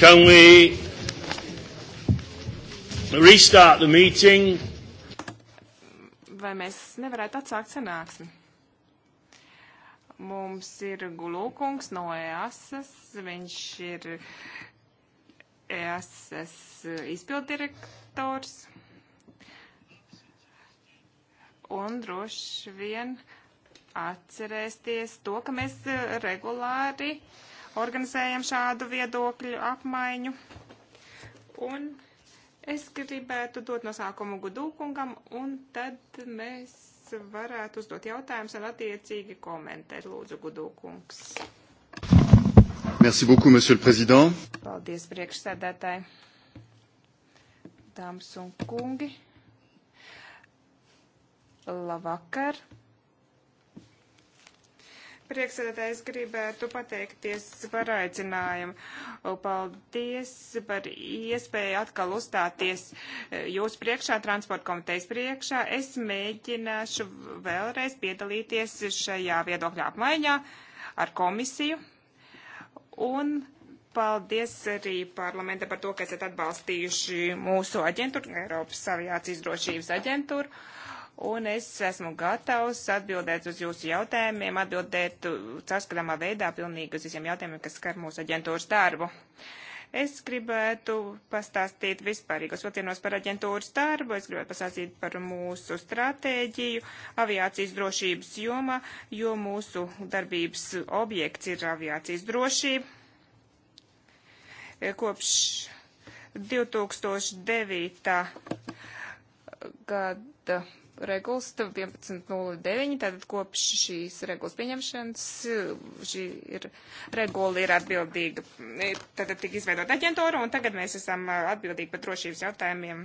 Can we restart the meeting? Vai mēs nevarētu atsākt sanāksmi? Mums ir Gulūkungs no EASAS, viņš ir EASAS izpildirektors. Un droši vien uh, atcerēsties to, ka mēs e, regulāri organizējam šādu viedokļu apmaiņu. Un es gribētu dot nosākumu Gudūkungam, un tad mēs varētu uzdot jautājumus un attiecīgi komentēt. Lūdzu, Gudūkungs. Merci beaucoup, monsieur le président. Paldies, priekšsēdētāji. Dāmas un kungi. Labvakar. Priekšsēdētājs gribētu pateikties par aicinājumu. Paldies par iespēju atkal uzstāties e, jūsu priekšā, transporta komitejas priekšā. Es mēģināšu vēlreiz piedalīties šajā viedokļa apmaiņā ar komisiju. Un paldies arī parlamenta par to, ka esat atbalstījuši mūsu aģentūru, Eiropas aviācijas drošības aģentūru. Uh, un es esmu gatavs atbildēt uz jūsu jautājumiem, atbildēt caskatāmā veidā pilnīgi uz visiem jautājumiem, kas skar mūsu aģentūras darbu. Es gribētu pastāstīt vispārīgos vilcienos par aģentūras darbu, es gribētu pastāstīt par mūsu stratēģiju aviācijas drošības jomā, jo mūsu darbības objekts ir aviācijas drošība. Kopš 2009. gada regulas 11.09, tātad kopš šīs regulas pieņemšanas šī ir, regula ir atbildīga. Tātad tika izveidota aģentūra, un tagad mēs esam uh, atbildīgi par drošības jautājumiem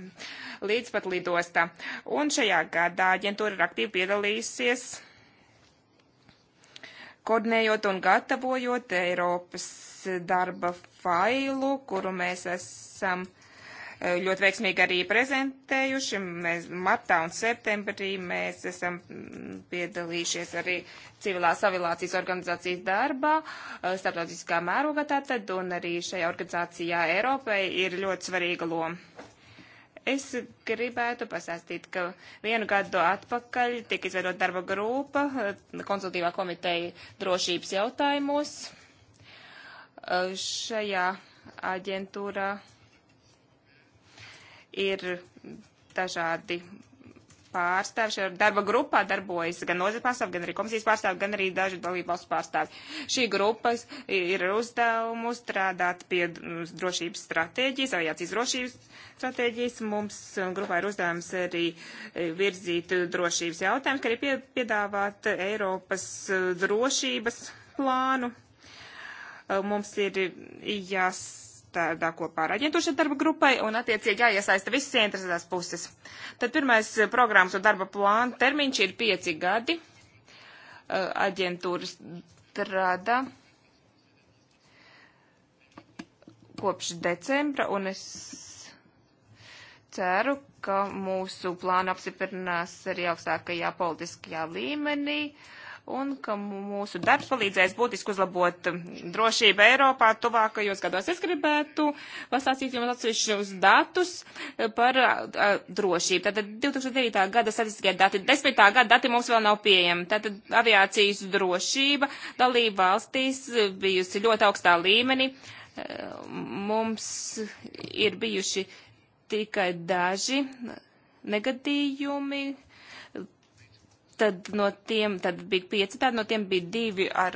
līdz pat lidostā. Un šajā gadā aģentūra ir aktīvi piedalījusies koordinējot un gatavojot Eiropas darba failu, kuru mēs esam Eh, ļoti veiksmīgi arī prezentējuši. Mēs martā un septembrī mēs esam mm, piedalījušies arī civilās avilācijas organizācijas darbā, eh, starptautiskā mērogā tātad, un arī šajā organizācijā Eiropai ir ļoti svarīga loma. Es gribētu pasāstīt, ka vienu gadu atpakaļ tika izveidot darba grupa eh, konsultīvā komiteja drošības jautājumos. Šajā aģentūrā ir dažādi pārstāvi. Šajā darba grupā darbojas gan nozara pārstāvi, gan arī komisijas pārstāvi, gan arī daži dalībvalstu pārstāvi. Šī grupa ir uzdevumu strādāt pie drošības stratēģijas, aviācijas drošības stratēģijas. Mums grupā ir uzdevums arī e, virzīt drošības jautājumus, kā arī piedāvāt Eiropas e, drošības plānu. E, mums ir jās jāstrādā kopā ar aģentūšu darba grupai un attiecīgi jāiesaista visas ieinteresētās puses. Tad pirmais eh, programmas un darba plāna termiņš ir pieci gadi. Eh, aģentūras strādā kopš decembra un es ceru, ka mūsu plānu apsiprinās arī augstākajā politiskajā līmenī. Uh, un ka mūsu darbs palīdzēs būtiski uzlabot um, drošību Eiropā tuvākajos gados. Es gribētu pastāstīt jums atsevišķus datus uh, par uh, uh, drošību. Tātad 2009. gada statistiskie dati, 10. gada dati mums vēl nav pieejami. Tātad aviācijas drošība dalība valstīs bijusi ļoti augstā līmenī. Mums ir bijuši tikai daži negadījumi, Tad no tiem tad bija pieci, tad no tiem bija divi ar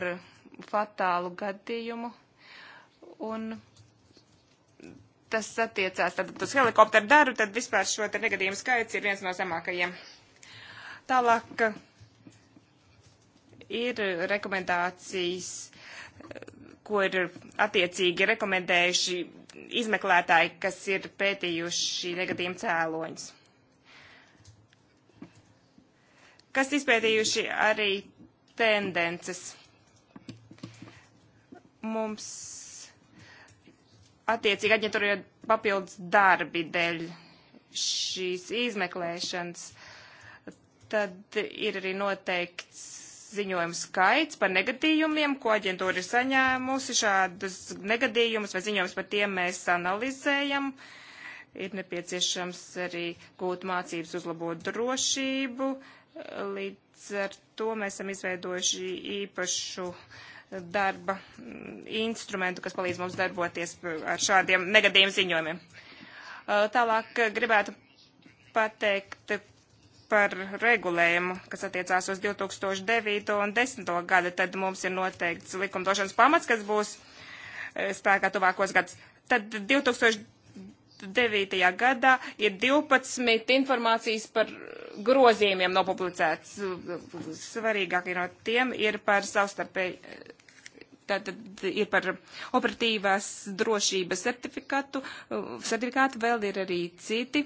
fatālu gadījumu. Un tas attiecās tad uz helikopteru daru, tad vispār šo te negadījumu skaits ir viens no zemākajiem. Tālāk ir rekomendācijas, ko ir attiecīgi rekomendējuši izmeklētāji, kas ir pētījuši negadījumu cēloņus. kas izpētījuši arī tendences. Mums attiecīgi aģentūra ir papildus darbi dēļ šīs izmeklēšanas. Tad ir arī noteikts ziņojumu skaits par negadījumiem, ko aģentūra ir saņēmusi. Šādus negadījumus vai ziņojumus par tiem mēs analizējam. Ir nepieciešams arī gūt mācības uzlabot drošību, uh, Līdz ar to mēs esam izveidojuši īpašu darba mm, instrumentu, kas palīdz mums darboties ar šādiem negadījuma ziņojumiem. Tālāk gribētu pateikt par regulējumu, kas attiecās uz 2009. un 2010. gadu, tad mums ir noteikts likumdošanas pamats, kas būs spēkā tuvākos gadus. Tad 2009 2009. gadā ir 12 informācijas par grozījumiem nopublicēts. Svarīgākie no tiem ir par savstarpēju. Tātad ir par operatīvās drošības certifikātu. Certifikātu vēl ir arī citi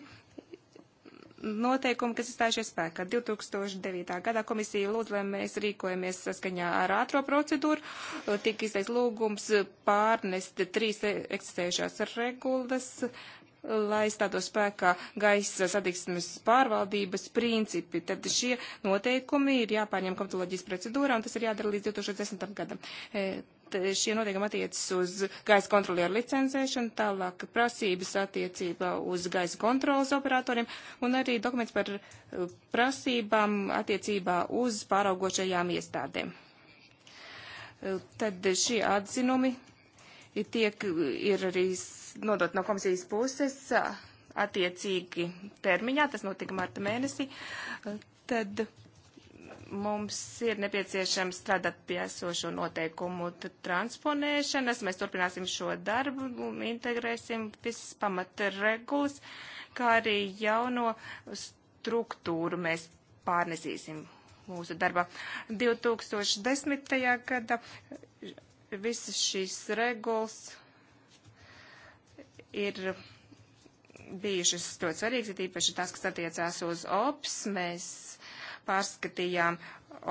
noteikumi, kas izstājušies spēkā. 2009. gadā komisija lūdz, lai mēs rīkojamies saskaņā ar ātro procedūru. Tika izteikts lūgums pārnest trīs eksistējušās regulas lai stātos spēkā gaisa satiksmes pārvaldības principi. Tad šie noteikumi ir jāpārņem komitoloģijas procedūrā, un tas ir jādara līdz 2010. gadam. E, t šie noteikumi attiecas uz gaisa kontrolieru licencēšanu, tālāk prasības attiecībā uz gaisa kontrolas operatoriem un arī dokuments par e, prasībām attiecībā uz pāraugošajām iestādēm. E, tad šie atzinumi tiek, ir arī nodot no komisijas puses attiecīgi termiņā, tas notika marta mēnesī, tad mums ir nepieciešams strādāt pie esošo noteikumu transponēšanas. Mēs turpināsim šo darbu, integrēsim visas pamata regulas, kā arī jauno struktūru mēs pārnesīsim mūsu darbā. 2010. gada visas šīs regulas ir bijušas ļoti svarīgas, ir īpaši tas, kas attiecās uz OPS. Mēs pārskatījām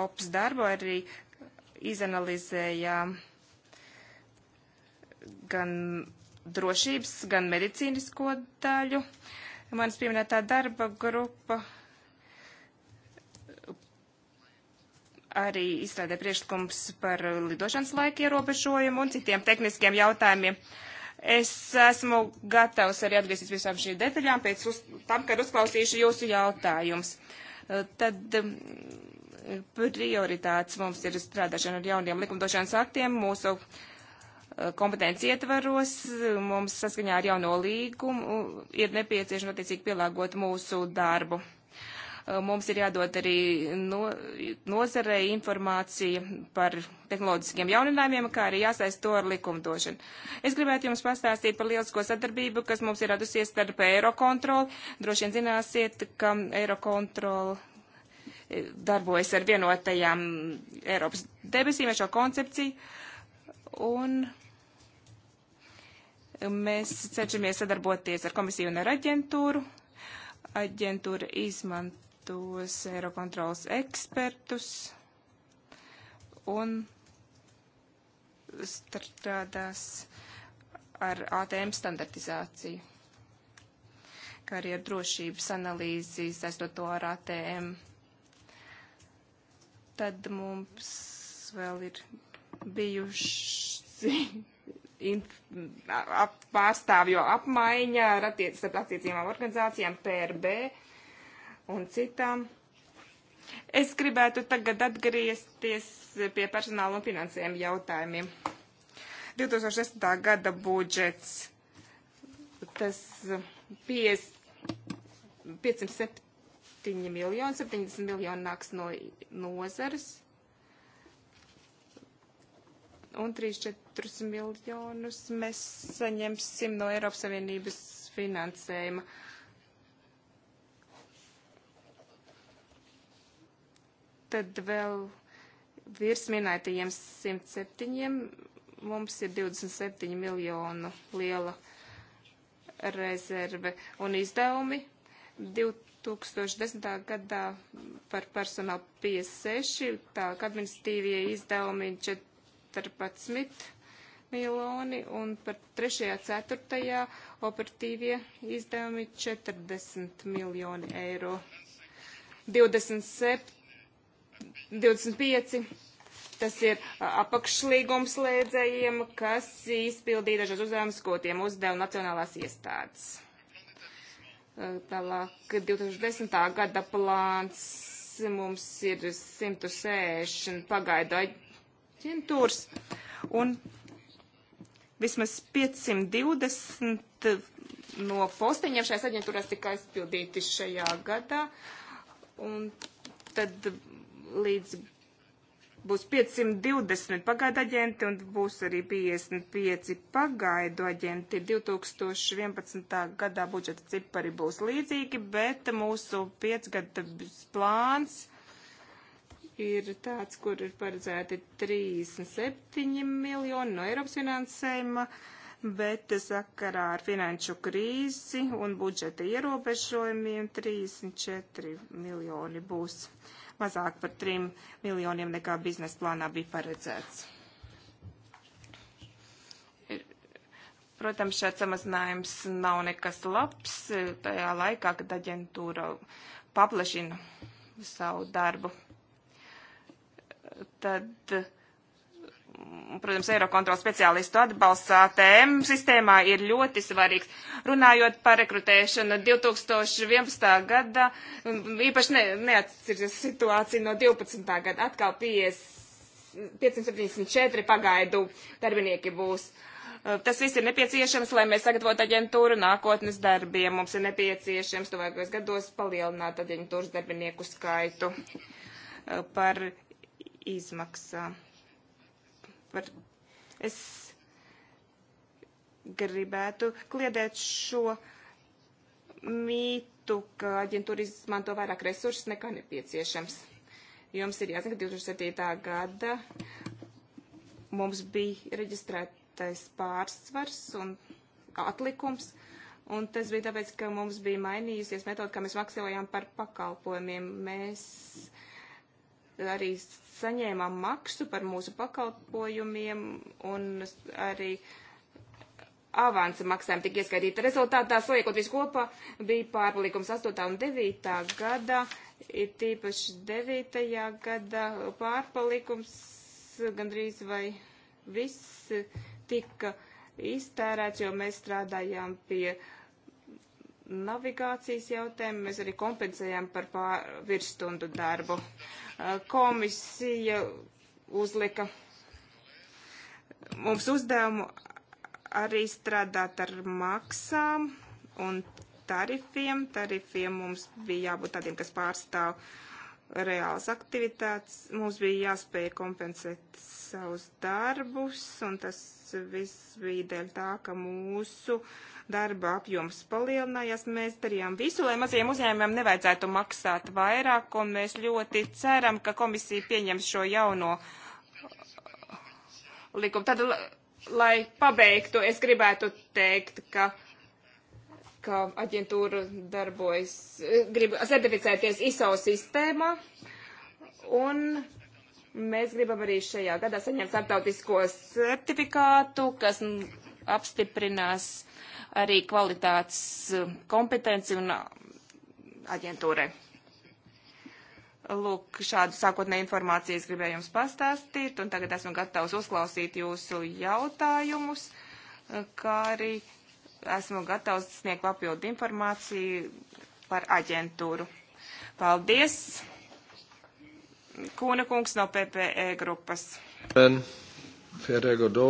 OPS darbu, arī izanalizējām gan drošības, gan medicīnisko daļu. Manas pieminētā darba grupa arī izstrādē priekšlikums par lidošanas laika ierobežojumu un citiem tehniskiem jautājumiem. Uh, Es esmu gatavs arī atgriezties visām šīm detaļām pēc uz, tam, kad uzklausīšu jūsu jautājumus. Eh, tad mm, prioritātes mums ir strādāšana ar jauniem likumdošanas aktiem mūsu eh, kompetenci ietvaros. Mums saskaņā ar jauno līgumu ir nepieciešams attiecīgi pielāgot mūsu darbu. Eh, mums ir jādod arī no, nozarei informācija par tehnoloģiskiem jauninājumiem, kā arī jāsaist to ar likumdošanu. Es gribētu jums pastāstīt par lielisko sadarbību, kas mums ir radusies starp Eirokontroli. Droši vien zināsiet, ka Eirokontrola eh, darbojas ar vienotajām Eiropas debesīm, ar šo koncepciju. Un mēs cenšamies sadarboties ar komisiju un ar aģentūru. Aģentūra izmanto tos Eirokontrolas ekspertus un strādās ar ATM standartizāciju, kā arī ar drošības analīzi saistot to ar ATM. Tad mums vēl ir bijuši inf, ap, pārstāvju apmaiņa ar attiecībām organizācijām PRB. Uh, un citām. Es gribētu tagad atgriezties pie personāla un finansējuma jautājumiem. 2016. gada budžets, tas 5, 507 miljoni, 70 miljoni nāks no nozares un 3-4 miljonus mēs saņemsim no Eiropas Savienības finansējuma. Uh, tad vēl virs minētajiem 107 mums ir 27 miljonu liela rezerve un izdevumi 2010. gadā par personālu 56, tā kā administīvie izdevumi 14 miljoni un par 3. 4. operatīvie izdevumi 40 miljoni eiro. 27 25. Tas ir apakšlīgums slēdzējiem, kas izpildīja dažas uzdevumus, ko tiem uzdeva nacionālās iestādes. Tālāk 2010. gada plāns mums ir 160 pagaidu aģentūras un vismaz 520 no posteņiem šajās aģentūrās tika aizpildīti šajā gadā. Un tad līdz būs 520 pagaidu aģenti un būs arī 55 pagaidu aģenti. 2011. gadā budžeta cipari būs līdzīgi, bet mūsu piecgada plāns ir tāds, kur ir paredzēti 37 miljoni no Eiropas finansējuma, bet sakarā ar finanšu krīzi un budžeta ierobežojumiem 34 miljoni būs. Uh, mazāk par 3 miljoniem nekā biznesa plānā bija paredzēts. Protams, šāds samazinājums nav nekas labs tajā laikā, kad aģentūra paplašina savu darbu. Tad uh, protams, Eirokontrola speciālistu atbalsts ATM sistēmā ir ļoti svarīgs. Runājot par rekrutēšanu 2011. gada, īpaši ne, neatsirsies situācija no 12. gada, atkal 50, 574 pagaidu darbinieki būs. Tas viss ir nepieciešams, lai mēs sagatavotu aģentūru nākotnes darbiem. Mums ir nepieciešams tuvākajos gados palielināt aģentūras darbinieku skaitu par izmaksām par, es gribētu kliedēt šo mītu, ka aģentūra izmanto vairāk resursus nekā nepieciešams. Jums ir jāzina, ka 2007. gada mums bija reģistrētais pārsvars un atlikums, un tas bija tāpēc, ka mums bija mainījusies metoda, kā mēs maksājām par pakalpojumiem. Mēs uh, arī saņēmām maksu par mūsu pakalpojumiem un arī avansa maksājumi tika ieskaitīti. Rezultātā, saliekot visu kopā, bija pārpalikums 8. un 9. gadā, ir tīpaši 9. gadā pārpalikums gandrīz vai viss tika iztērēts, jo mēs strādājām pie uh, navigācijas jautājumu, mēs arī kompensējām par pār, virsstundu darbu. Komisija uzlika mums uzdevumu arī strādāt ar maksām un tarifiem. Tarifiem mums bija jābūt tādiem, kas pārstāv reālas aktivitātes. Mums bija jāspēj kompensēt savus darbus, un tas viss bija dēļ tā, ka mūsu darba apjoms palielinājās. Mēs darījām visu, lai mazajiem uzņēmumiem nevajadzētu maksāt vairāk, un mēs ļoti ceram, ka komisija pieņems šo jauno uh, likumu. Tad, lai pabeigtu, es gribētu teikt, ka ka aģentūra darbojas, eh, grib certificēties ISO sistēmā, un mēs gribam arī šajā gadā saņemt starptautisko certifikātu, kas apstiprinās arī kvalitātes eh, kompetenci un eh, aģentūrai. Lūk, šādu sākotnēju informāciju es gribēju jums pastāstīt, un tagad esmu gatavs uzklausīt jūsu jautājumus, kā arī esmu gatavs sniegt papildu informāciju par aģentūru. Paldies! Kūna kungs no PPE grupas. Ben, Fierē Godo,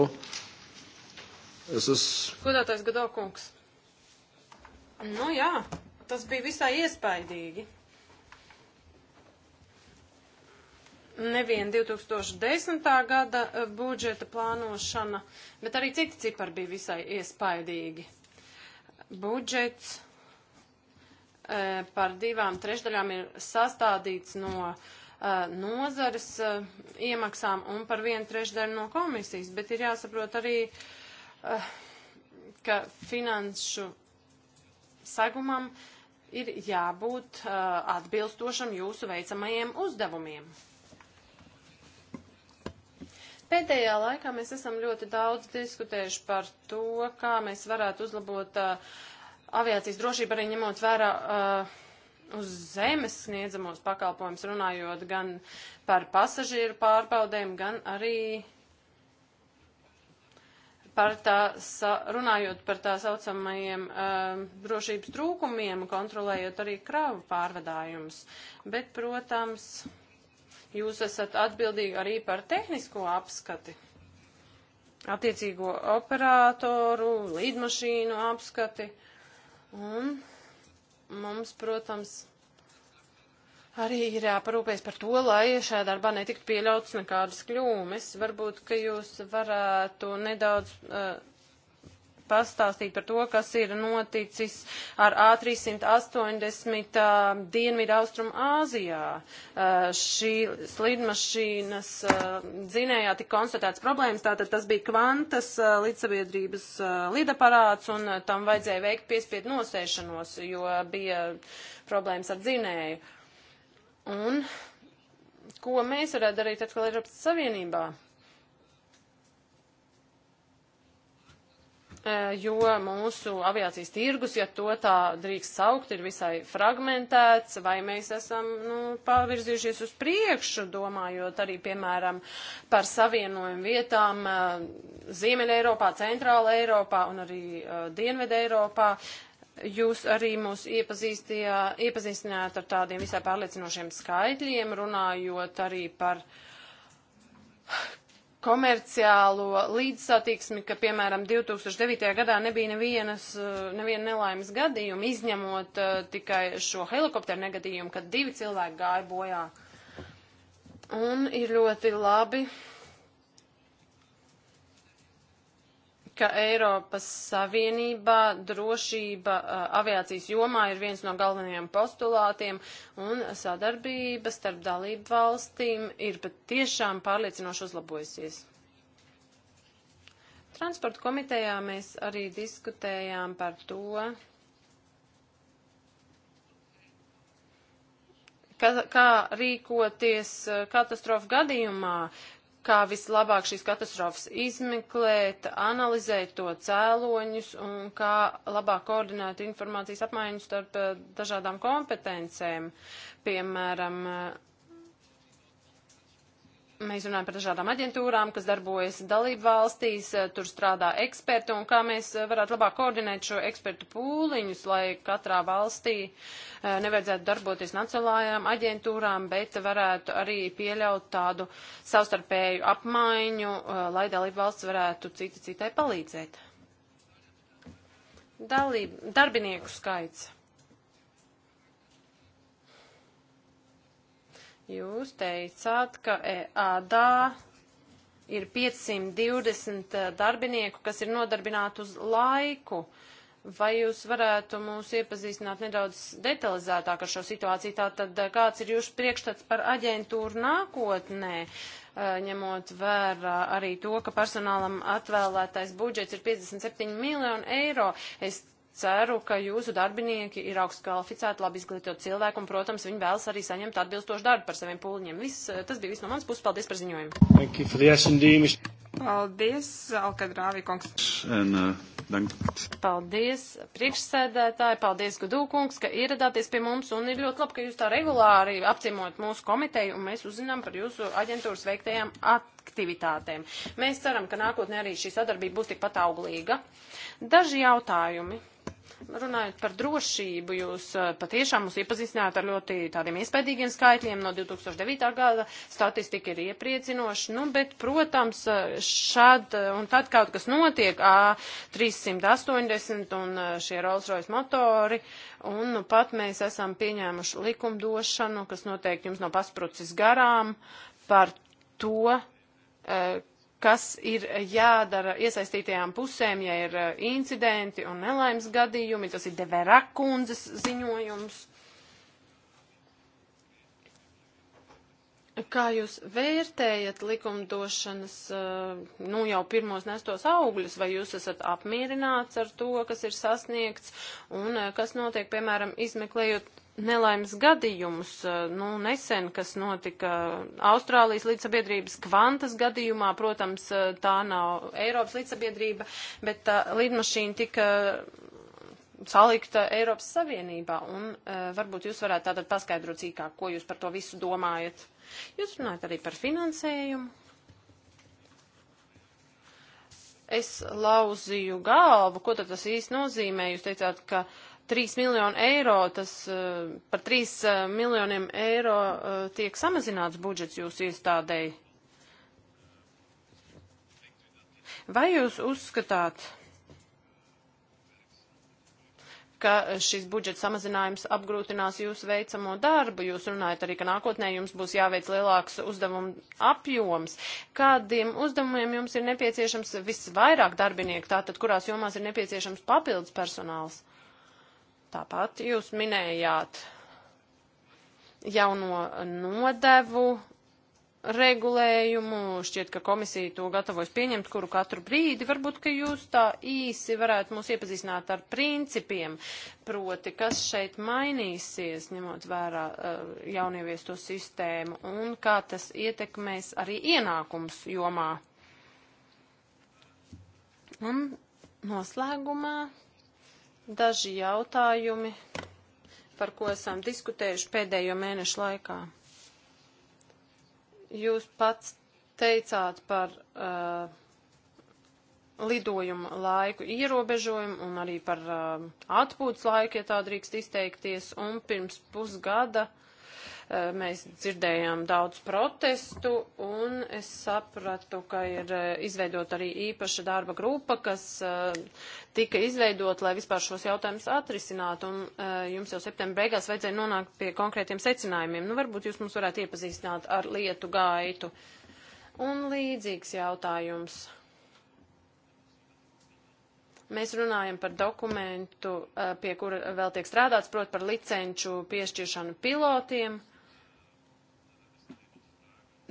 es esmu. Godātais Godo kungs. Nu jā, tas bija visai iespaidīgi. nevien 2010. gada eh, budžeta plānošana, bet arī citi cipari bija visai iespaidīgi budžets e, par divām trešdaļām ir sastādīts no e, nozares e, iemaksām un par vienu trešdaļu no komisijas, bet ir jāsaprot arī, ka finanšu segumam ir jābūt atbilstošam jūsu veicamajiem uzdevumiem. Pēdējā laikā mēs esam ļoti daudz diskutējuši par to, kā mēs varētu uzlabot uh, aviācijas drošību, arī ņemot vērā uh, uz zemes sniedzamos pakalpojumus, runājot gan par pasažīru pārbaudēm, gan arī par tā, sa, runājot par tā saucamajiem uh, drošības trūkumiem, kontrolējot arī kravu pārvadājumus. Bet, protams, jūs esat atbildīgi arī par tehnisko apskati, attiecīgo operatoru, līdmašīnu apskati. Un mums, protams, arī ir jāparūpēs par to, lai šajā darbā netiktu pieļauts nekādas kļūmes. Varbūt, ka jūs varētu nedaudz uh, pastāstīt par to, kas ir noticis ar A380 uh, Dienvidu Austrum Āzijā. Uh, šī slidmašīnas uh, dzinējā tika konstatēts problēmas, tātad tas bija kvantas uh, līdzsabiedrības uh, lidaparāts un uh, tam vajadzēja veikt piespiedu nosēšanos, jo bija problēmas ar dzinēju. Un ko mēs varētu darīt atkal Eiropas Savienībā? E, jo mūsu aviācijas tirgus, ja to tā drīkst saukt, ir visai fragmentēts, vai mēs esam nu, pavirzījušies uz priekšu, domājot arī, piemēram, par savienojumu vietām e, Ziemeļa Eiropā, Centrāla Eiropā un arī uh, e, Dienveda Eiropā. Jūs arī mūs iepazīstinājāt ar tādiem visai pārliecinošiem skaitļiem, runājot arī par komerciālo līdzsatiksmi, ka, piemēram, 2009. gadā nebija nevienas, eh, neviena nelaimes gadījuma, izņemot uh, tikai šo helikopteru negadījumu, kad divi cilvēki gāja bojā. Un ir ļoti labi, uh, ka Eiropas Savienībā drošība aviācijas jomā ir viens no galvenajiem postulātiem, un sadarbība starp dalību valstīm ir pat tiešām pārliecinoši uzlabojusies. Transporta komitejā mēs arī diskutējām par to, kā, kā rīkoties katastrofu gadījumā, kā vislabāk šīs katastrofas izmeklēt, analizēt to cēloņus un kā labāk koordinēt informācijas apmaiņu starp eh, dažādām kompetencēm. Piemēram, eh, Mēs runājam par dažādām aģentūrām, kas darbojas dalību valstīs, eh, tur strādā eksperti, un kā mēs eh, varētu labāk koordinēt šo ekspertu pūliņus, lai katrā valstī eh, nevajadzētu darboties nacionālajām aģentūrām, bet varētu arī pieļaut tādu savstarpēju apmaiņu, lai dalību valsts varētu cita citai palīdzēt. Dalību, darbinieku skaits. Jūs teicāt, ka EADA ir 520 eh, darbinieku, kas ir nodarbināti uz laiku. Vai jūs varētu mūs iepazīstināt nedaudz detalizētāk ar šo situāciju? Tātad, eh, kāds ir jūsu priekšstats par aģentūru nākotnē, eh, ņemot vērā arī to, ka personālam atvēlētais budžets ir 57 miljoni eiro? Es ceru, ka jūsu darbinieki ir augstu kvalificēti, labi izglītot cilvēku, un, protams, viņi vēlas arī saņemt atbilstošu darbu par saviem pūliņiem. Viss, eh, tas bija viss no manas puses. Paldies par ziņojumu. Paldies, Alkadrāvi kungs. And, uh, paldies, priekšsēdētāji, paldies, Gudū kungs, ka ieradāties pie mums, un ir ļoti labi, ka jūs tā regulāri apciemot mūsu komiteju, un mēs uzzinām par jūsu aģentūras veiktajām aktivitātēm. Mēs ceram, ka nākotnē arī šī sadarbība būs tikpat auglīga. Daži jautājumi. Runājot par drošību, jūs eh, patiešām mūs iepazīstināt ar ļoti tādiem iespaidīgiem skaitļiem no 2009. gada. Statistika ir iepriecinoša, nu, bet, protams, eh, šad eh, un tad kaut kas notiek, A380 un šie Rolls-Royce motori, un nu, pat mēs esam pieņēmuši likumdošanu, kas noteikti jums nav pasprucis garām par to, kas ir jādara iesaistītajām pusēm, ja ir eh, incidenti un nelaimes gadījumi. Tas ir Devera kundzes ziņojums. Kā jūs vērtējat likumdošanas, eh, nu jau pirmos nestos augļus, vai jūs esat apmierināts ar to, kas ir sasniegts un eh, kas notiek, piemēram, izmeklējot nelaimes gadījumus, eh, nu nesen, kas notika Austrālijas līdzsabiedrības kvantas gadījumā, protams, tā nav Eiropas līdzsabiedrība, bet tā līdmašīna tika salikta Eiropas Savienībā, un varbūt jūs varētu tātad paskaidrot cīkāk, ko jūs par to visu domājat. Jūs runājat arī par finansējumu. Es lauzīju galvu, ko tad tas īsti nozīmē. Jūs teicāt, ka 3 miljonu eiro, tas eh, par 3 eh, miljoniem eiro eh, tiek samazināts budžets jūsu iestādēji. Vai jūs uzskatāt? ka šis budžeta samazinājums apgrūtinās jūsu veicamo darbu. Jūs runājat arī, ka nākotnē jums būs jāveic lielāks uzdevumu apjoms. Kādiem uzdevumiem jums ir nepieciešams visvairāk darbinieku, tātad kurās jomās ir nepieciešams papildus personāls? Tāpat jūs minējāt jauno nodevu regulējumu. Šķiet, ka komisija to gatavojas pieņemt kuru katru brīdi. Varbūt, ka jūs tā īsi varētu mūs iepazīstināt ar principiem, proti, kas šeit mainīsies, ņemot vērā eh, jaunieviesto sistēmu un kā tas ietekmēs arī ienākums jomā. Un noslēgumā daži jautājumi, par ko esam diskutējuši pēdējo mēnešu laikā. Jūs pats teicāt par uh, lidojumu laiku ierobežojumu un arī par uh, atpūtas laiku, ja tā drīkst izteikties, un pirms pusgada uh, Mēs dzirdējām daudz protestu un es sapratu, ka ir izveidot arī īpaša darba grupa, kas tika izveidot, lai vispār šos jautājumus atrisinātu. Un jums jau septembra beigās vajadzēja nonākt pie konkrētiem secinājumiem. Nu, varbūt jūs mums varētu iepazīstināt ar lietu gaitu. Un līdzīgs jautājums mēs runājam par dokumentu, pie kura vēl tiek strādāts, proti par licenču piešķiršanu pilotiem.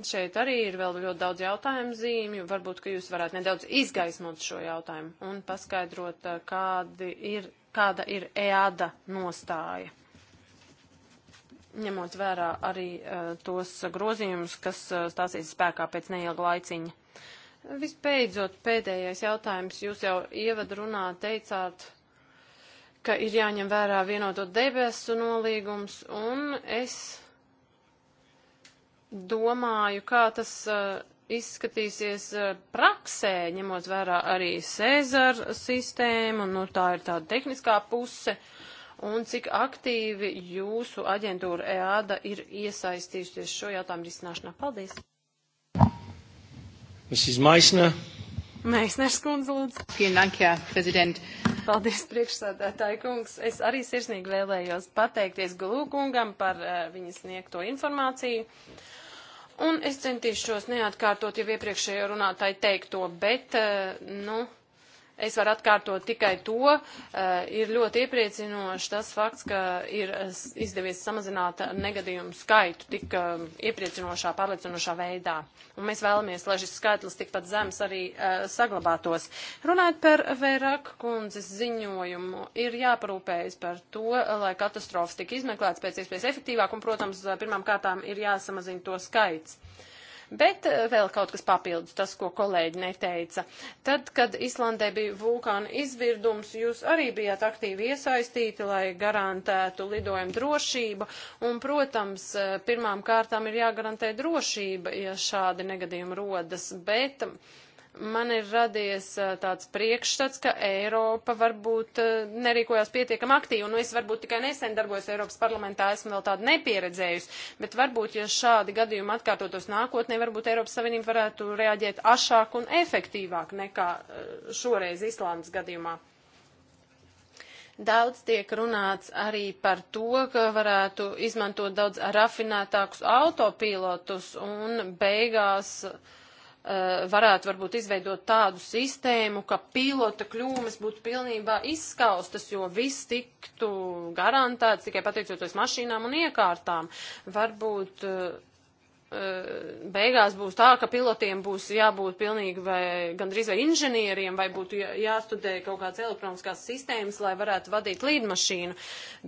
Šeit arī ir vēl ļoti daudz jautājumu zīmju. Varbūt, ka jūs varētu nedaudz izgaismot šo jautājumu un paskaidrot, eh, kādi ir, kāda ir EADA nostāja. Ņemot vērā arī uh, tos grozījumus, kas uh, stāsies spēkā pēc neilga laiciņa. Vispēdzot, pēdējais jautājums. Jūs jau ievadrunā teicāt, ka ir jāņem vērā vienoto debesu nolīgums, un es domāju, kā tas eh, izskatīsies eh, praksē, ņemot vērā arī Cēzara sistēmu, nu tā ir tāda tehniskā puse, un cik aktīvi jūsu aģentūra EADA ir iesaistījusies šo jautājumu risināšanā. Paldies! Mrs. Maisner. Maisners kundze, lūdzu. Vielen Dank, jā, prezident. Paldies, priekšsādātāji kungs. Es arī sirsnīgi vēlējos pateikties Galūkungam par uh, eh, viņas sniegto informāciju. Uh, Un es centīšos neatkārtot jau iepriekšējo runātāju teikto, bet, eh, nu. Uh, Es varu atkārtot tikai to, eh, ir ļoti iepriecinoši tas fakts, ka ir eh, izdevies samazināt negadījumu skaitu tik eh, iepriecinošā, pārliecinošā veidā. Un mēs vēlamies, lai šis skaitlis tikpat zems arī saglabātos. Runājot par Vērak kundzes ziņojumu, ir jāparūpējas par to, lai katastrofas tik izmeklētas pēc iespējas efektīvāk un, protams, pirmām kārtām ir jāsamazina to skaits. Uh, Bet eh, vēl kaut kas papildus tas, ko kolēģi neteica. Tad, kad Islandē bija vulkāna izvirdums, jūs arī bijāt aktīvi iesaistīti, lai garantētu lidojumu drošību. Un, protams, eh, pirmām kārtām ir jāgarantē drošība, ja šādi negadījumi rodas. Bet, man ir radies tāds priekšstats, ka Eiropa varbūt nerīkojās pietiekam aktīvi, un nu, es varbūt tikai nesen darbojos Eiropas parlamentā, esmu vēl tādu nepieredzējusi, bet varbūt, ja šādi gadījumi atkārtotos nākotnē, varbūt Eiropas Savienība varētu reaģēt ašāk un efektīvāk nekā šoreiz Islandes gadījumā. Daudz tiek runāts arī par to, ka varētu izmantot daudz rafinētākus autopilotus un beigās uh, Eh, varētu varbūt izveidot tādu sistēmu, ka pilota kļūmes būtu pilnībā izskaustas, jo viss tiktu garantēts tikai pateicoties mašīnām un iekārtām. Varbūt uh, Eh, beigās būs tā, ka pilotiem būs jābūt pilnīgi vai gandrīz vai inženieriem, vai būtu jāstudē kaut kādas elektroniskās sistēmas, lai varētu vadīt līdmašīnu.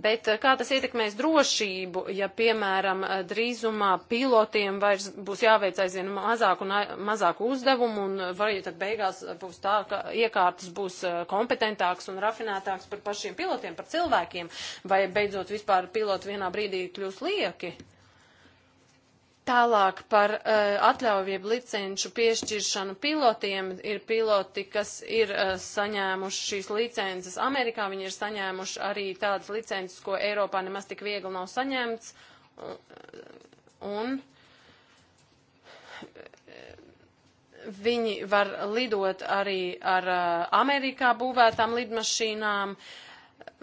Bet eh, kā tas ietekmēs drošību, ja, piemēram, eh, drīzumā pilotiem vairs būs jāveic aizvien mazāku un mazāku uzdevumu, un varbūt tad beigās būs tā, ka iekārtas būs kompetentāks un rafinētāks par pašiem pilotiem, par cilvēkiem, vai beidzot vispār piloti vienā brīdī kļūs lieki? Tālāk par uh, atļaujību licenšu piešķiršanu pilotiem ir piloti, kas ir uh, saņēmuši šīs licences Amerikā, viņi ir saņēmuši arī tādas licences, ko Eiropā nemaz tik viegli nav saņemts. Un eh, viņi var lidot arī ar uh, Amerikā būvētām lidmašīnām. Uh,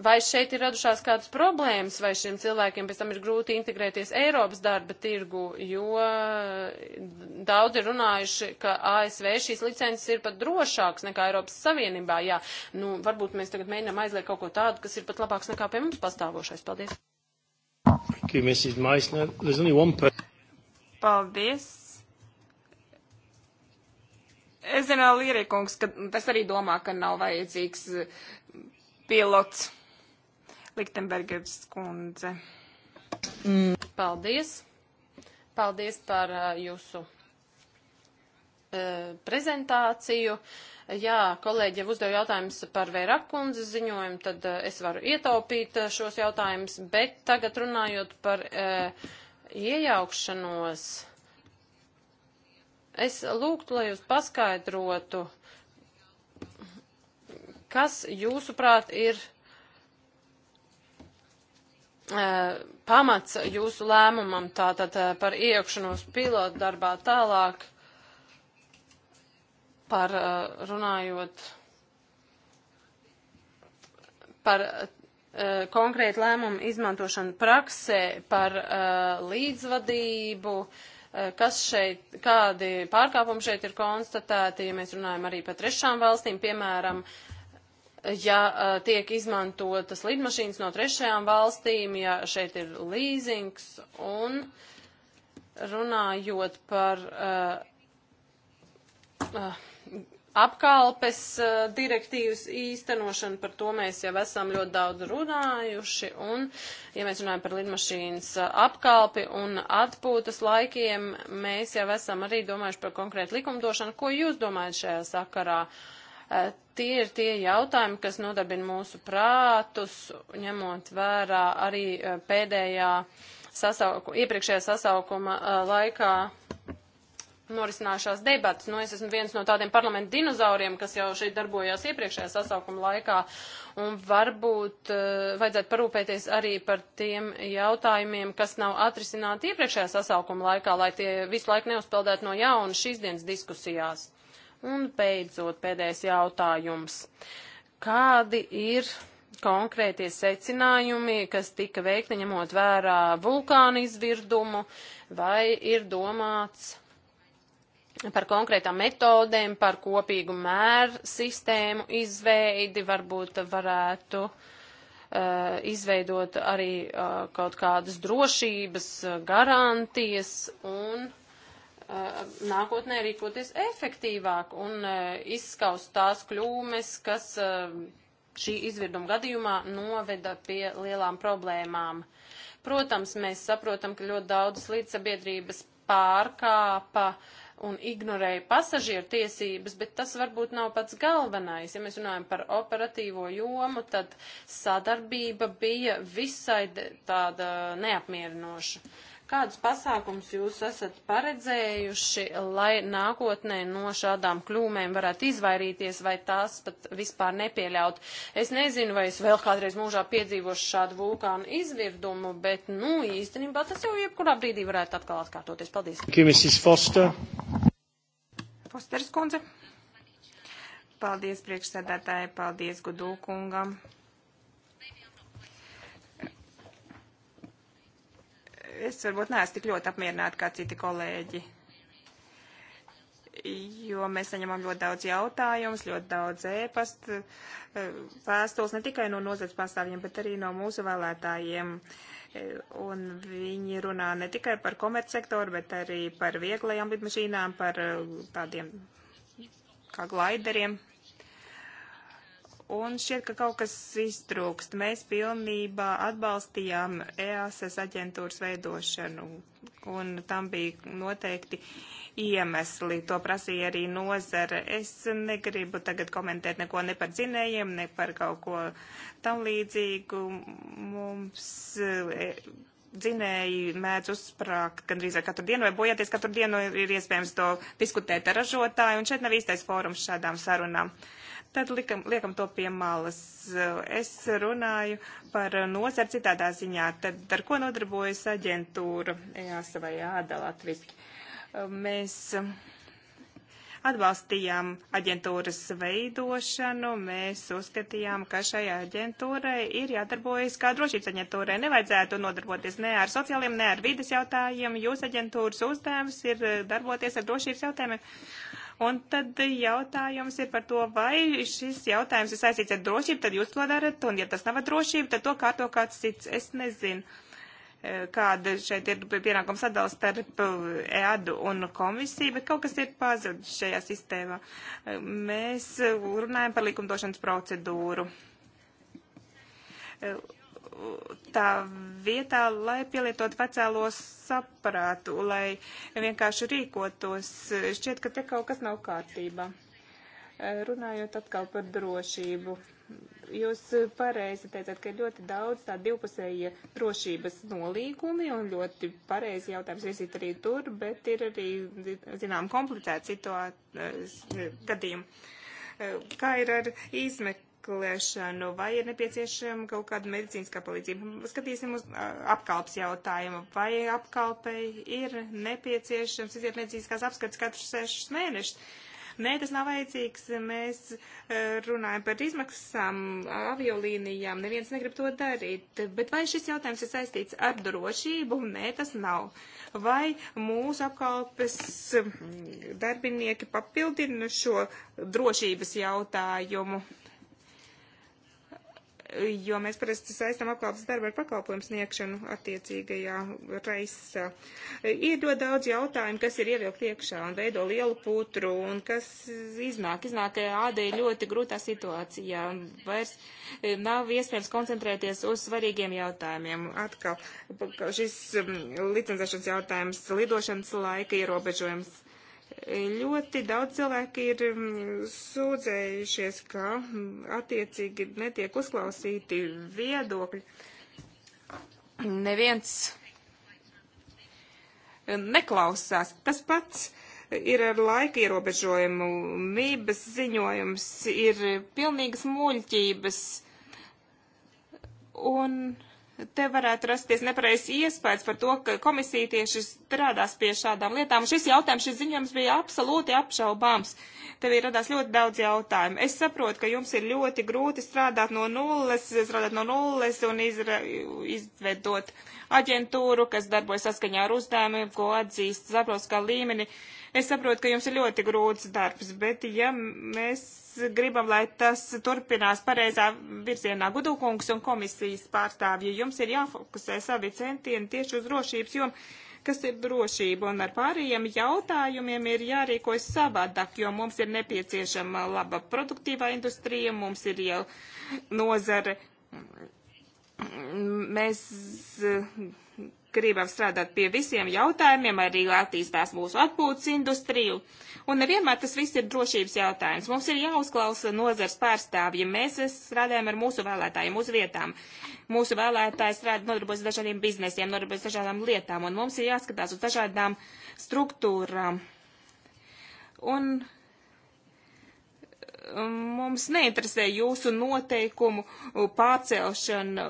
vai šeit ir radušās kādas problēmas, vai šiem cilvēkiem pēc tam ir grūti integrēties Eiropas darba tirgu, jo eh, daudzi ir runājuši, ka ASV šīs licences ir pat drošāks nekā Eiropas Savienībā. Jā, nu, varbūt mēs tagad mēģinām aizliegt kaut ko tādu, kas ir pat labāks nekā pie mums pastāvošais. Paldies. Okay, Mrs. Meissner, there's only one person. Paldies. Es zinu, Līrikungs, ka tas arī domā, ka nav vajadzīgs pilots Liktenbergers kundze. Mm. Paldies! Paldies par uh, jūsu uh, prezentāciju. Jā, kolēģi jau uzdeva jautājumus par Vērakundzes ziņojumu, tad uh, es varu ietaupīt uh, šos jautājumus, bet tagad runājot par uh, iejaukšanos, es lūgtu, lai jūs paskaidrotu, uh, Kas, jūsuprāt, ir e, pamats jūsu lēmumam tātad e, par iekšanos pilotu darbā tālāk par e, runājot par konkrētu lēmumu izmantošanu praksē, par līdzvadību, kas šeit, kādi pārkāpumi šeit ir konstatēti, ja mēs runājam arī par trešām valstīm, piemēram, uh, ja eh, tiek izmantotas lidmašīnas no trešajām valstīm, ja šeit ir līzings un runājot par uh, apkalpes uh, direktīvas īstenošanu, par to mēs jau esam ļoti daudz runājuši, un, ja mēs runājam par lidmašīnas uh, apkalpi un atpūtas laikiem, mēs jau esam arī domājuši par konkrētu likumdošanu. Ko jūs domājat šajā sakarā? tie ir tie jautājumi, kas nodarbina mūsu prātus, ņemot vērā arī e, pēdējā sasauku, iepriekšējā sasaukuma e, laikā norisinājušās debatas. Nu, es esmu viens no tādiem parlamentu dinozauriem, kas jau šeit darbojās iepriekšējā sasaukuma laikā, un varbūt uh, vajadzētu parūpēties arī par tiem jautājumiem, kas nav atrisināti iepriekšējā sasaukuma laikā, lai tie visu laiku neuzpeldētu no jauna šīs dienas diskusijās. Un beidzot, pēdējais jautājums. Kādi ir konkrētie secinājumi, kas tika veikti ņemot vērā vulkānu izvirdumu, vai ir domāts par konkrētām metodēm, par kopīgu mēru sistēmu izveidi, varbūt varētu uh, izveidot arī uh, kaut kādas drošības eh, garantijas un Uh, nākotnē rīkoties efektīvāk un uh, izskaust tās kļūmes, kas uh, šī izvirduma gadījumā noveda pie lielām problēmām. Protams, mēs saprotam, ka ļoti daudzas līdzsabiedrības pārkāpa un ignorēja pasažieru tiesības, bet tas varbūt nav pats galvenais. Ja mēs runājam par operatīvo jomu, tad sadarbība bija visai tāda neapmierinoša. Uh, Kādus pasākums jūs esat paredzējuši, lai nākotnē no šādām kļūmēm varētu izvairīties vai tās pat vispār nepieļaut? Es nezinu, vai es vēl kādreiz mūžā piedzīvošu šādu vulkānu izvirdumu, bet, nu, īstenībā tas jau jebkurā brīdī varētu atkal atkārtoties. Paldies. Komisijas Foster. Fosteris kundze. Paldies priekšsēdētāji, paldies Gudulkungam. es varbūt neesmu tik ļoti apmierināta kā citi kolēģi, jo mēs saņemam ļoti daudz jautājumus, ļoti daudz ēpastu, vēstules ne tikai no nozares pārstāvjiem, bet arī no mūsu vēlētājiem. Un viņi runā ne tikai par komercsektoru, bet arī par vieglajām lidmašīnām, par tādiem kā glaideriem, un šķiet, ka kaut kas iztrūkst. Mēs pilnībā atbalstījām EASS aģentūras veidošanu, un tam bija noteikti iemesli. To prasīja arī nozara. Es negribu tagad komentēt neko ne par dzinējiem, ne par kaut ko tam līdzīgu. Mums e, dzinēji mēdz uzsprāgt gandrīz vai katru dienu, vai bojāties katru dienu ir iespējams to diskutēt ar ražotāju, un šeit nav īstais fórums šādām sarunām. Uh, Tad likam, liekam to pie malas. Es runāju par nozari citādā ziņā. Tad ar ko nodarbojas aģentūra EASA vai ADA latviski? Mēs atbalstījām aģentūras veidošanu. Mēs uzskatījām, ka šai aģentūrai ir jādarbojas kā drošības aģentūrai. Nevajadzētu nodarboties ne ar sociāliem, ne ar vides jautājumiem. Jūsu aģentūras uzdevums ir darboties ar drošības jautājumiem. Un tad jautājums ir par to, vai šis jautājums ir saistīts ar drošību, tad jūs to darat, un ja tas nav ar drošību, tad to kārto kāds cits. Es nezinu, e, kāda šeit ir pienākums sadals starp EADU e un komisiju, bet kaut kas ir pazudis šajā sistēmā. E, mēs runājam par likumdošanas procedūru tā vietā, lai pielietot vecēlo saprātu, lai vienkārši rīkotos. Šķiet, ka te kaut kas nav kārtībā. Runājot atkal par drošību. Jūs pareizi teicāt, ka ir ļoti daudz tā divpusēja drošības nolīgumi un ļoti pareizi jautājums virzīt arī tur, bet ir arī, zinām, komplicēta situācija eh, gadījuma. Eh, kā ir ar izmeklēšanu? meklēšanu, vai ir nepieciešama kaut kāda medicīniskā palīdzība. Skatīsim uz apkalpes jautājumu, vai apkalpei ir nepieciešams iziet medicīniskās apskates katru sešus mēnešus. Nē, tas nav vajadzīgs. Mēs runājam par izmaksām aviolīnijām. Neviens negrib to darīt. Bet vai šis jautājums ir saistīts ar drošību? Nē, tas nav. Vai mūsu apkalpes darbinieki papildina šo drošības jautājumu? jo mēs parasti saistām apkalpes darbu ar pakalpojumu sniegšanu attiecīgajā reisā. Ir ļoti daudz jautājumu, kas ir ievilkt iekšā un veido lielu putru, un kas iznāk, iznāk ādai ļoti grūtā situācijā, un vairs e, nav iespējams koncentrēties uz svarīgiem jautājumiem. Atkal šis licencēšanas jautājums, lidošanas laika ierobežojums, Ļoti daudz cilvēki ir mm, sūdzējušies, ka attiecīgi netiek uzklausīti viedokļi. Neviens neklausās. Tas pats ir ar laika ierobežojumu. Mības ziņojums ir pilnīgas muļķības. Un te varētu rasties nepareizs iespējas par to, ka komisija tieši strādās pie šādām lietām. Šis jautājums, šis ziņojums bija absolūti apšaubāms. Tev ir radās ļoti daudz jautājumu. Es saprotu, ka jums ir ļoti grūti strādāt no nulles, strādāt no nulles un izra, izvedot aģentūru, kas darbojas saskaņā ar uzdevumiem, ko atzīst Zabrovskā līmeni. Uh, Es saprotu, ka jums ir ļoti grūts darbs, bet ja mēs gribam, lai tas turpinās pareizā virzienā, gudukungs un komisijas pārstāvji, jums ir jāfokusē savi centieni tieši uz drošības jomu kas ir drošība, un ar pārējiem jautājumiem ir jārīkojas savādāk, jo mums ir nepieciešama laba produktīvā industrija, mums ir jau nozare. Mēs gribam strādāt pie visiem jautājumiem, arī attīstās mūsu atpūtas industriju. Un nevienmēr tas viss ir drošības jautājums. Mums ir jāuzklausa nozars pārstāvji. Mēs strādājam ar mūsu vēlētājiem uz vietām. Mūsu vēlētāji strādā, nodarbojas dažādiem biznesiem, nodarbojas dažādām lietām, un mums ir jāskatās uz dažādām struktūrām. Un mums neinteresē jūsu noteikumu pārcelšana.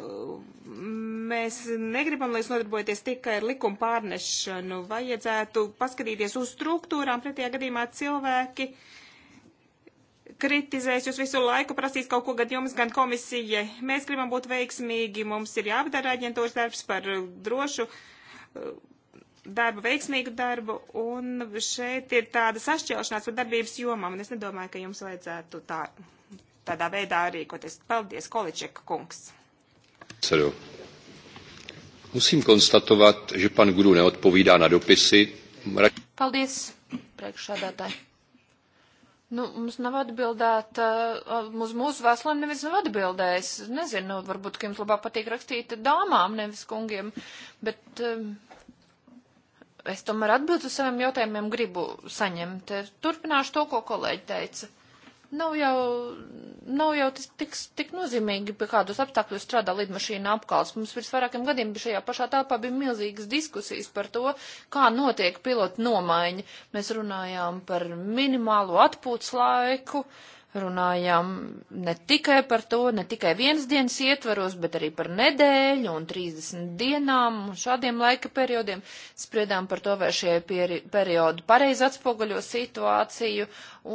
Mēs negribam, lai jūs nodarbojaties tikai ar likumu pārnešanu. Vajadzētu paskatīties uz struktūrām, pretējā gadījumā cilvēki kritizēs jūs visu laiku, prasīs kaut ko gan jums, gan komisijai. Mēs gribam būt veiksmīgi, mums ir jāapdara aģentūras darbs par drošu darbu, veiksmīgu darbu, un šeit ir tāda sašķelšanās par darbības jomām, un es nedomāju, ka jums vajadzētu tā, tādā veidā rīkoties. Paldies, Količeka kungs. Ceru. Musím konstatovat, že pan Guru neodpovídá na dopisy. Paldies, priekšsādātāji. Nu, mums nav atbildēta, uh, uz mūsu vēstulēm nevis nav atbildējis. Nezinu, varbūt, ka jums labāk patīk rakstīt dāmām, nevis kungiem, bet. Uh, es tomēr atbildu uz saviem jautājumiem gribu saņemt. Turpināšu to, ko kolēģi teica. Nav jau, nav jau tas tik, tik nozīmīgi, pie kādos apstākļos strādā lidmašīna apkals. Mums pirms vairākiem gadiem šajā pašā tāpā bija milzīgas diskusijas par to, kā notiek pilota nomaiņa. Mēs runājām par minimālo atpūtas laiku. Uh, runājām ne tikai par to, ne tikai vienas dienas ietvaros, bet arī par nedēļu un 30 dienām un šādiem laika periodiem. Spriedām par to, vai šie pieri, periodi pareizi atspoguļo situāciju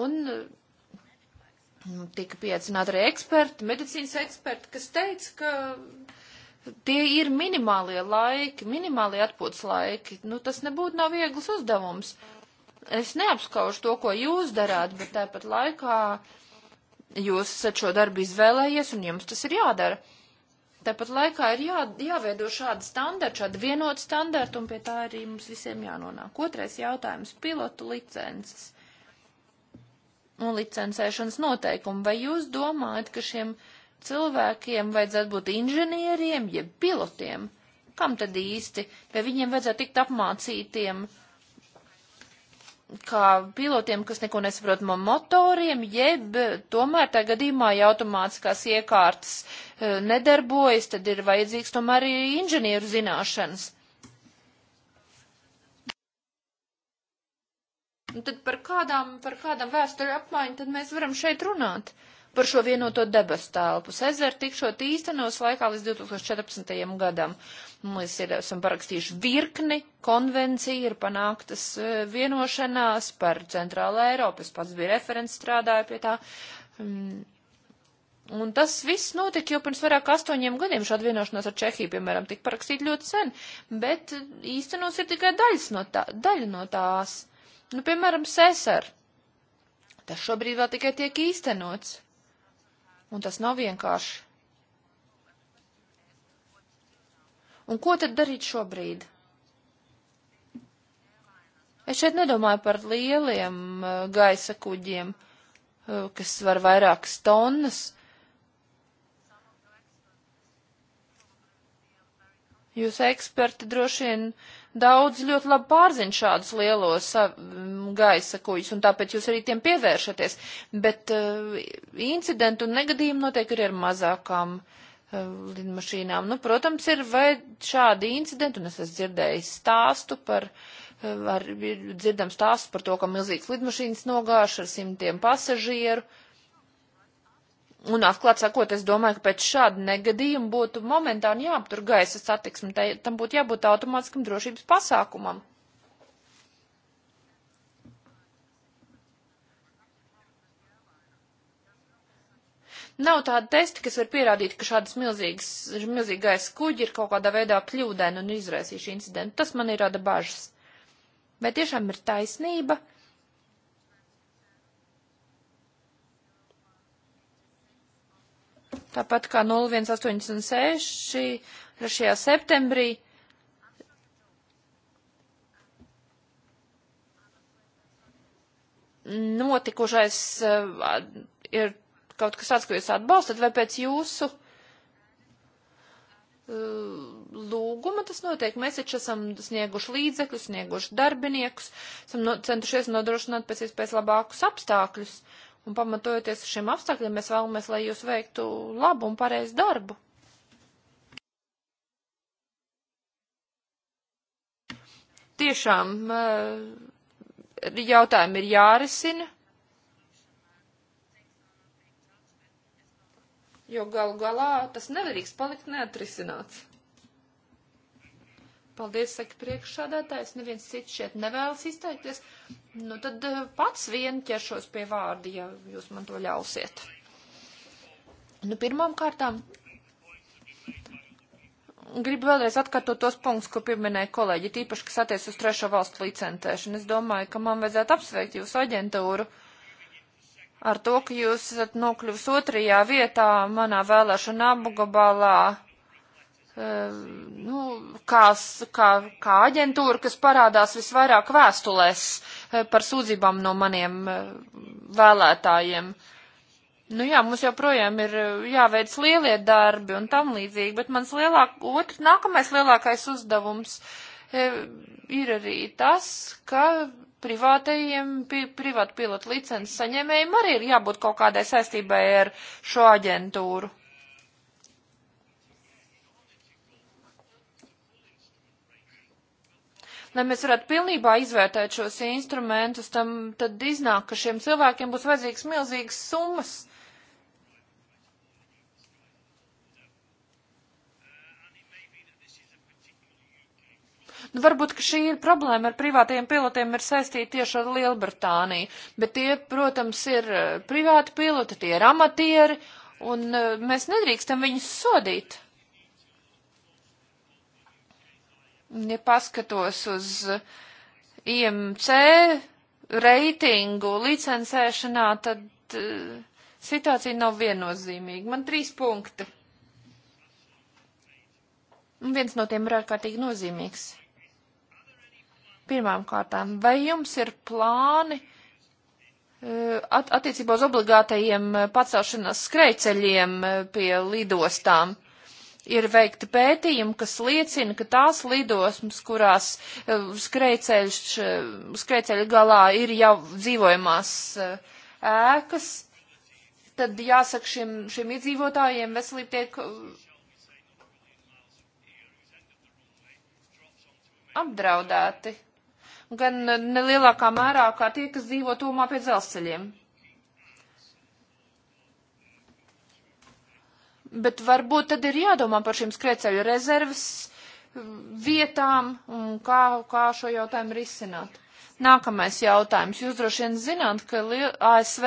un nu, tika pieaicināti arī eksperti, medicīnas eksperti, kas teica, ka tie ir minimālie laiki, minimālie atpūtas laiki. Nu, tas nebūtu nav viegls uzdevums. Es neapskaužu to, ko jūs darāt, bet tāpat laikā uh, Jūs esat šo darbu izvēlējies un jums tas ir jādara. Tāpat laikā ir jā, jāveido šāda standarta, šāda vienota standarta, un pie tā arī mums visiem jānonāk. Otrais jautājums - pilotu licences un licencēšanas noteikumi. Vai jūs domājat, ka šiem cilvēkiem vajadzētu būt inženieriem, jeb pilotiem? Kam tad īsti? Vai viņiem vajadzētu tikt apmācītiem? Uh, kā pilotiem, kas neko nesaprot no motoriem, jeb tomēr tā gadījumā, ja automātiskās iekārtas e, nedarbojas, tad ir vajadzīgs tomēr arī inženieru zināšanas. Un nu, tad par kādām, par kādām vēsturi apmaiņu tad mēs varam šeit runāt? Uh, par šo vienoto debesu telpu. Cezar tikšot īstenos laikā līdz 2014. gadam. Mēs ir, esam parakstījuši virkni konvenciju, ir panāktas e, vienošanās par Centrālā Eiropu. Es pats biju referents, strādāju pie tā. Mm. Un tas viss notika jau pirms vairāk astoņiem gadiem. Šāda vienošanās ar Čehiju, piemēram, tika parakstīta ļoti sen, bet īstenos ir tikai daļas no tā, daļa no tās. Nu, piemēram, Cesar. Tas šobrīd vēl tikai tiek īstenots. Un tas nav vienkārši. Un ko tad darīt šobrīd? Es šeit nedomāju par lieliem uh, gaisa kuģiem, uh, kas var vairākas tonnas. Jūs eksperti droši vien daudz ļoti labi pārzina šādus lielos gaisa kuģus, un tāpēc jūs arī tiem pievēršaties. Bet uh, incidentu un negadījumu notiek arī ar mazākām uh, lidmašīnām. Nu, protams, ir vai šādi incidenti, un es esmu dzirdējis stāstu par, uh, ar, dzirdam stāstu par to, ka milzīgs lidmašīnas nogāž ar simtiem pasažieru. Uh, Un atklāt sakot, es domāju, ka pēc šāda negadījuma būtu momentāni jāaptur gaisa satiksme, tam būtu jābūt automātiskam drošības pasākumam. Nav tāda testa, kas var pierādīt, ka šādas milzīgas, milzīgais kuģi ir kaut kādā veidā kļūdaini un izraisījuši incidentu. Tas man ir rada bažas. Vai tiešām ir taisnība? tāpat kā 0186 3. septembrī. Notikušais eh, ir kaut kas tāds, ko jūs atbalstat, vai pēc jūsu eh, lūguma tas notiek. Mēs taču esam snieguši līdzekļus, snieguši darbiniekus, esam no, centušies nodrošināt pēc iespējas labākus apstākļus. Uh, Un pamatojoties uz šiem apstākļiem, mēs vēlamies, lai jūs veiktu labu un pareizu darbu. Tiešām eh, jautājumi ir jārisina. Jo galu galā tas nedrīkst palikt neatrisināts. Paldies, saka priekšsādātājs, neviens cits šeit nevēlas izteikties. Nu, tad eh, pats vien ķeršos pie vārdi, ja jūs man to ļausiet. Nu, pirmām kārtām gribu vēlreiz atkārtot tos punktus, ko pieminēja kolēģi, tīpaši, kas attiec uz trešo valstu licentēšanu. Es domāju, ka man vajadzētu apsveikt jūsu aģentūru ar to, ka jūs esat nokļuvis otrajā vietā manā vēlēšana apgabalā Eh, nu, kā, kā, kā aģentūra, kas parādās visvairāk vēstulēs eh, par sūdzībām no maniem eh, vēlētājiem. Nu jā, mums joprojām ir jāveic lielie darbi un tam līdzīgi, bet mans lielāk, otrs, nākamais lielākais uzdevums ir arī tas, ka privātajiem, privātu pilotu licences saņēmējiem arī ir jābūt kaut kādai saistībai ar šo aģentūru. lai mēs varētu pilnībā izvērtēt šos instrumentus, tam tad iznāk, ka šiem cilvēkiem būs vajadzīgs milzīgas summas. Nu, varbūt, ka šī ir problēma ar privātajiem pilotiem ir saistīta tieši ar Lielbritāniju, bet tie, protams, ir eh, privāti piloti, tie ir amatieri, un eh, mēs nedrīkstam viņus sodīt. ja paskatos uz IMC reitingu licencēšanā, tad uh, situācija nav viennozīmīga. Man trīs punkti. Un viens no tiem ir ārkārtīgi nozīmīgs. Pirmām kārtām, vai jums ir plāni uh, at attiecībā uz obligātajiem eh, pacelšanās skrejceļiem pie lidostām? ir veikti pētījumi, kas liecina, ka tās lidosmas, kurās e, skrējceļa e, galā ir jau dzīvojamās e, ēkas, tad jāsaka šiem, šiem iedzīvotājiem veselība tiek apdraudēti. Gan nelielākā mērā kā tie, kas dzīvo tūmā pie dzelzceļiem. Bet varbūt tad ir jādomā par šīm skrieceļu rezerves uh, vietām un kā, kā šo jautājumu risināt. Nākamais jautājums. Jūs droši vien zināt, ka ASV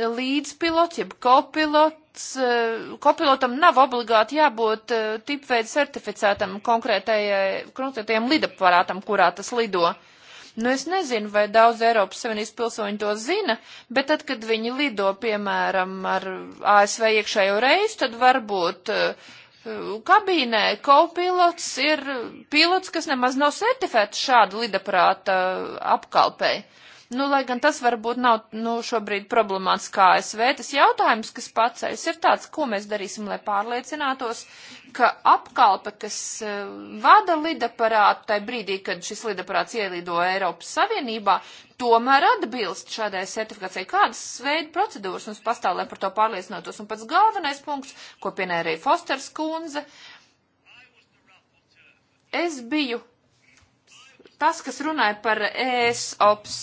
līdzpilots, jeb kopilots, uh, kopilotam nav obligāti jābūt uh, tipveidu certificētam konkrētajiem lidaparātam, kurā tas lido. Uh, Nu, es nezinu, vai daudz Eiropas Savienības pilsoņi to zina, bet tad, kad viņi lido, piemēram, ar ASV iekšējo reisu, tad varbūt uh, kabīnē kopilots ir pilots, kas nemaz nav certificēts šādu lidaprāta apkalpei. Nu, lai gan tas varbūt nav, nu, šobrīd problemāts kā ASV, tas jautājums, kas pacēs, ir tāds, ko mēs darīsim, lai pārliecinātos, ka apkalpe, kas e, vada lidaparātu, tai brīdī, kad šis lidaparāts ielido Eiropas Savienībā, tomēr atbilst šādai certifikācijai. Kādas veida procedūras mums pastāv, lai par to pārliecinātos? Un pats galvenais punkts, ko pienēja arī Fosters kundze, es biju tas, kas runāja par ESOPS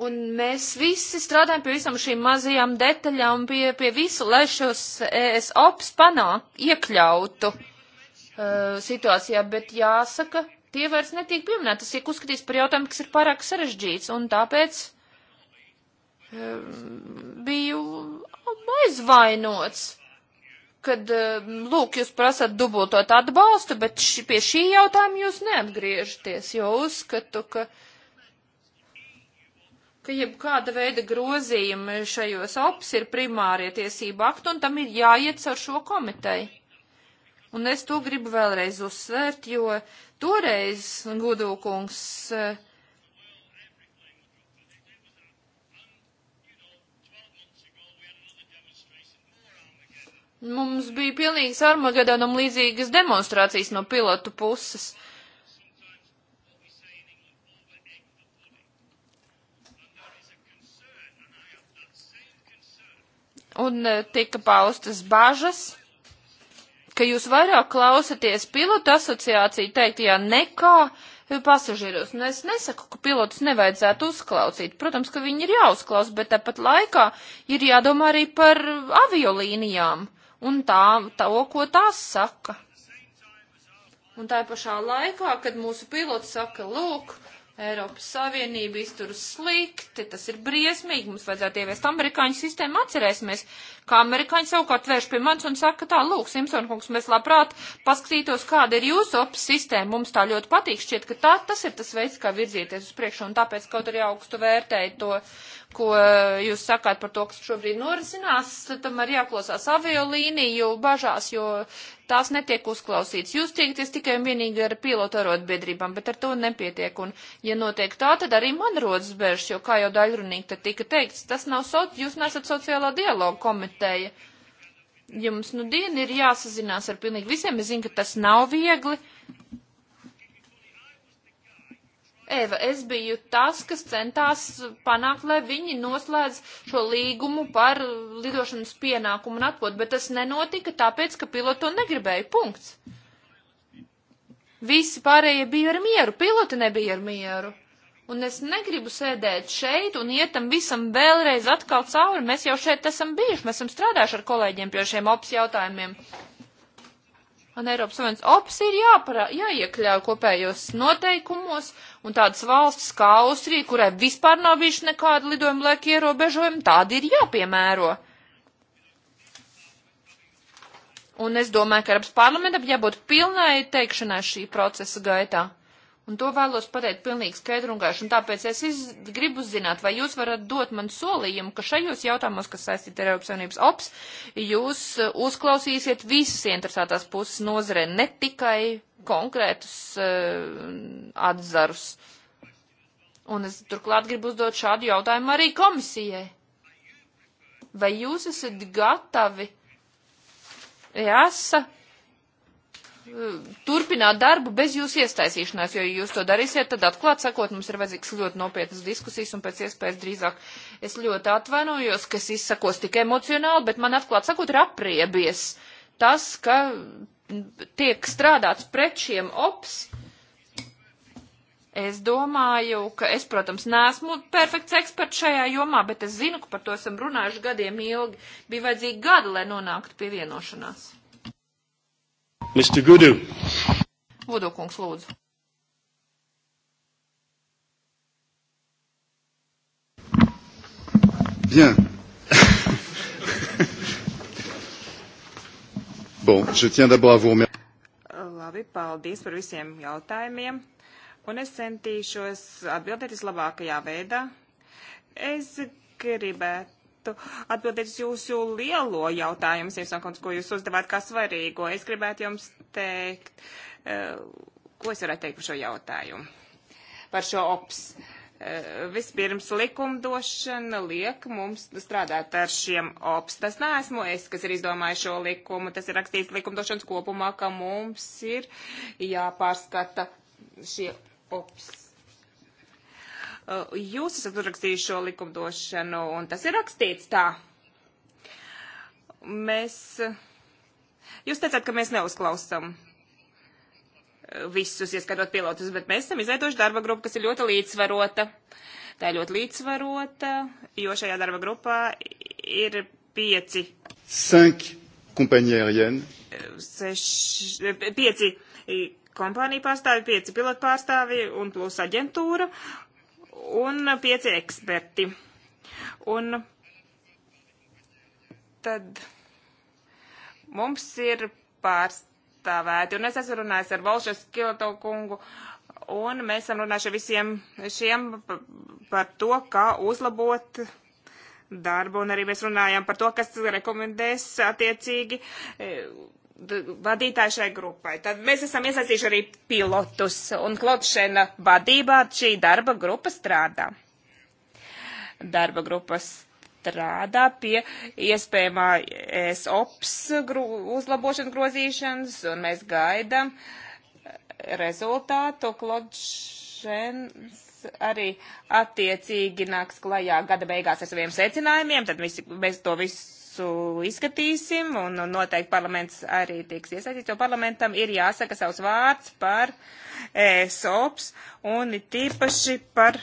Un mēs visi strādājam pie visam šīm mazajām detaļām, pie, pie visu, lai šos es ops panāk, iekļautu uh, situācijā, bet jāsaka, tie vairs netiek pieminēti. Tas tiek uzskatīts par jautājumu, kas ir pārāk sarežģīts, un tāpēc uh, biju aizvainots, kad, uh, lūk, jūs prasat dubultot atbalstu, bet š, pie šī jautājuma jūs neatgriežaties, jo uzskatu, ka. Uh, ka jebkāda veida grozījumi šajos ops ir primārie tiesība aktu, un tam ir jāiet caur šo komiteju. Un es to gribu vēlreiz uzsvērt, jo toreiz Gudūkungs mums bija pilnīgs armagadonam līdzīgas demonstrācijas no pilotu puses. un e, tika paustas bažas, ka jūs vairāk klausaties pilotu asociāciju teiktajā nekā pasažieros. Un es nesaku, ka pilotus nevajadzētu uzklausīt. Protams, ka viņi ir jāuzklaus, bet tāpat laikā ir jādomā arī par aviolīnijām un tā, tā ko tās saka. Un tā pašā laikā, kad mūsu pilots saka, lūk, Eiropas Savienība izturas slikti, tas ir briesmīgi, mums vajadzētu ieviest amerikāņu sistēmu, atcerēsimies, kā amerikāņi savukārt vērš pie manis un saka, tā, lūk, Simpson kungs, mēs labprāt paskatītos, kāda ir jūsu opas sistēma, mums tā ļoti patīk, šķiet, ka tā, tas ir tas veids, kā virzieties uz priekšu, un tāpēc kaut arī augstu vērtēju to ko eh, jūs sakāt par to, kas šobrīd norisinās, tam arī jāklausās aviolīniju bažās, jo tās netiek uzklausītas. Jūs tiekties tikai un vienīgi ar pilotu arotbiedrībām, bet ar to nepietiek. Un, ja notiek tā, tad arī man rodas bēžas, jo, kā jau daļrunīgi te tika teikts, tas nav soc, jūs nesat sociālā dialoga komiteja. Jums nu diena ir jāsazinās ar pilnīgi visiem, es zinu, ka tas nav viegli Eva, es biju tas, kas centās panākt, lai viņi noslēdz šo līgumu par lidošanas pienākumu un atpot, bet tas nenotika tāpēc, ka piloto negribēja. Punkts. Visi pārējie bija ar mieru, piloti nebija ar mieru. Un es negribu sēdēt šeit un ietam visam vēlreiz atkal cauri. Mēs jau šeit esam bijuši, mēs esam strādājuši ar kolēģiem pie šiem ops jautājumiem. Un Eiropas Savienības ops ir jāparā, jāiekļauj kopējos noteikumos, Un tādas valstis kā Austrija, kurai vispār nav bijuši nekāda lidojuma laika ierobežojuma, tādi ir jāpiemēro. Un es domāju, ka Eiropas parlamentam jābūt pilnai teikšanai šī procesa gaitā. Un to vēlos pateikt pilnīgi skaidru un gaišu. Un tāpēc es iz, gribu zināt, vai jūs varat dot man solījumu, ka šajos jautājumos, kas saistīti ar Eiropas Savienības ops, jūs uh, uzklausīsiet visas interesētās puses nozarē, ne tikai konkrētus uh, atzarus. Un es turklāt gribu uzdot šādu jautājumu arī komisijai. Vai jūs esat gatavi? Jāsa. Ja turpināt darbu bez jūs iestaisīšanās, jo jūs to darīsiet, tad atklāt sakot, mums ir vajadzīgs ļoti nopietnas diskusijas un pēc iespējas drīzāk es ļoti atvainojos, ka es izsakos tik emocionāli, bet man atklāt sakot ir apriebies tas, ka tiek strādāts pret šiem ops. Es domāju, ka es, protams, neesmu perfekts eksperts šajā jomā, bet es zinu, ka par to esam runājuši gadiem ilgi. Bija vajadzīgi gadi, lai nonāktu pie vienošanās. Mr. Gudu. Gudu kungs, lūdzu. Bien. bon, je tiens d'abord à vous remercier. Labi, paldies par visiem jautājumiem. Un es centīšos atbildēt vislabākajā veidā. Es gribētu gribētu atbildēt uz jūsu lielo jautājumu, Simpsonkunds, ko jūs uzdevāt kā svarīgo. Es gribētu jums teikt, eh, ko es varētu teikt par šo jautājumu, par šo ops. Eh, vispirms likumdošana liek mums strādāt ar šiem ops. Tas neesmu es, kas ir izdomājis šo likumu. Tas ir rakstīts likumdošanas kopumā, ka mums ir jāpārskata šie ops Uh, jūs esat uzrakstījuši šo likumdošanu, un tas ir rakstīts tā. Mēs, uh, jūs teicāt, ka mēs neuzklausam uh, visus, ieskatot pilotus, bet mēs esam izveidojuši darba grupu, kas ir ļoti līdzsvarota. Tā ir ļoti līdzsvarota, jo šajā darba grupā ir pieci. Cinq compagnie aérienne. Seš, pieci kompāniju pārstāvi, pieci pilotu pārstāvi un plus aģentūra un pieci eksperti. Un tad mums ir pārstāvēti, un es esmu runājis ar Valšas Kilto kungu, un mēs esam runājuši ar visiem šiem par to, kā uzlabot darbu, un arī mēs runājām par to, kas rekomendēs attiecīgi vadītāju šai grupai. Tad mēs esam iesaistījuši arī pilotus, un Klotšena vadībā šī darba grupa strādā. Darba grupas strādā pie iespējamā SOPS gru, uzlabošana grozīšanas, un mēs gaidam rezultātu. Klodšens arī attiecīgi nāks klajā gada beigās ar saviem secinājumiem, tad visi, mēs to visu visu izskatīsim, un noteikti parlaments arī tiks iesaistīts, jo parlamentam ir jāsaka savs vārds par ESOPS, un tīpaši par,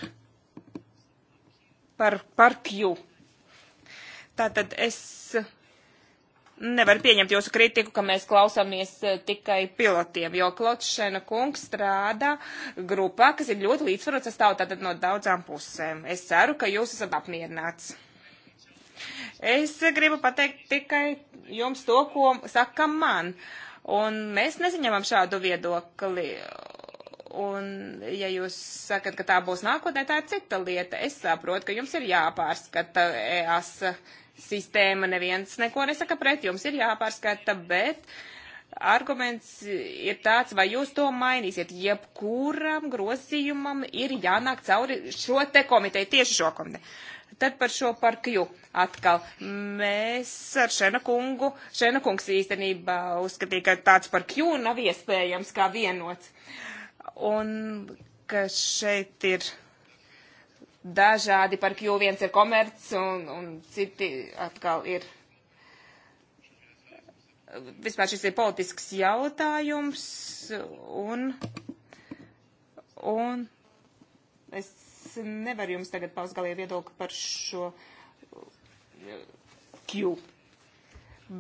par, par Q. Tātad es nevaru pieņemt jūsu kritiku, ka mēs klausāmies eh, tikai pilotiem, jo Klotšēna kungs strādā grupā, kas ir ļoti līdzsvarots sastāv tātad no daudzām pusēm. Es ceru, ka jūs esat apmierināts. Es gribu pateikt tikai jums to, ko saka man. Un mēs nesaņemam šādu viedokli. Un, ja jūs sakat, ka tā būs nākotnē, tā ir cita lieta. Es saprotu, ka jums ir jāpārskata EAS sistēma. Neviens neko nesaka pret, jums ir jāpārskata, bet arguments ir tāds, vai jūs to mainīsiet. Jebkuram grozījumam ir jānāk cauri šo te komiteju, tieši šo komiteju. Tad par šo parkju atkal. Mēs ar Šena kungu, Šena kungs īstenībā uzskatīja, ka tāds parkju nav iespējams kā vienots. Un ka šeit ir dažādi parkju, viens ir komerc un, un citi atkal ir. Vispār šis ir politisks jautājums un, un es nevaru jums tagad paust galie viedokli par šo eh, Q.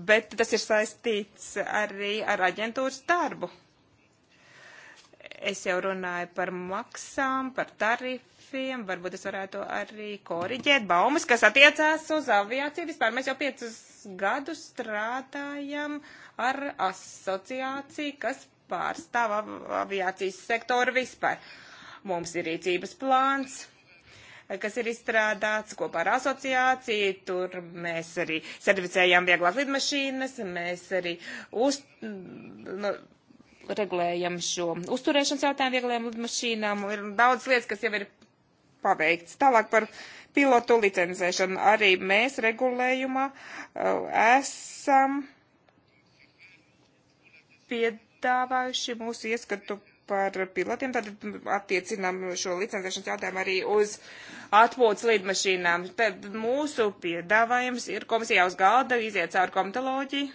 Bet tas ir saistīts arī ar aģentūras darbu. Es jau runāju par maksām, par tarifiem, varbūt es varētu arī koriģēt baumas, kas attiecās uz aviāciju. Vispār mēs jau piecus gadus strādājam ar asociāciju, kas pārstāv aviācijas sektoru vispār. Uh, Mums ir rīcības plāns kas ir izstrādāts kopā ar asociāciju. Tur mēs arī servicējām vieglās lidmašīnas, mēs arī uz, nu, regulējam šo uzturēšanas jautājumu vieglajām lidmašīnām. Ir daudz lietas, kas jau ir paveikts. Tālāk par pilotu licencēšanu. Arī mēs regulējumā uh, esam piedāvājuši mūsu ieskatu par pilotiem, tad attiecinām šo licencēšanas jautājumu arī uz atpūtas lidmašīnām. Tad mūsu piedāvājums ir komisijā uz galda iziet cauri komitoloģiju.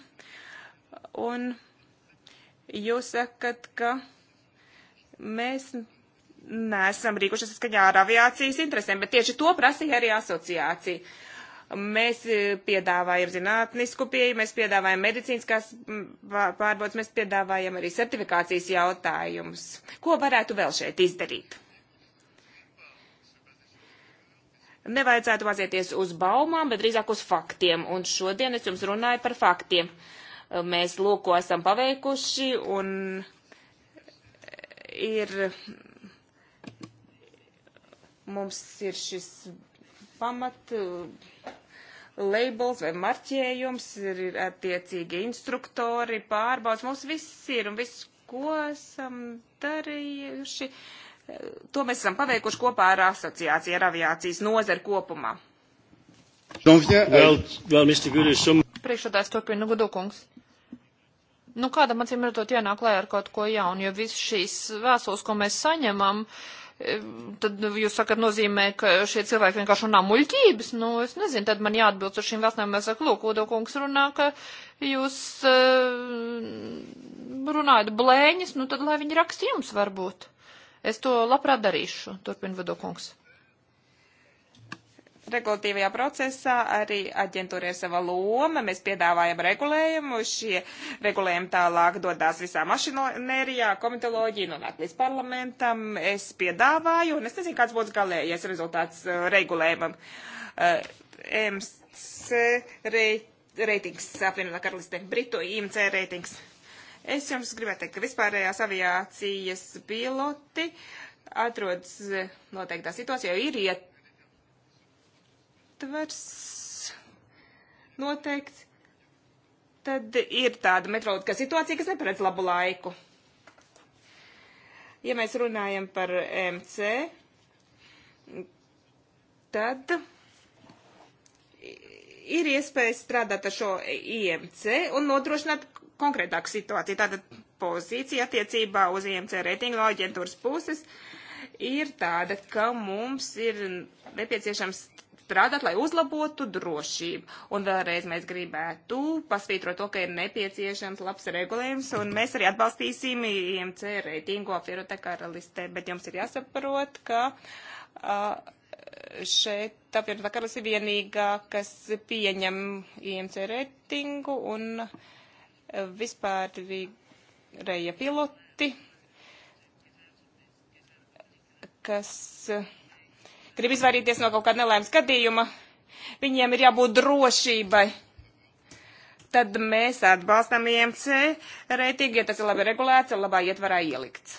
Un jūs sakat, ka mēs neesam rīkušies skaņā ar aviācijas interesēm, bet tieši to prasīja arī asociācija. Mēs eh, piedāvājam zinātnisku pieeju, mēs piedāvājam medicīniskās pārbaudas, mēs piedāvājam arī certifikācijas jautājumus. Ko varētu vēl šeit izdarīt? Nevajadzētu vāzieties uz baumām, bet drīzāk uz faktiem. Un šodien es jums runāju par faktiem. Mēs lūko esam paveikuši un eh, ir mums ir šis pamat labels vai marķējums, ir, ir attiecīgi instruktori, pārbaudas, mums viss ir un viss, ko esam darījuši. To mēs esam paveikuši kopā ar asociāciju, ar aviācijas nozeru kopumā. Vēl, vēl, Mr. Gudis, sum... Priekšādājs turpina nu, Gudukungs. Nu, kādam acīm redzot jānāk lē ar kaut ko jaunu, jo visas šīs vēstules, ko mēs saņemam, uh, tad jūs sakat, nozīmē, ka šie cilvēki vienkārši runā muļķības. Nu, es nezinu, tad man jāatbild uz šīm vēstnēm. Es saku, lūk, Udokungs runā, ka jūs uh, runājat blēņas, nu tad lai viņi raksta jums varbūt. Es to labprāt darīšu, turpina Udokungs regulatīvajā procesā arī aģentūra ir sava loma. Mēs piedāvājam regulējumu, šie regulējumi tālāk dodās visā mašinērijā, komitoloģija nonāk līdz parlamentam. Es piedāvāju, un es nezinu, kāds būs galējais rezultāts uh, regulējumam. Uh, MC reit, reitings, apvienotā karaliste, Britu IMC reitings. Es jums gribētu teikt, ka vispārējās aviācijas piloti atrodas uh, noteiktā situācijā, jo ir iet ietvers noteikts, tad ir tāda metroloģiskā situācija, kas neparedz labu laiku. Ja mēs runājam par MC, tad ir iespēja strādāt ar šo IMC un nodrošināt konkrētāku situāciju. Tātad pozīcija attiecībā uz IMC reitingu no aģentūras puses ir tāda, ka mums ir nepieciešams strādāt, lai uzlabotu drošību. Un vēlreiz mēs gribētu pasvītrot to, ka ir nepieciešams labs regulējums, un mēs arī apbalstīsim IMC reitingu apvienotā karalistē, bet jums ir jāsaprot, ka uh, šeit apvienotā karalistē vienīgā, kas pieņem IMC reitingu un vispārīgreja piloti, kas. Uh, grib izvairīties no kaut kāda nelaimes gadījuma, viņiem ir jābūt drošībai. Tad mēs atbalstam IMC reitingu, ja tas ir labi regulēts un labā ietvarā ielikts.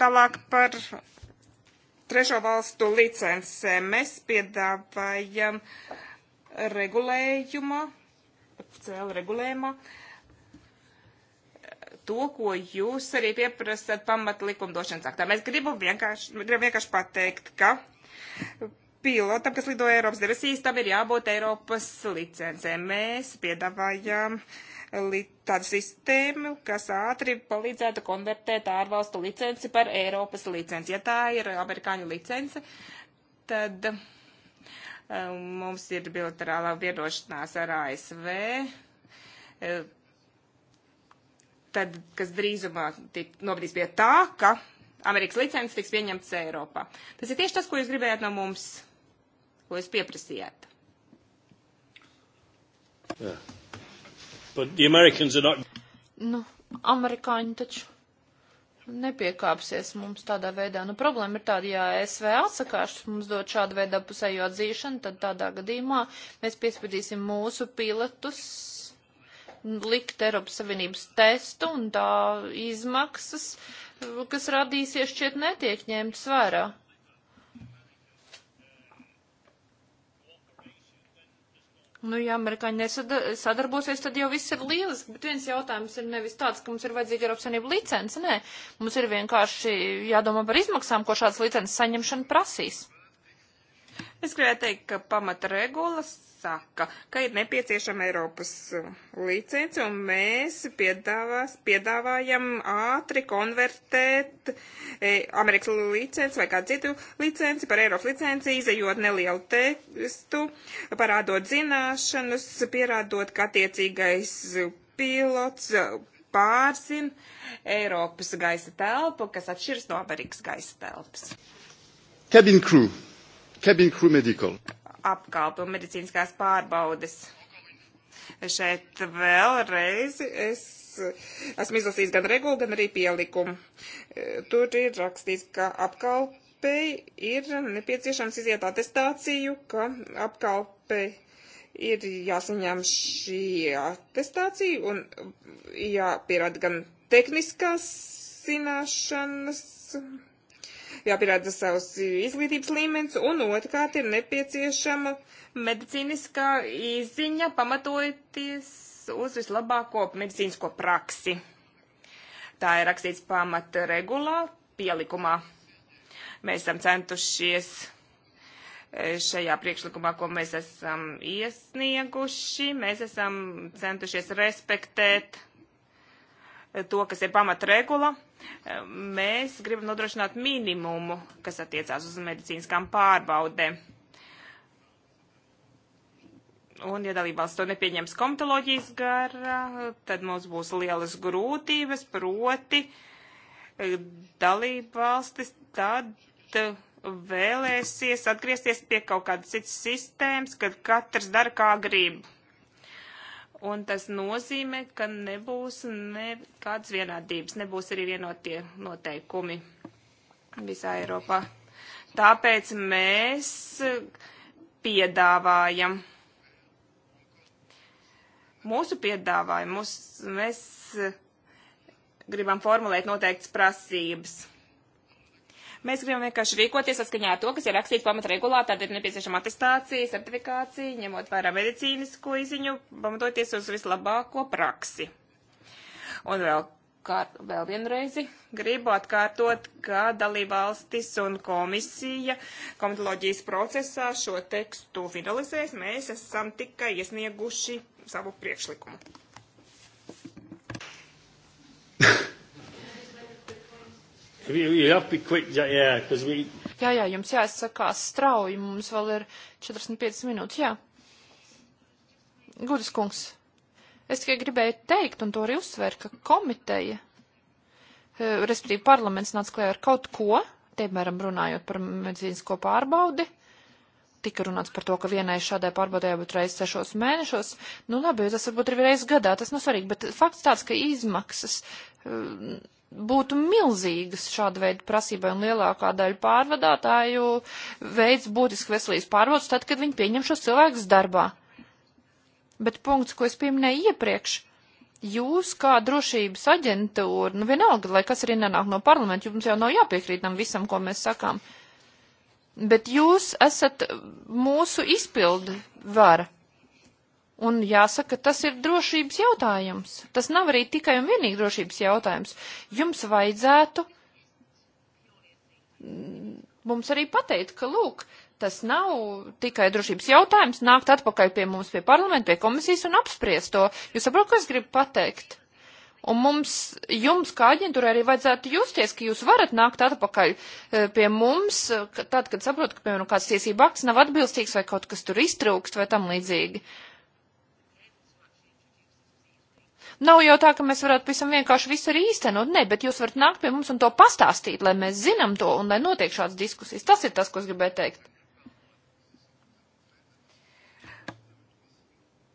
Tālāk par trešo valstu licencēm mēs piedāvājam regulējuma, cēl regulējuma to, ko jūs arī pieprasat pamatlikumdošanas aktā. Mēs gribam vienkārši, gribam vienkārši pateikt, ka pilotam, kas lido Eiropas debesīs, tam ir jābūt Eiropas licencē. Mēs piedāvājam tādu sistēmu, kas ātri palīdzētu konvertēt ārvalstu licenci par Eiropas licenci. Ja tā ir amerikāņu licence, tad um, mums ir bilaterālā vienošanās ar ASV tad, kas drīzumā tik novadīs pie tā, ka Amerikas licences tiks pieņemtas Eiropā. Tas ir tieši tas, ko jūs gribējāt no mums, ko jūs pieprasījāt. Yeah. Not... Nu, amerikāņi taču nepiekāpsies mums tādā veidā. Nu, problēma ir tāda, ja SV atsakās mums dot šādu veidu apusējo atzīšanu, tad tādā gadījumā mēs piespiedīsim mūsu pilotus likt Eiropas Savienības testu un tā izmaksas, kas radīsies, šķiet netiek ņemts vērā. Nu, ja amerikāņi nesadarbosies, tad jau viss ir lieliski, bet viens jautājums ir nevis tāds, ka mums ir vajadzīga Eiropas Savienība licence, nē, mums ir vienkārši jādomā par izmaksām, ko šāds licences saņemšana prasīs. Es gribēju teikt, ka pamata regulas saka, ka ir nepieciešama Eiropas uh, licence, un mēs piedāvās, piedāvājam ātri konvertēt e, Amerikas licenci vai kādu citu licenci par Eiropas licenci, izējot nelielu tekstu, parādot zināšanas, pierādot, ka attiecīgais pilots uh, pārzina Eiropas gaisa telpu, kas atšķiras no Amerikas gaisa telpas. Cabin crew. Cabin crew medical apkalpi un medicīniskās pārbaudes. Šeit vēlreiz es esmu izlasījis gan regulu, gan arī pielikumu. Tur ir rakstīts, ka apkalpei ir nepieciešams iziet atestāciju, ka apkalpei ir jāsaņem šī atestācija un jāpierāda gan tehniskās zināšanas, jāpierāda savs izglītības līmenis, un otrkārt ir nepieciešama medicīniskā izziņa pamatojoties uz vislabāko medicīnisko praksi. Tā ir rakstīts pamata regulā pielikumā. Mēs esam centušies e, šajā priekšlikumā, ko mēs esam iesnieguši, mēs esam centušies respektēt to, kas ir pamata regula Mēs gribam nodrošināt minimumu, kas attiecās uz medicīniskām pārbaudēm. Un, ja dalībvalsts to nepieņems komitoloģijas garā, tad mums būs lielas grūtības, proti eh, dalībvalstis tad eh, vēlēsies atgriezties pie kaut kādas citas sistēmas, kad katrs dara kā grib. Un tas nozīmē, ka nebūs nekādas vienādības, nebūs arī vienotie noteikumi visā Eiropā. Tāpēc mēs piedāvājam. Mūsu piedāvājumus mēs gribam formulēt noteikts prasības Mēs gribam vienkārši rīkoties saskaņā ar to, kas ir rakstīts pamatregulā, tad ir nepieciešama atestācija, certifikācija, ņemot vērā medicīnisko izziņu, pamatoties uz vislabāko praksi. Un vēl, kā, vēl vienreizi gribu atkārtot, ka dalībvalstis un komisija komitoloģijas procesā šo tekstu finalizēs. Mēs esam tikai iesnieguši savu priekšlikumu. You have to be quick, yeah, because we... Jā, jā, jums jāizsakās strauji, mums vēl ir 45 minūtes, jā. Gudis kungs, es tikai gribēju teikt, un to arī uzsver, ka komiteja, eh, respektīvi parlaments nāca klajā ar kaut ko, piemēram, runājot par medicīnisko pārbaudi, tika runāts par to, ka vienai šādai pārbaudē jābūt reizes sešos mēnešos. Nu, labi, tas varbūt ir reizes gadā, tas nav svarīgi, bet fakts tāds, ka izmaksas eh, būtu milzīgas šāda veida prasībai un lielākā daļa pārvadātāju veids būtiski veselības pārbaudas tad, kad viņi pieņem šos cilvēkus darbā. Bet punkts, ko es pieminēju iepriekš, jūs kā drošības aģentūra, nu vienalga, lai kas arī nenāk no parlamenta, jums jau nav jāpiekrīt tam visam, ko mēs sakām. Bet jūs esat mūsu izpildu vara. Un jāsaka, tas ir drošības jautājums. Tas nav arī tikai un vienīgi drošības jautājums. Jums vajadzētu mums arī pateikt, ka, lūk, tas nav tikai drošības jautājums, nākt atpakaļ pie mums, pie parlamenta, pie komisijas un apspriest to. Jūs saprotat, ko es gribu pateikt? Un mums, jums kā aģentūrai arī vajadzētu justies, ka jūs varat nākt atpakaļ eh, pie mums, eh, ka tad, kad saprotat, ka, piemēram, kāds tiesība akts nav atbilstīgs vai kaut kas tur iztrūkst vai tam līdzīgi. Uh, Nav jau tā, ka mēs varētu pavisam vienkārši visu arī īstenot, nē, bet jūs varat nākt pie mums un to pastāstīt, lai mēs zinām to un lai notiek šādas diskusijas. Tas ir tas, ko es gribēju teikt.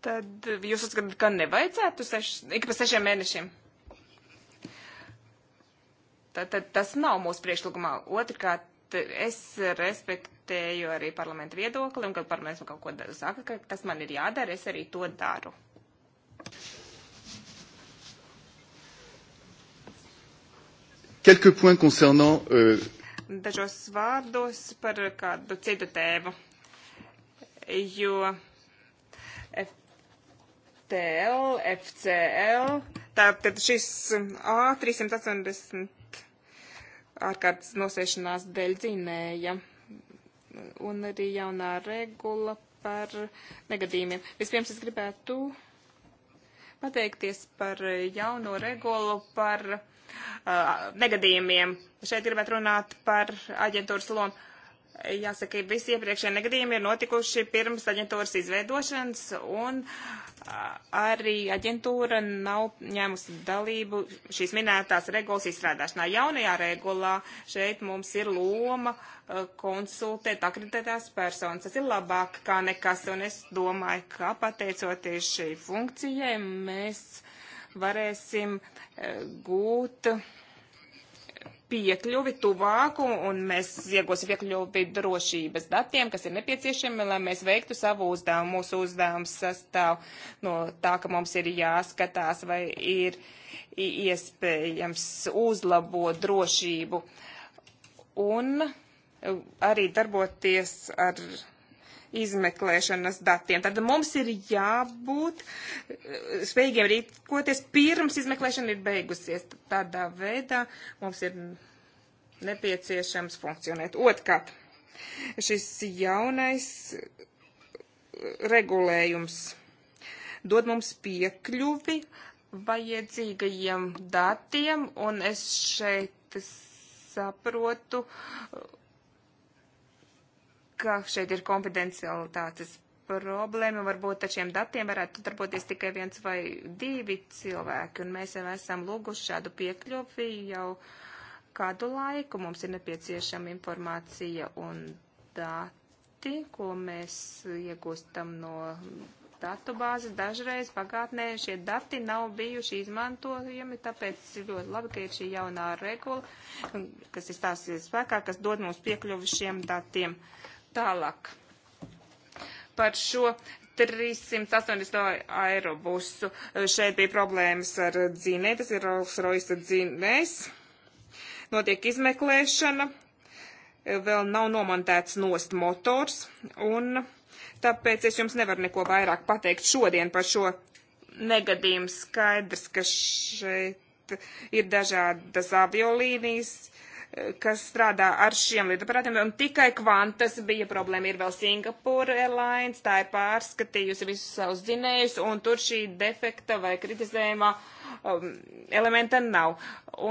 Tad jūs uzskatāt, ka nevajadzētu seš, ik pa sešiem mēnešiem? Tad, tad tas nav mūsu priekšlikumā. Otrkārt, es respektēju arī parlamentu viedokli, un kad parlaments man kaut ko saka, ka tas man ir jādara, es arī to daru. Quelques points concernant. Euh, Dažos vārdos par kādu citu tēmu, jo FTL, FCL, tātad šis A380 ārkārtas nosēšanās dēļ dzinēja un arī jaunā regula par negadījumiem. Vispirms es gribētu pateikties par jauno regulu par negadījumiem. Šeit gribētu runāt par aģentūras lomu. Jāsaka, visi iepriekšējie negadījumi ir notikuši pirms aģentūras izveidošanas, un arī aģentūra nav ņēmusi dalību šīs minētās regulas izstrādāšanā. Jaunajā regulā šeit mums ir loma konsultēt akreditētās personas. Tas ir labāk kā nekas, un es domāju, ka pateicoties šai funkcijai mēs varēsim eh, gūt piekļuvi tuvāku un mēs iegūsim piekļuvi drošības datiem, kas ir nepieciešami, lai mēs veiktu savu uzdevumu. Mūsu uzdevums sastāv no tā, ka mums ir jāskatās, vai ir iespējams uzlabot drošību un eh, arī darboties ar izmeklēšanas datiem. Tad mums ir jābūt eh, spējīgiem rīkoties pirms izmeklēšana ir beigusies. Tādā veidā mums ir nepieciešams funkcionēt. Otkārt, šis jaunais eh, regulējums dod mums piekļuvi vajadzīgajiem datiem, un es šeit saprotu ka šeit ir konfidencialitātes problēma, varbūt ar šiem datiem varētu darboties tikai viens vai divi cilvēki, un mēs jau esam lūguši šādu piekļuvi jau kādu laiku, mums ir nepieciešama informācija un dati, ko mēs iegūstam no datu bāzes. Dažreiz pagātnē šie dati nav bijuši izmantojami, tāpēc ir ļoti labi, ka ir šī jaunā regula, kas izstāsies spēkā, kas dod mums piekļuvi šiem datiem. Uh, Tālāk par šo 380 aerobusu. Šeit bija problēmas ar dzinēju, tas ir Rolls Royce dzinējs. Notiek izmeklēšana, vēl nav nomontēts nost motors, un tāpēc es jums nevaru neko vairāk pateikt šodien par šo negadījumu. Skaidrs, ka šeit ir dažādas aviolīnijas, kas strādā ar šiem lidaparātiem, un tikai kvantas bija problēma. Ir vēl Singapore Airlines, tā ir pārskatījusi visus savus dzinējus, un tur šī defekta vai kritizējumā um, elementa nav.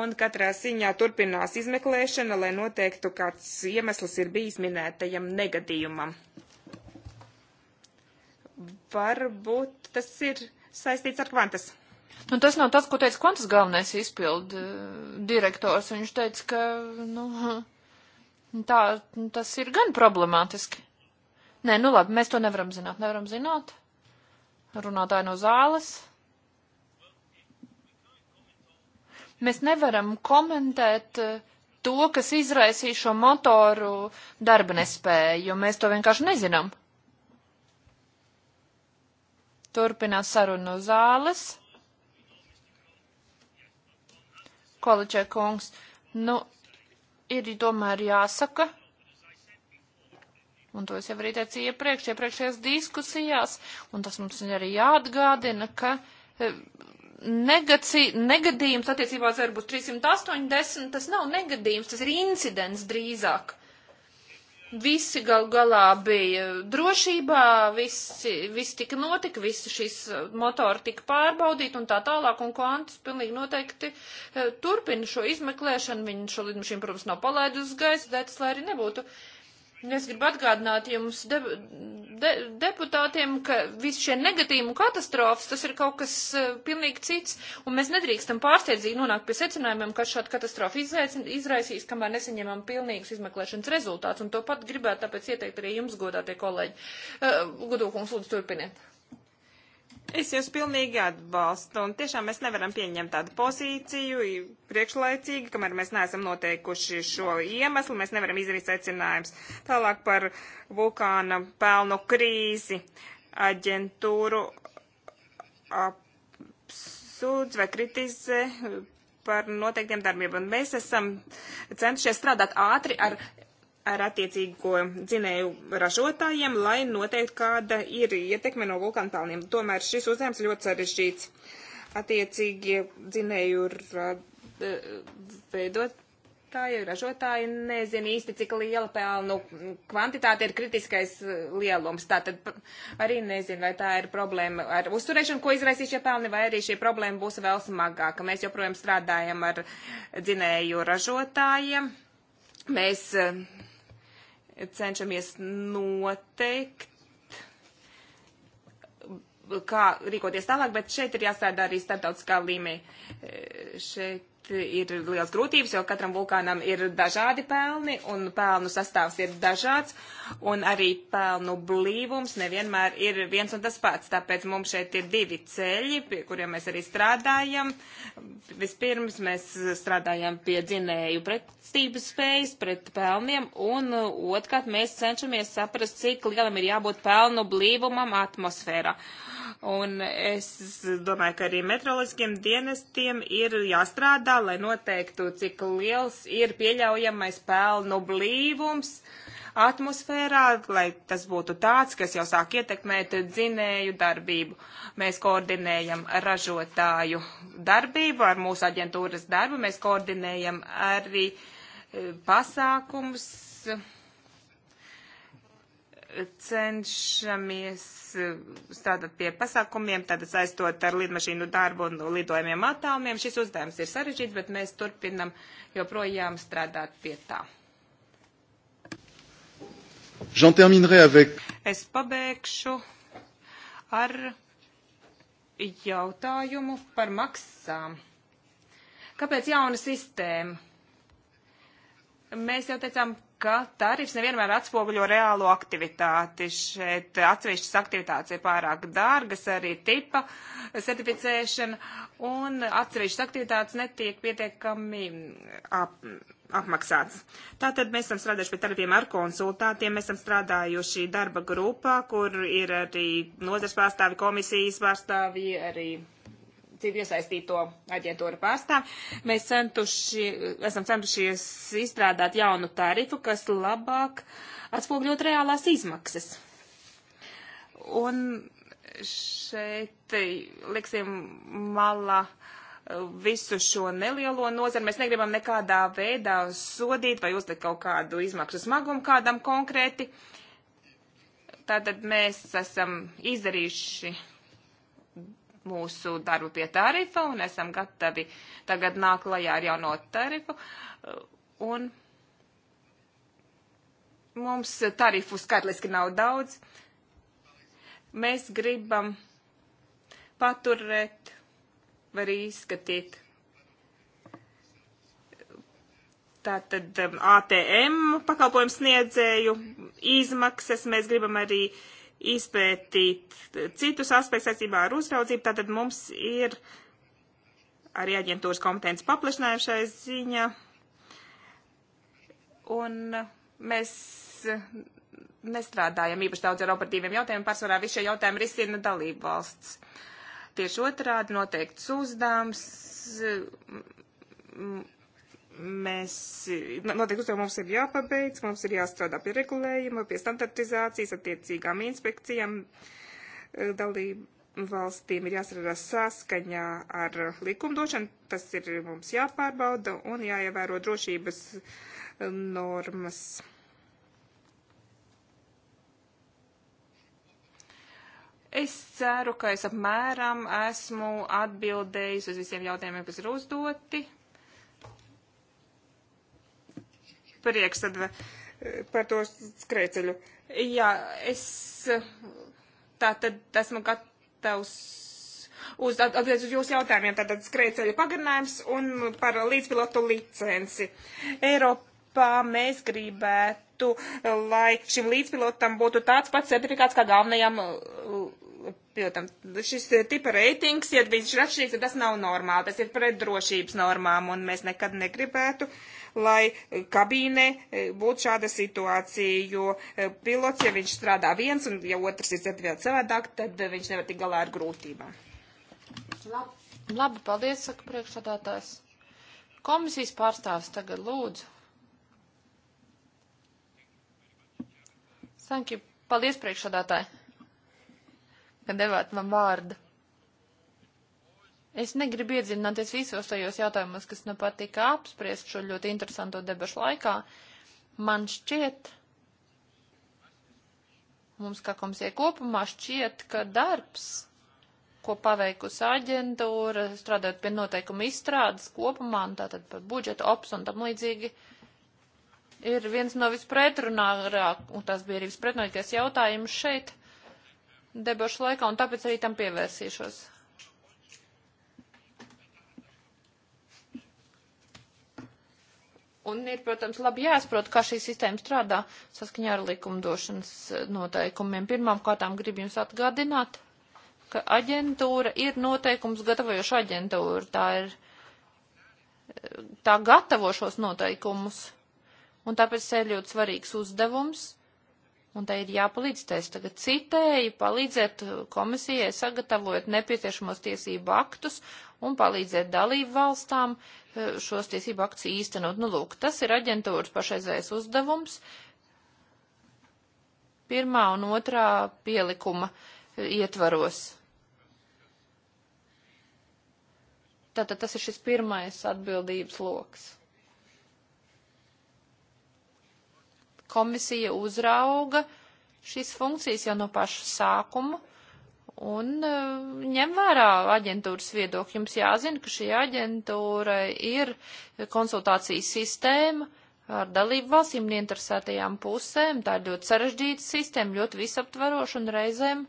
Un katrā ziņā turpinās izmeklēšana, lai noteiktu, kāds iemesls ir bijis minētajam negadījumam. Varbūt tas ir saistīts ar kvantas. Nu, tas nav tas, ko teica Kvantas galvenais izpildu eh, direktors. Viņš teica, ka, nu, tā, tas ir gan problemātiski. Nē, nu labi, mēs to nevaram zināt, nevaram zināt. Runātāji no zāles. Mēs nevaram komentēt eh, to, kas izraisīja šo motoru darba nespēju, jo mēs to vienkārši nezinām. Turpinās sarunu no zāles. Količē kungs, nu, ir tomēr jāsaka, un to es jau arī teicu iepriekš, iepriekšējās diskusijās, un tas mums arī jāatgādina, ka e, negaci, negadījums attiecībā uz Airbus 380, tas nav negadījums, tas ir incidents drīzāk visi gal galā bija drošībā, visi, visi tika notika, visi šīs eh, motori tika pārbaudīti un tā tālāk, un Kvantis pilnīgi noteikti eh, turpina šo izmeklēšanu, viņa šo lidmašīnu, protams, nav palaidusi gaisa dētas, lai arī nebūtu. Uh, Es gribu atgādināt jums, de, de, deputātiem, ka visi šie negatīvi katastrofas, tas ir kaut kas uh, pilnīgi cits, un mēs nedrīkstam pārsteidzīgi nonākt pie secinājumiem, ka šāda katastrofa izraisīs, kamēr nesaņemam pilnīgus izmeklēšanas rezultātus, un to pat gribētu tāpēc ieteikt arī jums, godātie kolēģi. Uh, eh, Gudūkums, lūdzu, turpiniet. Es jūs pilnīgi atbalstu, un tiešām mēs nevaram pieņemt tādu pozīciju priekšlaicīgi, kamēr mēs neesam noteikuši šo iemeslu, mēs nevaram izdarīt secinājumus. Tālāk par vulkāna pelnu krīzi aģentūru apsūdz vai kritizē par noteiktiem darbiem, un mēs esam centušies strādāt ātri ar ar attiecīgo dzinēju ražotājiem, lai noteikti kāda ir ietekme no vulkāna pelniem. Tomēr šis uzdevums ļoti sarežģīts. Attiecīgi dzinēju veidotāji, ražotāji nezina īsti, cik liela pelnu kvantitāte ir kritiskais eh, lielums. Tātad arī nezinu, vai tā ir problēma ar uzturēšanu, ko izraisīs šie pelni, vai arī šī problēma būs vēl smagāka. Mēs joprojām strādājam ar dzinēju ražotājiem. Mēs uh, cenšamies noteikt, kā rīkoties tālāk, bet šeit ir jāstrādā arī starptautiskā līmenī. Šeit ir liels grūtības, jo katram vulkānam ir dažādi pelni, un pelnu sastāvs ir dažāds, un arī pelnu blīvums nevienmēr ir viens un tas pats. Tāpēc mums šeit ir divi ceļi, pie kuriem mēs arī strādājam. Vispirms mēs strādājam pie dzinēju pretstības spējas pret pelniem, un otrkārt mēs cenšamies saprast, cik lielam ir jābūt pelnu blīvumam atmosfērā. Uh, Un es domāju, ka arī metroloģiskiem dienestiem ir jāstrādā, lai noteiktu, cik liels ir pieļaujamais pelnu blīvums atmosfērā, lai tas būtu tāds, kas jau sāk ietekmēt dzinēju darbību. Mēs koordinējam ražotāju darbību ar mūsu aģentūras darbu, mēs koordinējam arī eh, pasākums cenšamies eh, strādāt pie pasākumiem, tad saistot ar lidmašīnu darbu un lidojumiem attālumiem. Šis uzdevums ir sarežģīts, bet mēs turpinam joprojām strādāt pie tā. Avec... Es pabeigšu ar jautājumu par maksām. Kāpēc jauna sistēma? mēs jau teicām, ka tarifs nevienmēr atspoguļo reālo aktivitāti. Šeit atsevišķas aktivitātes ir pārāk dārgas, arī tipa certificēšana, un atsevišķas aktivitātes netiek pietiekami ap, apmaksāts. Tātad mēs esam strādājuši pie tarifiem ar konsultātiem, mēs esam strādājuši darba grupā, kur ir arī nozars pārstāvi, komisijas pārstāvi, arī citu iesaistīto aģentūru pārstāv. Mēs centuši, esam centušies izstrādāt jaunu tarifu, kas labāk atspūgļot reālās izmaksas. Un šeit eh, liksim malā eh, visu šo nelielo nozari. Mēs negribam nekādā veidā sodīt vai uzlikt kaut kādu izmaksu smagumu kādam konkrēti. Tātad mēs esam izdarījuši mūsu darbu pie tarifa un esam gatavi tagad nāk lajā ar jauno tarifu. Un mums tarifu skaitliski nav daudz. Mēs gribam paturēt vai arī izskatīt. Tātad um, ATM pakalpojums sniedzēju izmaksas mēs gribam arī uh, izpētīt citus aspektus saistībā ar uzraudzību. Tātad mums ir arī aģentūras kompetences paplašinājušai ziņa. Un mēs nestrādājam īpaši daudz ar operatīviem jautājumiem. Pārsvarā visi šie jautājumi risina dalību valsts. Tieši otrādi noteikts uzdevums Mēs, noteikti uzdevumu mums ir jāpabeidz, mums ir jāstrādā pie regulējuma, pie standartizācijas, attiecīgām inspekcijām, eh, dalību valstīm ir jāstrādā saskaņā ar likumdošanu, tas ir mums jāpārbauda un jāievēro drošības eh, normas. Es ceru, ka es apmēram esmu atbildējis uz visiem jautājumiem, kas ir uzdoti. priekšstada eh, par to skrēceļu. Jā, es eh, tā tad esmu gatavs uz, atbildēt uz jūsu jautājumiem, tātad skrēceļa pagarinājums un par līdzpilotu licenci. Eiropā mēs gribētu, eh, lai šim līdzpilotam būtu tāds pats certifikāts kā galvenajam pilotam. Šis tipa reitings, ja viņš ir atšķirīgs, tad tas nav normāli, tas ir pret drošības normām un mēs nekad negribētu. Uh, lai e, kabīnē e, būtu šāda situācija, jo e, pilots, ja viņš strādā viens un ja otrs ir certificēts savādāk, tad viņš nevar tik galā ar grūtībām. Lab. Labi, paldies, saka priekšsādātājs. Komisijas pārstāvs tagad lūdzu. Sanki, paldies priekšsādātāji, ka devāt man vārdu. Es negribu iedziļināties visos tajos jautājumos, kas nu pat tika apspriest šo ļoti interesanto debašu laikā. Man šķiet, mums kā komisija kopumā šķiet, ka darbs, ko paveikusi aģentūra, strādājot pie noteikuma izstrādes kopumā, un tātad par budžetu, ops un tam līdzīgi, ir viens no vispretrunārāk, un tas bija arī vispretrunākais jautājums šeit debašu laikā, un tāpēc arī tam pievērsīšos. Un ir, protams, labi jāsaprot, kā šī sistēma strādā saskaņā ar likumdošanas eh, noteikumiem. Pirmām kārtām gribu jums atgādināt, ka aģentūra ir noteikums gatavojoša aģentūra. Tā ir, eh, tā gatavo šos noteikumus. Un tāpēc ir ļoti svarīgs uzdevums. Un tai ir jāpalīdz, tā es tagad citēju, palīdzēt komisijai sagatavot nepieciešamos tiesību aktus un palīdzēt dalību valstām eh, šos tiesību aktus īstenot. Nu, lūk, tas ir aģentūras pašreizējais uzdevums pirmā un otrā pielikuma eh, ietvaros. Tātad tas ir šis pirmais atbildības loks. Komisija uzrauga šīs funkcijas jau no paša sākuma un eh, ņem vērā aģentūras viedokļi. Jums jāzina, ka šī aģentūra ir konsultācijas sistēma ar dalību valstīm un interesētajām pusēm. Tā ir ļoti sarežģīta sistēma, ļoti visaptvaroša un reizēm.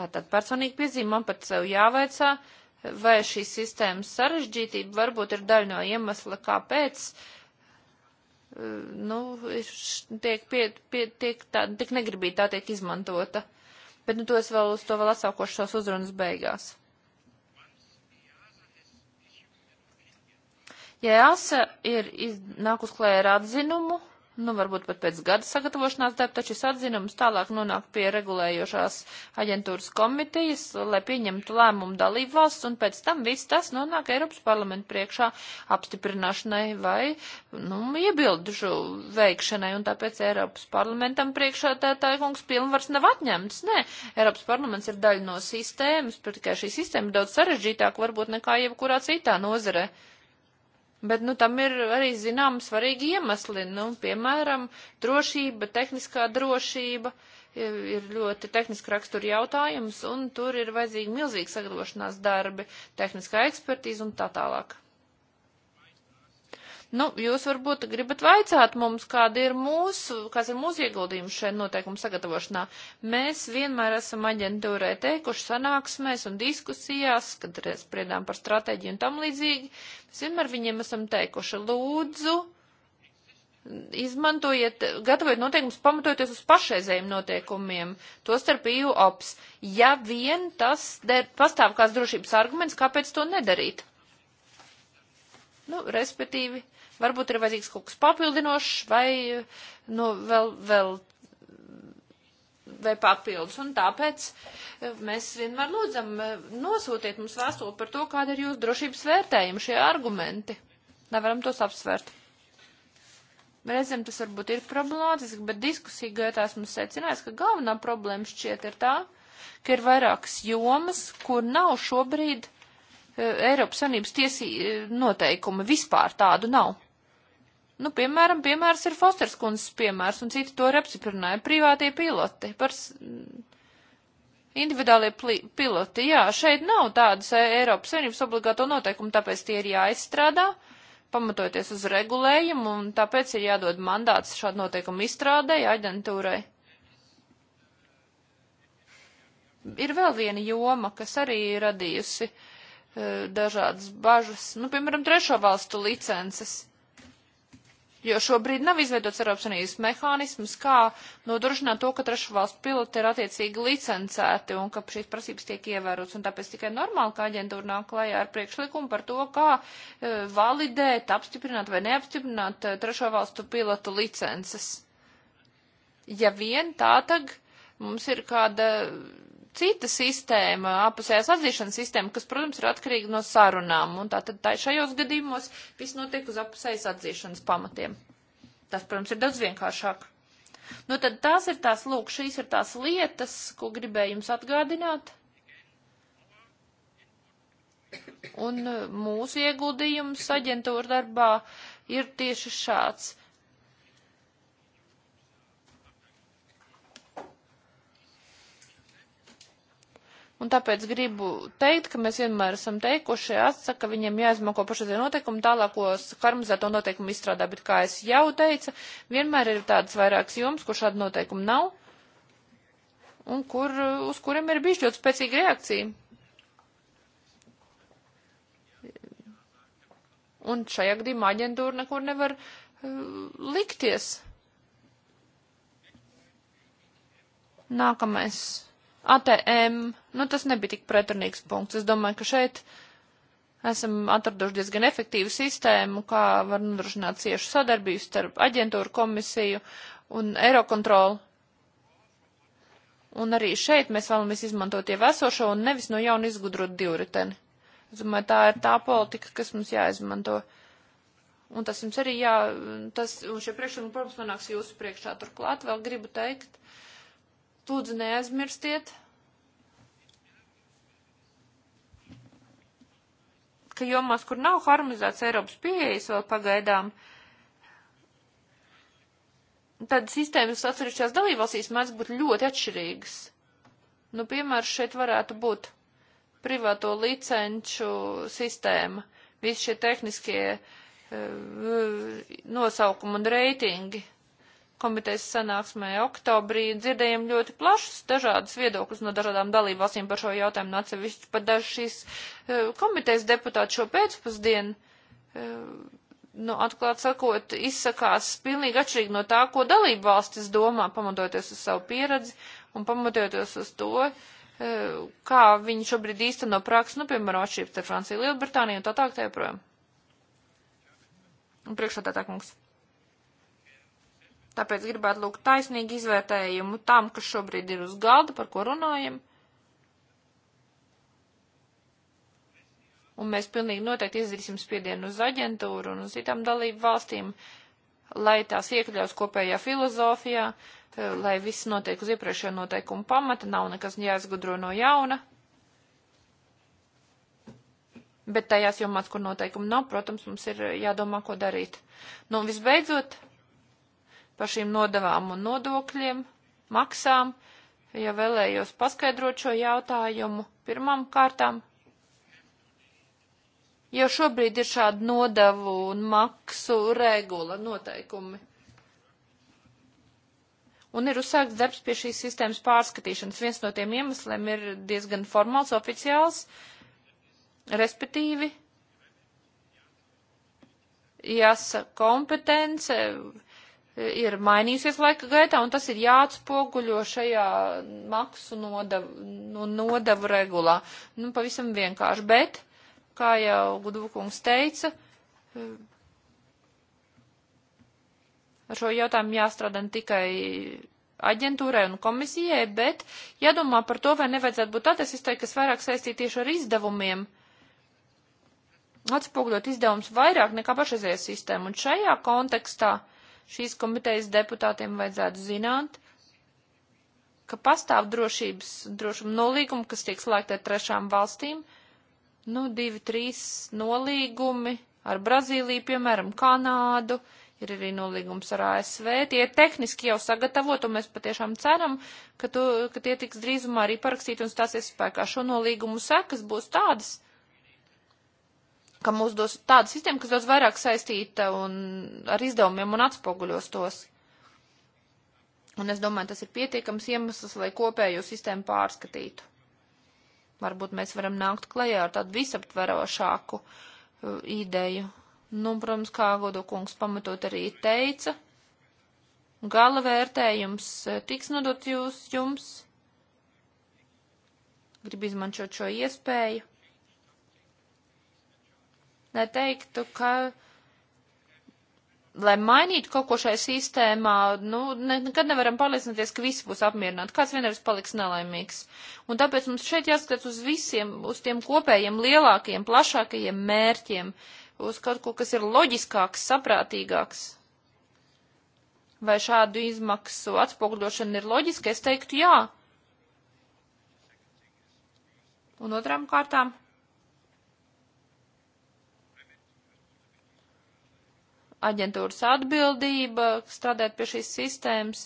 Tātad personīgi piezīme man pat sev jāveicā, vai šī sistēmas sarežģītība varbūt ir daļa no iemesla, kāpēc eh, nu, tiek, pie, pie, tiek, tā, tiek negribīgi tā tiek izmantota. Uh, Bet, nu, to es vēl uz to vēl atsaukošu savas uzrunas beigās. Ja ASA ir nākus klēra atzinumu, nu, varbūt pat pēc gada sagatavošanās darba, taču šis atzinums tālāk nonāk pie regulējošās aģentūras komitejas, lai pieņemtu lēmumu dalību valsts, un pēc tam viss tas nonāk Eiropas parlamentu priekšā apstiprināšanai vai, nu, iebildušu veikšanai, un tāpēc Eiropas parlamentam priekšā tā tā kungs pilnvars nav atņemts. Nē, Eiropas parlaments ir daļa no sistēmas, bet tikai šī sistēma ir daudz sarežģītāka varbūt nekā jebkurā citā nozare. Bet, nu, tam ir arī zinām svarīgi iemesli, nu, piemēram, drošība, tehniskā drošība ir ļoti tehniski rakstura jautājums, un tur ir vajadzīgi milzīgi sagatavošanās darbi, tehniskā ekspertīze un tā tālāk. Nu, jūs varbūt gribat vaicāt mums, kāda ir mūsu, kas ir mūsu ieguldījums šajā noteikuma sagatavošanā. Mēs vienmēr esam aģentūrē teikuši sanāksmēs un diskusijās, kad spriedām par stratēģiju un tam līdzīgi. Mēs vienmēr viņiem esam teikuši, lūdzu, izmantojiet, gatavojiet noteikumus pamatojoties uz pašreizējiem noteikumiem, tostarp EU ops, ja vien tas der, pastāv kāds drošības arguments, kāpēc to nedarīt. Nu, respektīvi, Varbūt ir vajadzīgs kaut kas papildinošs vai, nu, vēl, vēl vai papildus. Un tāpēc e, mēs vienmēr lūdzam e, nosūtiet mums vēstuli par to, kāda ir jūsu drošības vērtējuma šie argumenti. Nevaram tos apsvērt. Reizēm tas varbūt ir problemātiski, bet diskusija gaitā esmu secinājis, ka galvenā problēma šķiet ir tā, ka ir vairākas jomas, kur nav šobrīd e, Eiropas Savienības tiesī e, noteikuma. Vispār tādu nav. Nu, piemēram, piemērs ir Fosters kundzes piemērs, un citi to ir apsiprināja. Privātie piloti par individuālie piloti. Jā, šeit nav tādas e, Eiropas Savienības obligāto noteikumu, tāpēc tie ir jāizstrādā, pamatojoties uz regulējumu, un tāpēc ir jādod mandāts šādu noteikumu izstrādēji aģentūrai. Ir vēl viena joma, kas arī radījusi uh, dažādas bažas, nu, piemēram, trešo valstu licences jo šobrīd nav izveidots Eiropas Unības mehānisms, kā nodrošināt to, ka trešu valstu piloti ir attiecīgi licencēti un ka šīs prasības tiek ievērotas. Un tāpēc tikai normāli, ka aģentūra nāk klajā ar priekšlikumu par to, kā e, validēt, apstiprināt vai neapstiprināt e, trešo valstu pilotu licences. Ja vien tā tag mums ir kāda cita sistēma, apusējās atzīšanas sistēma, kas, protams, ir atkarīga no sarunām. Un tātad tā šajos gadījumos viss notiek uz apusējas atzīšanas pamatiem. Tas, protams, ir daudz vienkāršāk. Nu tad tās ir tās, lūk, šīs ir tās lietas, ko gribēju jums atgādināt. Un eh, mūsu ieguldījums aģentūra darbā ir tieši šāds Un tāpēc gribu teikt, ka mēs vienmēr esam teikuši, atsaka, ka viņiem jāizmanko pašreizie noteikumi tālākos harmonizēto noteikumu izstrādā, bet kā es jau teicu, vienmēr ir tādas vairākas jomas, kur šāda noteikuma nav un kur, uz kuriem ir bijuši ļoti spēcīga reakcija. Un šajā gadījumā aģentūra nekur nevar uh, likties. Nākamais ATM, nu tas nebija tik pretrunīgs punkts. Es domāju, ka šeit esam atraduši diezgan efektīvu sistēmu, kā var nodrošināt ciešu sadarbību starp aģentūru komisiju un Eirokontrolu. Un arī šeit mēs vēlamies izmantot jau esošo un nevis no jauna izgudrot divriteni. Es domāju, tā ir tā politika, kas mums jāizmanto. Un tas jums arī jā, tas, un šie priekšlikumi, protams, nonāks jūsu priekšā turklāt. Vēl gribu teikt, uh, Lūdzu, neaizmirstiet, ka jomās, kur nav harmonizēts Eiropas pieejas vēl pagaidām, tad sistēmas atsevišķās dalībvalstīs mēdz būt ļoti atšķirīgas. Nu, piemērs šeit varētu būt privāto licenču sistēma, visi šie tehniskie uh, nosaukumi un reitingi komitejas sanāksmē oktobrī dzirdējām ļoti plašus dažādus viedokļus no dažādām dalībvalstīm par šo jautājumu. No atsevišķi pat daži šīs e, komitejas deputāti šo pēcpusdienu, e, nu, atklāt sakot, izsakās pilnīgi atšķirīgi no tā, ko dalībvalstis domā, pamatojoties uz savu pieredzi un pamatojoties uz to, e, kā viņi šobrīd īsteno praksi, nu, piemēram, atšķirības ar Franciju, Lielbritāniju un tā tālāk tā joprojām. Un priekšā tā tā kungs. Tāpēc gribētu lūgt taisnīgu izvērtējumu tam, kas šobrīd ir uz galda, par ko runājam. Un mēs pilnīgi noteikti izdarīsim spiedienu uz aģentūru un uz citām dalību valstīm, lai tās iekļaus kopējā filozofijā, lai viss notiek uz iepriekšējo noteikumu pamata, nav nekas jāizgudro no jauna. Bet tajās jomās, kur noteikumi nav, protams, mums ir jādomā, ko darīt. Nu, visbeidzot, par šīm nodavām un nodokļiem, maksām, ja vēlējos paskaidrot šo jautājumu pirmām kārtām. Jo šobrīd ir šāda nodevu un maksu regula noteikumi. Un ir uzsākts darbs pie šīs sistēmas pārskatīšanas. Viens no tiem iemesliem ir diezgan formāls, oficiāls, respektīvi, jāsa kompetence, ir mainījusies laika gaitā, un tas ir jāatspoguļo šajā maksu nodevu, nu, nodevu regulā. Nu, pavisam vienkārši, bet, kā jau Gudukungs teica, eh, ar šo jautājumu jāstrādā ne tikai aģentūrai un komisijai, bet jādomā par to, vai nevajadzētu būt tāds izteikti, kas vairāk saistīti tieši ar izdevumiem atspoguļot izdevums vairāk nekā pašreizējā sistēma. Un šajā kontekstā uh, Šīs komitejas deputātiem vajadzētu zināt, ka pastāv drošības, drošuma nolīgumi, kas tiek slēgti ar trešām valstīm, nu, divi, trīs nolīgumi ar Brazīliju, piemēram, Kanādu, ir arī nolīgums ar ASV. Tie ir tehniski jau sagatavot, un mēs patiešām ceram, ka, tu, ka tie tiks drīzumā arī parakstīt un stāsies spēkā. Šo nolīgumu sekas būs tādas, ka mums dos tāda sistēma, kas daudz vairāk saistīta un ar izdevumiem un atspoguļos tos. Un es domāju, tas ir pietiekams iemesls, lai kopējo sistēmu pārskatītu. Varbūt mēs varam nākt klajā ar tādu visaptverošāku uh, ideju. Nu, protams, kā Godo kungs pamatot arī teica, gala vērtējums uh, tiks nodot jūs jums. Gribu izmantot šo iespēju lai teiktu, ka, lai mainītu kaut ko šai sistēmā, nu, ne, nekad nevaram pārliecināties, ka visi būs apmierināti. Kāds vienreiz paliks nelaimīgs. Un tāpēc mums šeit jāskatās uz visiem, uz tiem kopējiem lielākajiem, plašākajiem mērķiem, uz kaut ko, kas ir loģiskāks, saprātīgāks. Vai šādu izmaksu atspoguļošana ir loģiska? Es teiktu jā. Un otrām kārtām aģentūras atbildība strādāt pie šīs sistēmas.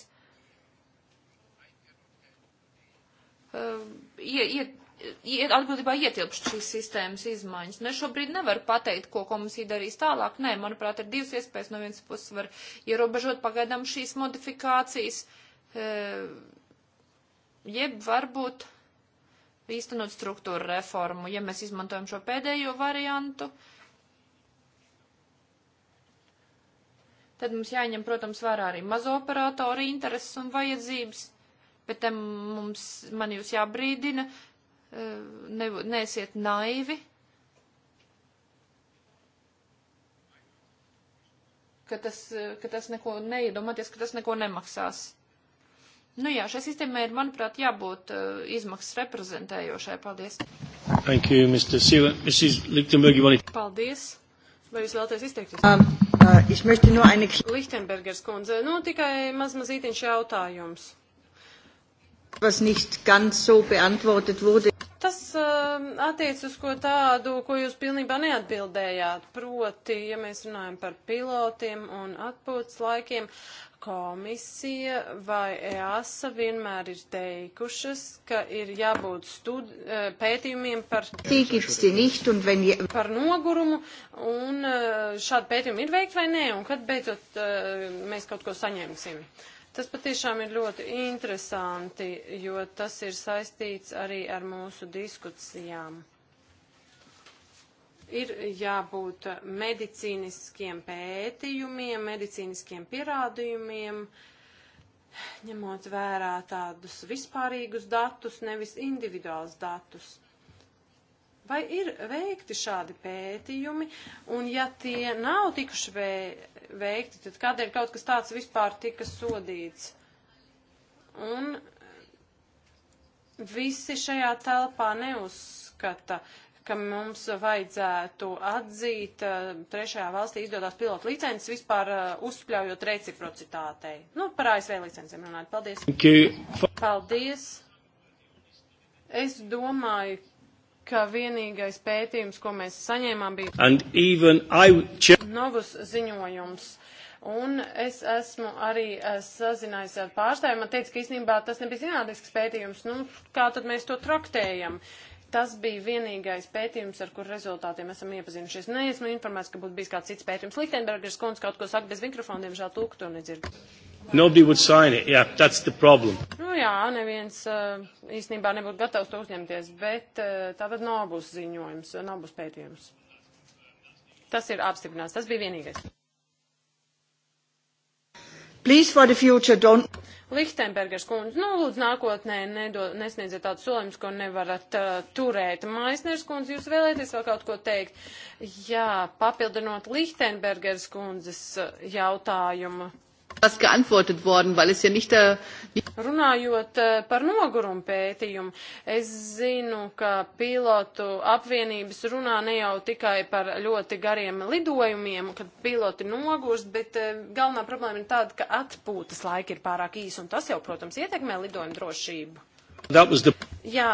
Ehm, ie, ie, ie, atbildībā ietilpst šīs sistēmas izmaiņas. Nu, es šobrīd nevaru pateikt, ko komisija darīs tālāk. Nē, manuprāt, ir divas iespējas. No vienas puses var ierobežot pagaidām šīs modifikācijas, ehm, jeb varbūt īstenot struktūra reformu, ja mēs izmantojam šo pēdējo variantu. Uh, tad mums jāņem, protams, vērā arī mazo operatoru intereses un vajadzības, bet tam mums, man jūs jābrīdina, ne, eh, neesiet naivi, ka tas, eh, ka tas neko neiedomāties, ka tas neko nemaksās. Nu jā, šai sistēmai ir, manuprāt, jābūt uh, izmaksas reprezentējošai. Paldies. Thank you, Mr. Sila. Mrs. Lichtenberg, you want to... Paldies. Vai jūs vēlaties izteikties? Um, Äh, ich möchte nur eine... Lichtenbergers kundze, nu tikai mazmazītiņš jautājums. Was nicht ganz so beantwortet wurde. Tas uh, attiec uz ko tādu, ko jūs pilnībā neatbildējāt. Proti, ja mēs runājam par pilotiem un atpūtas laikiem, komisija vai EASA vienmēr ir teikušas, ka ir jābūt stud, e, pētījumiem par, par nogurumu, un e, šādi pētījumi ir veikti vai nē, un kad beidzot e, mēs kaut ko saņemsim. Tas patiešām ir ļoti interesanti, jo tas ir saistīts arī ar mūsu diskusijām ir jābūt medicīniskiem pētījumiem, medicīniskiem pierādījumiem, ņemot vērā tādus vispārīgus datus, nevis individuāls datus. Vai ir veikti šādi pētījumi, un ja tie nav tikuši veikti, tad kādēļ kaut kas tāds vispār tika sodīts? Un visi šajā telpā neuzskata, uh, uzskata, ka mums vajadzētu atzīt eh, trešajā valstī izdodās pilotu licences vispār eh, uzspļaujot reciprocitātei. Nu, par ASV licencēm runājot. Paldies. Okay. Paldies. Es domāju, ka vienīgais pētījums, ko mēs saņēmām, bija I... Novus ziņojums. Un es esmu arī eh, sazinājies ar pārstāvjiem. Man teica, ka īstenībā tas nebija zinātnisks pētījums. Nu, kā tad mēs to traktējam? Uh, Tas bija vienīgais pētījums, ar kur rezultātiem esam iepazinušies. Nē, esmu informēts, ka būtu bijis kāds cits pētījums. Liktenbergers kundze kaut ko saka bez mikrofona, diemžēl tūku to nedzird. Nobody would sign it, yeah, that's the problem. Nu jā, neviens uh, īstenībā nebūtu gatavs to uzņemties, bet uh, tātad nav būs ziņojums, nav būs pētījums. Tas ir apstiprināts, tas bija vienīgais. Please for the future don't. Lichtenbergers kundze, nu, lūdzu, nākotnē nedo, nesniedziet tādus solījumus, ko nevarat uh, turēt. Maisners kundze, jūs vēlēties vēl kaut ko teikt? Jā, papildinot Lichtenbergers kundzes uh, jautājumu was geantwortet worden, weil es ja nicht der Runājot eh, par nogurumu pētījumu, es zinu, ka pilotu apvienības runā ne jau tikai par ļoti gariem lidojumiem, kad piloti nogurst, bet eh, galvenā problēma ir tāda, ka atpūtas laika ir pārāk īsa, un tas jau, protams, ietekmē lidojumu drošību. The... Jā,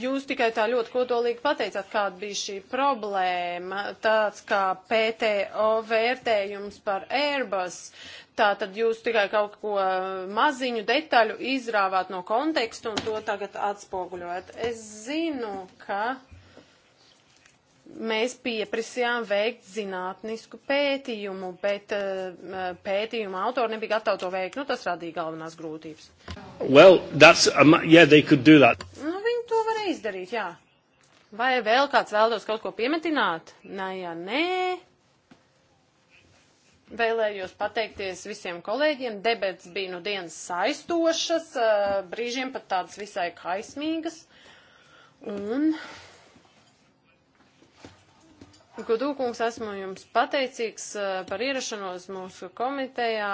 Jūs tikai tā ļoti kodolīgi pateicāt, kāda bija šī problēma, tāds kā PTO vērtējums par Airbus. Tātad jūs tikai kaut ko maziņu detaļu izrāvāt no konteksta un to tagad atspoguļojat. Es zinu, ka mēs pieprasījām veikt zinātnisku pētījumu, bet uh, pētījuma autori nebija gatavi to veikt. Nu, tas radīja galvenās grūtības. Well, that's, um, yeah, they could do that. Nu, viņi to varēja izdarīt, jā. Vai vēl kāds vēlos kaut ko piemetināt? Nē, jā, nē. Vēlējos pateikties visiem kolēģiem. Debets bija nu dienas saistošas, uh, brīžiem pat tādas visai kaismīgas. Un Gudūkungs, esmu jums pateicīgs eh, par ierašanos mūsu komitejā.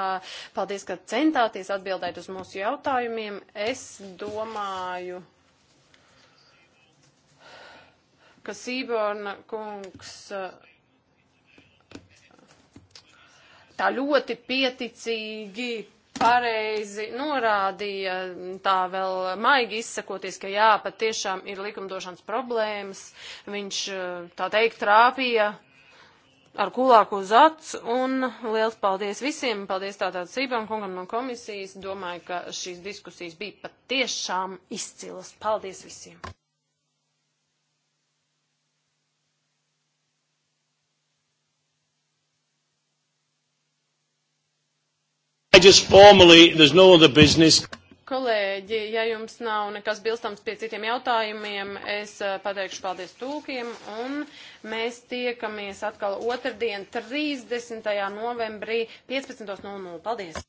Paldies, ka centāties atbildēt uz mūsu jautājumiem. Es domāju, ka Sīborna kungs eh, tā ļoti pieticīgi pareizi norādīja, tā vēl maigi izsakoties, ka jā, pat tiešām ir likumdošanas problēmas. Viņš, tā teikt, trāpīja ar kulāku uz acs un liels paldies visiem. Paldies tātad Sībām kungam no komisijas. Domāju, ka šīs diskusijas bija pat tiešām izcilas. Paldies visiem! I just formally, there's no other business. Kolēģi, ja jums nav nekas bilstams pie citiem jautājumiem, es eh, pateikšu paldies tūkiem un mēs tiekamies atkal otrdien 30. novembrī 15.00. Paldies!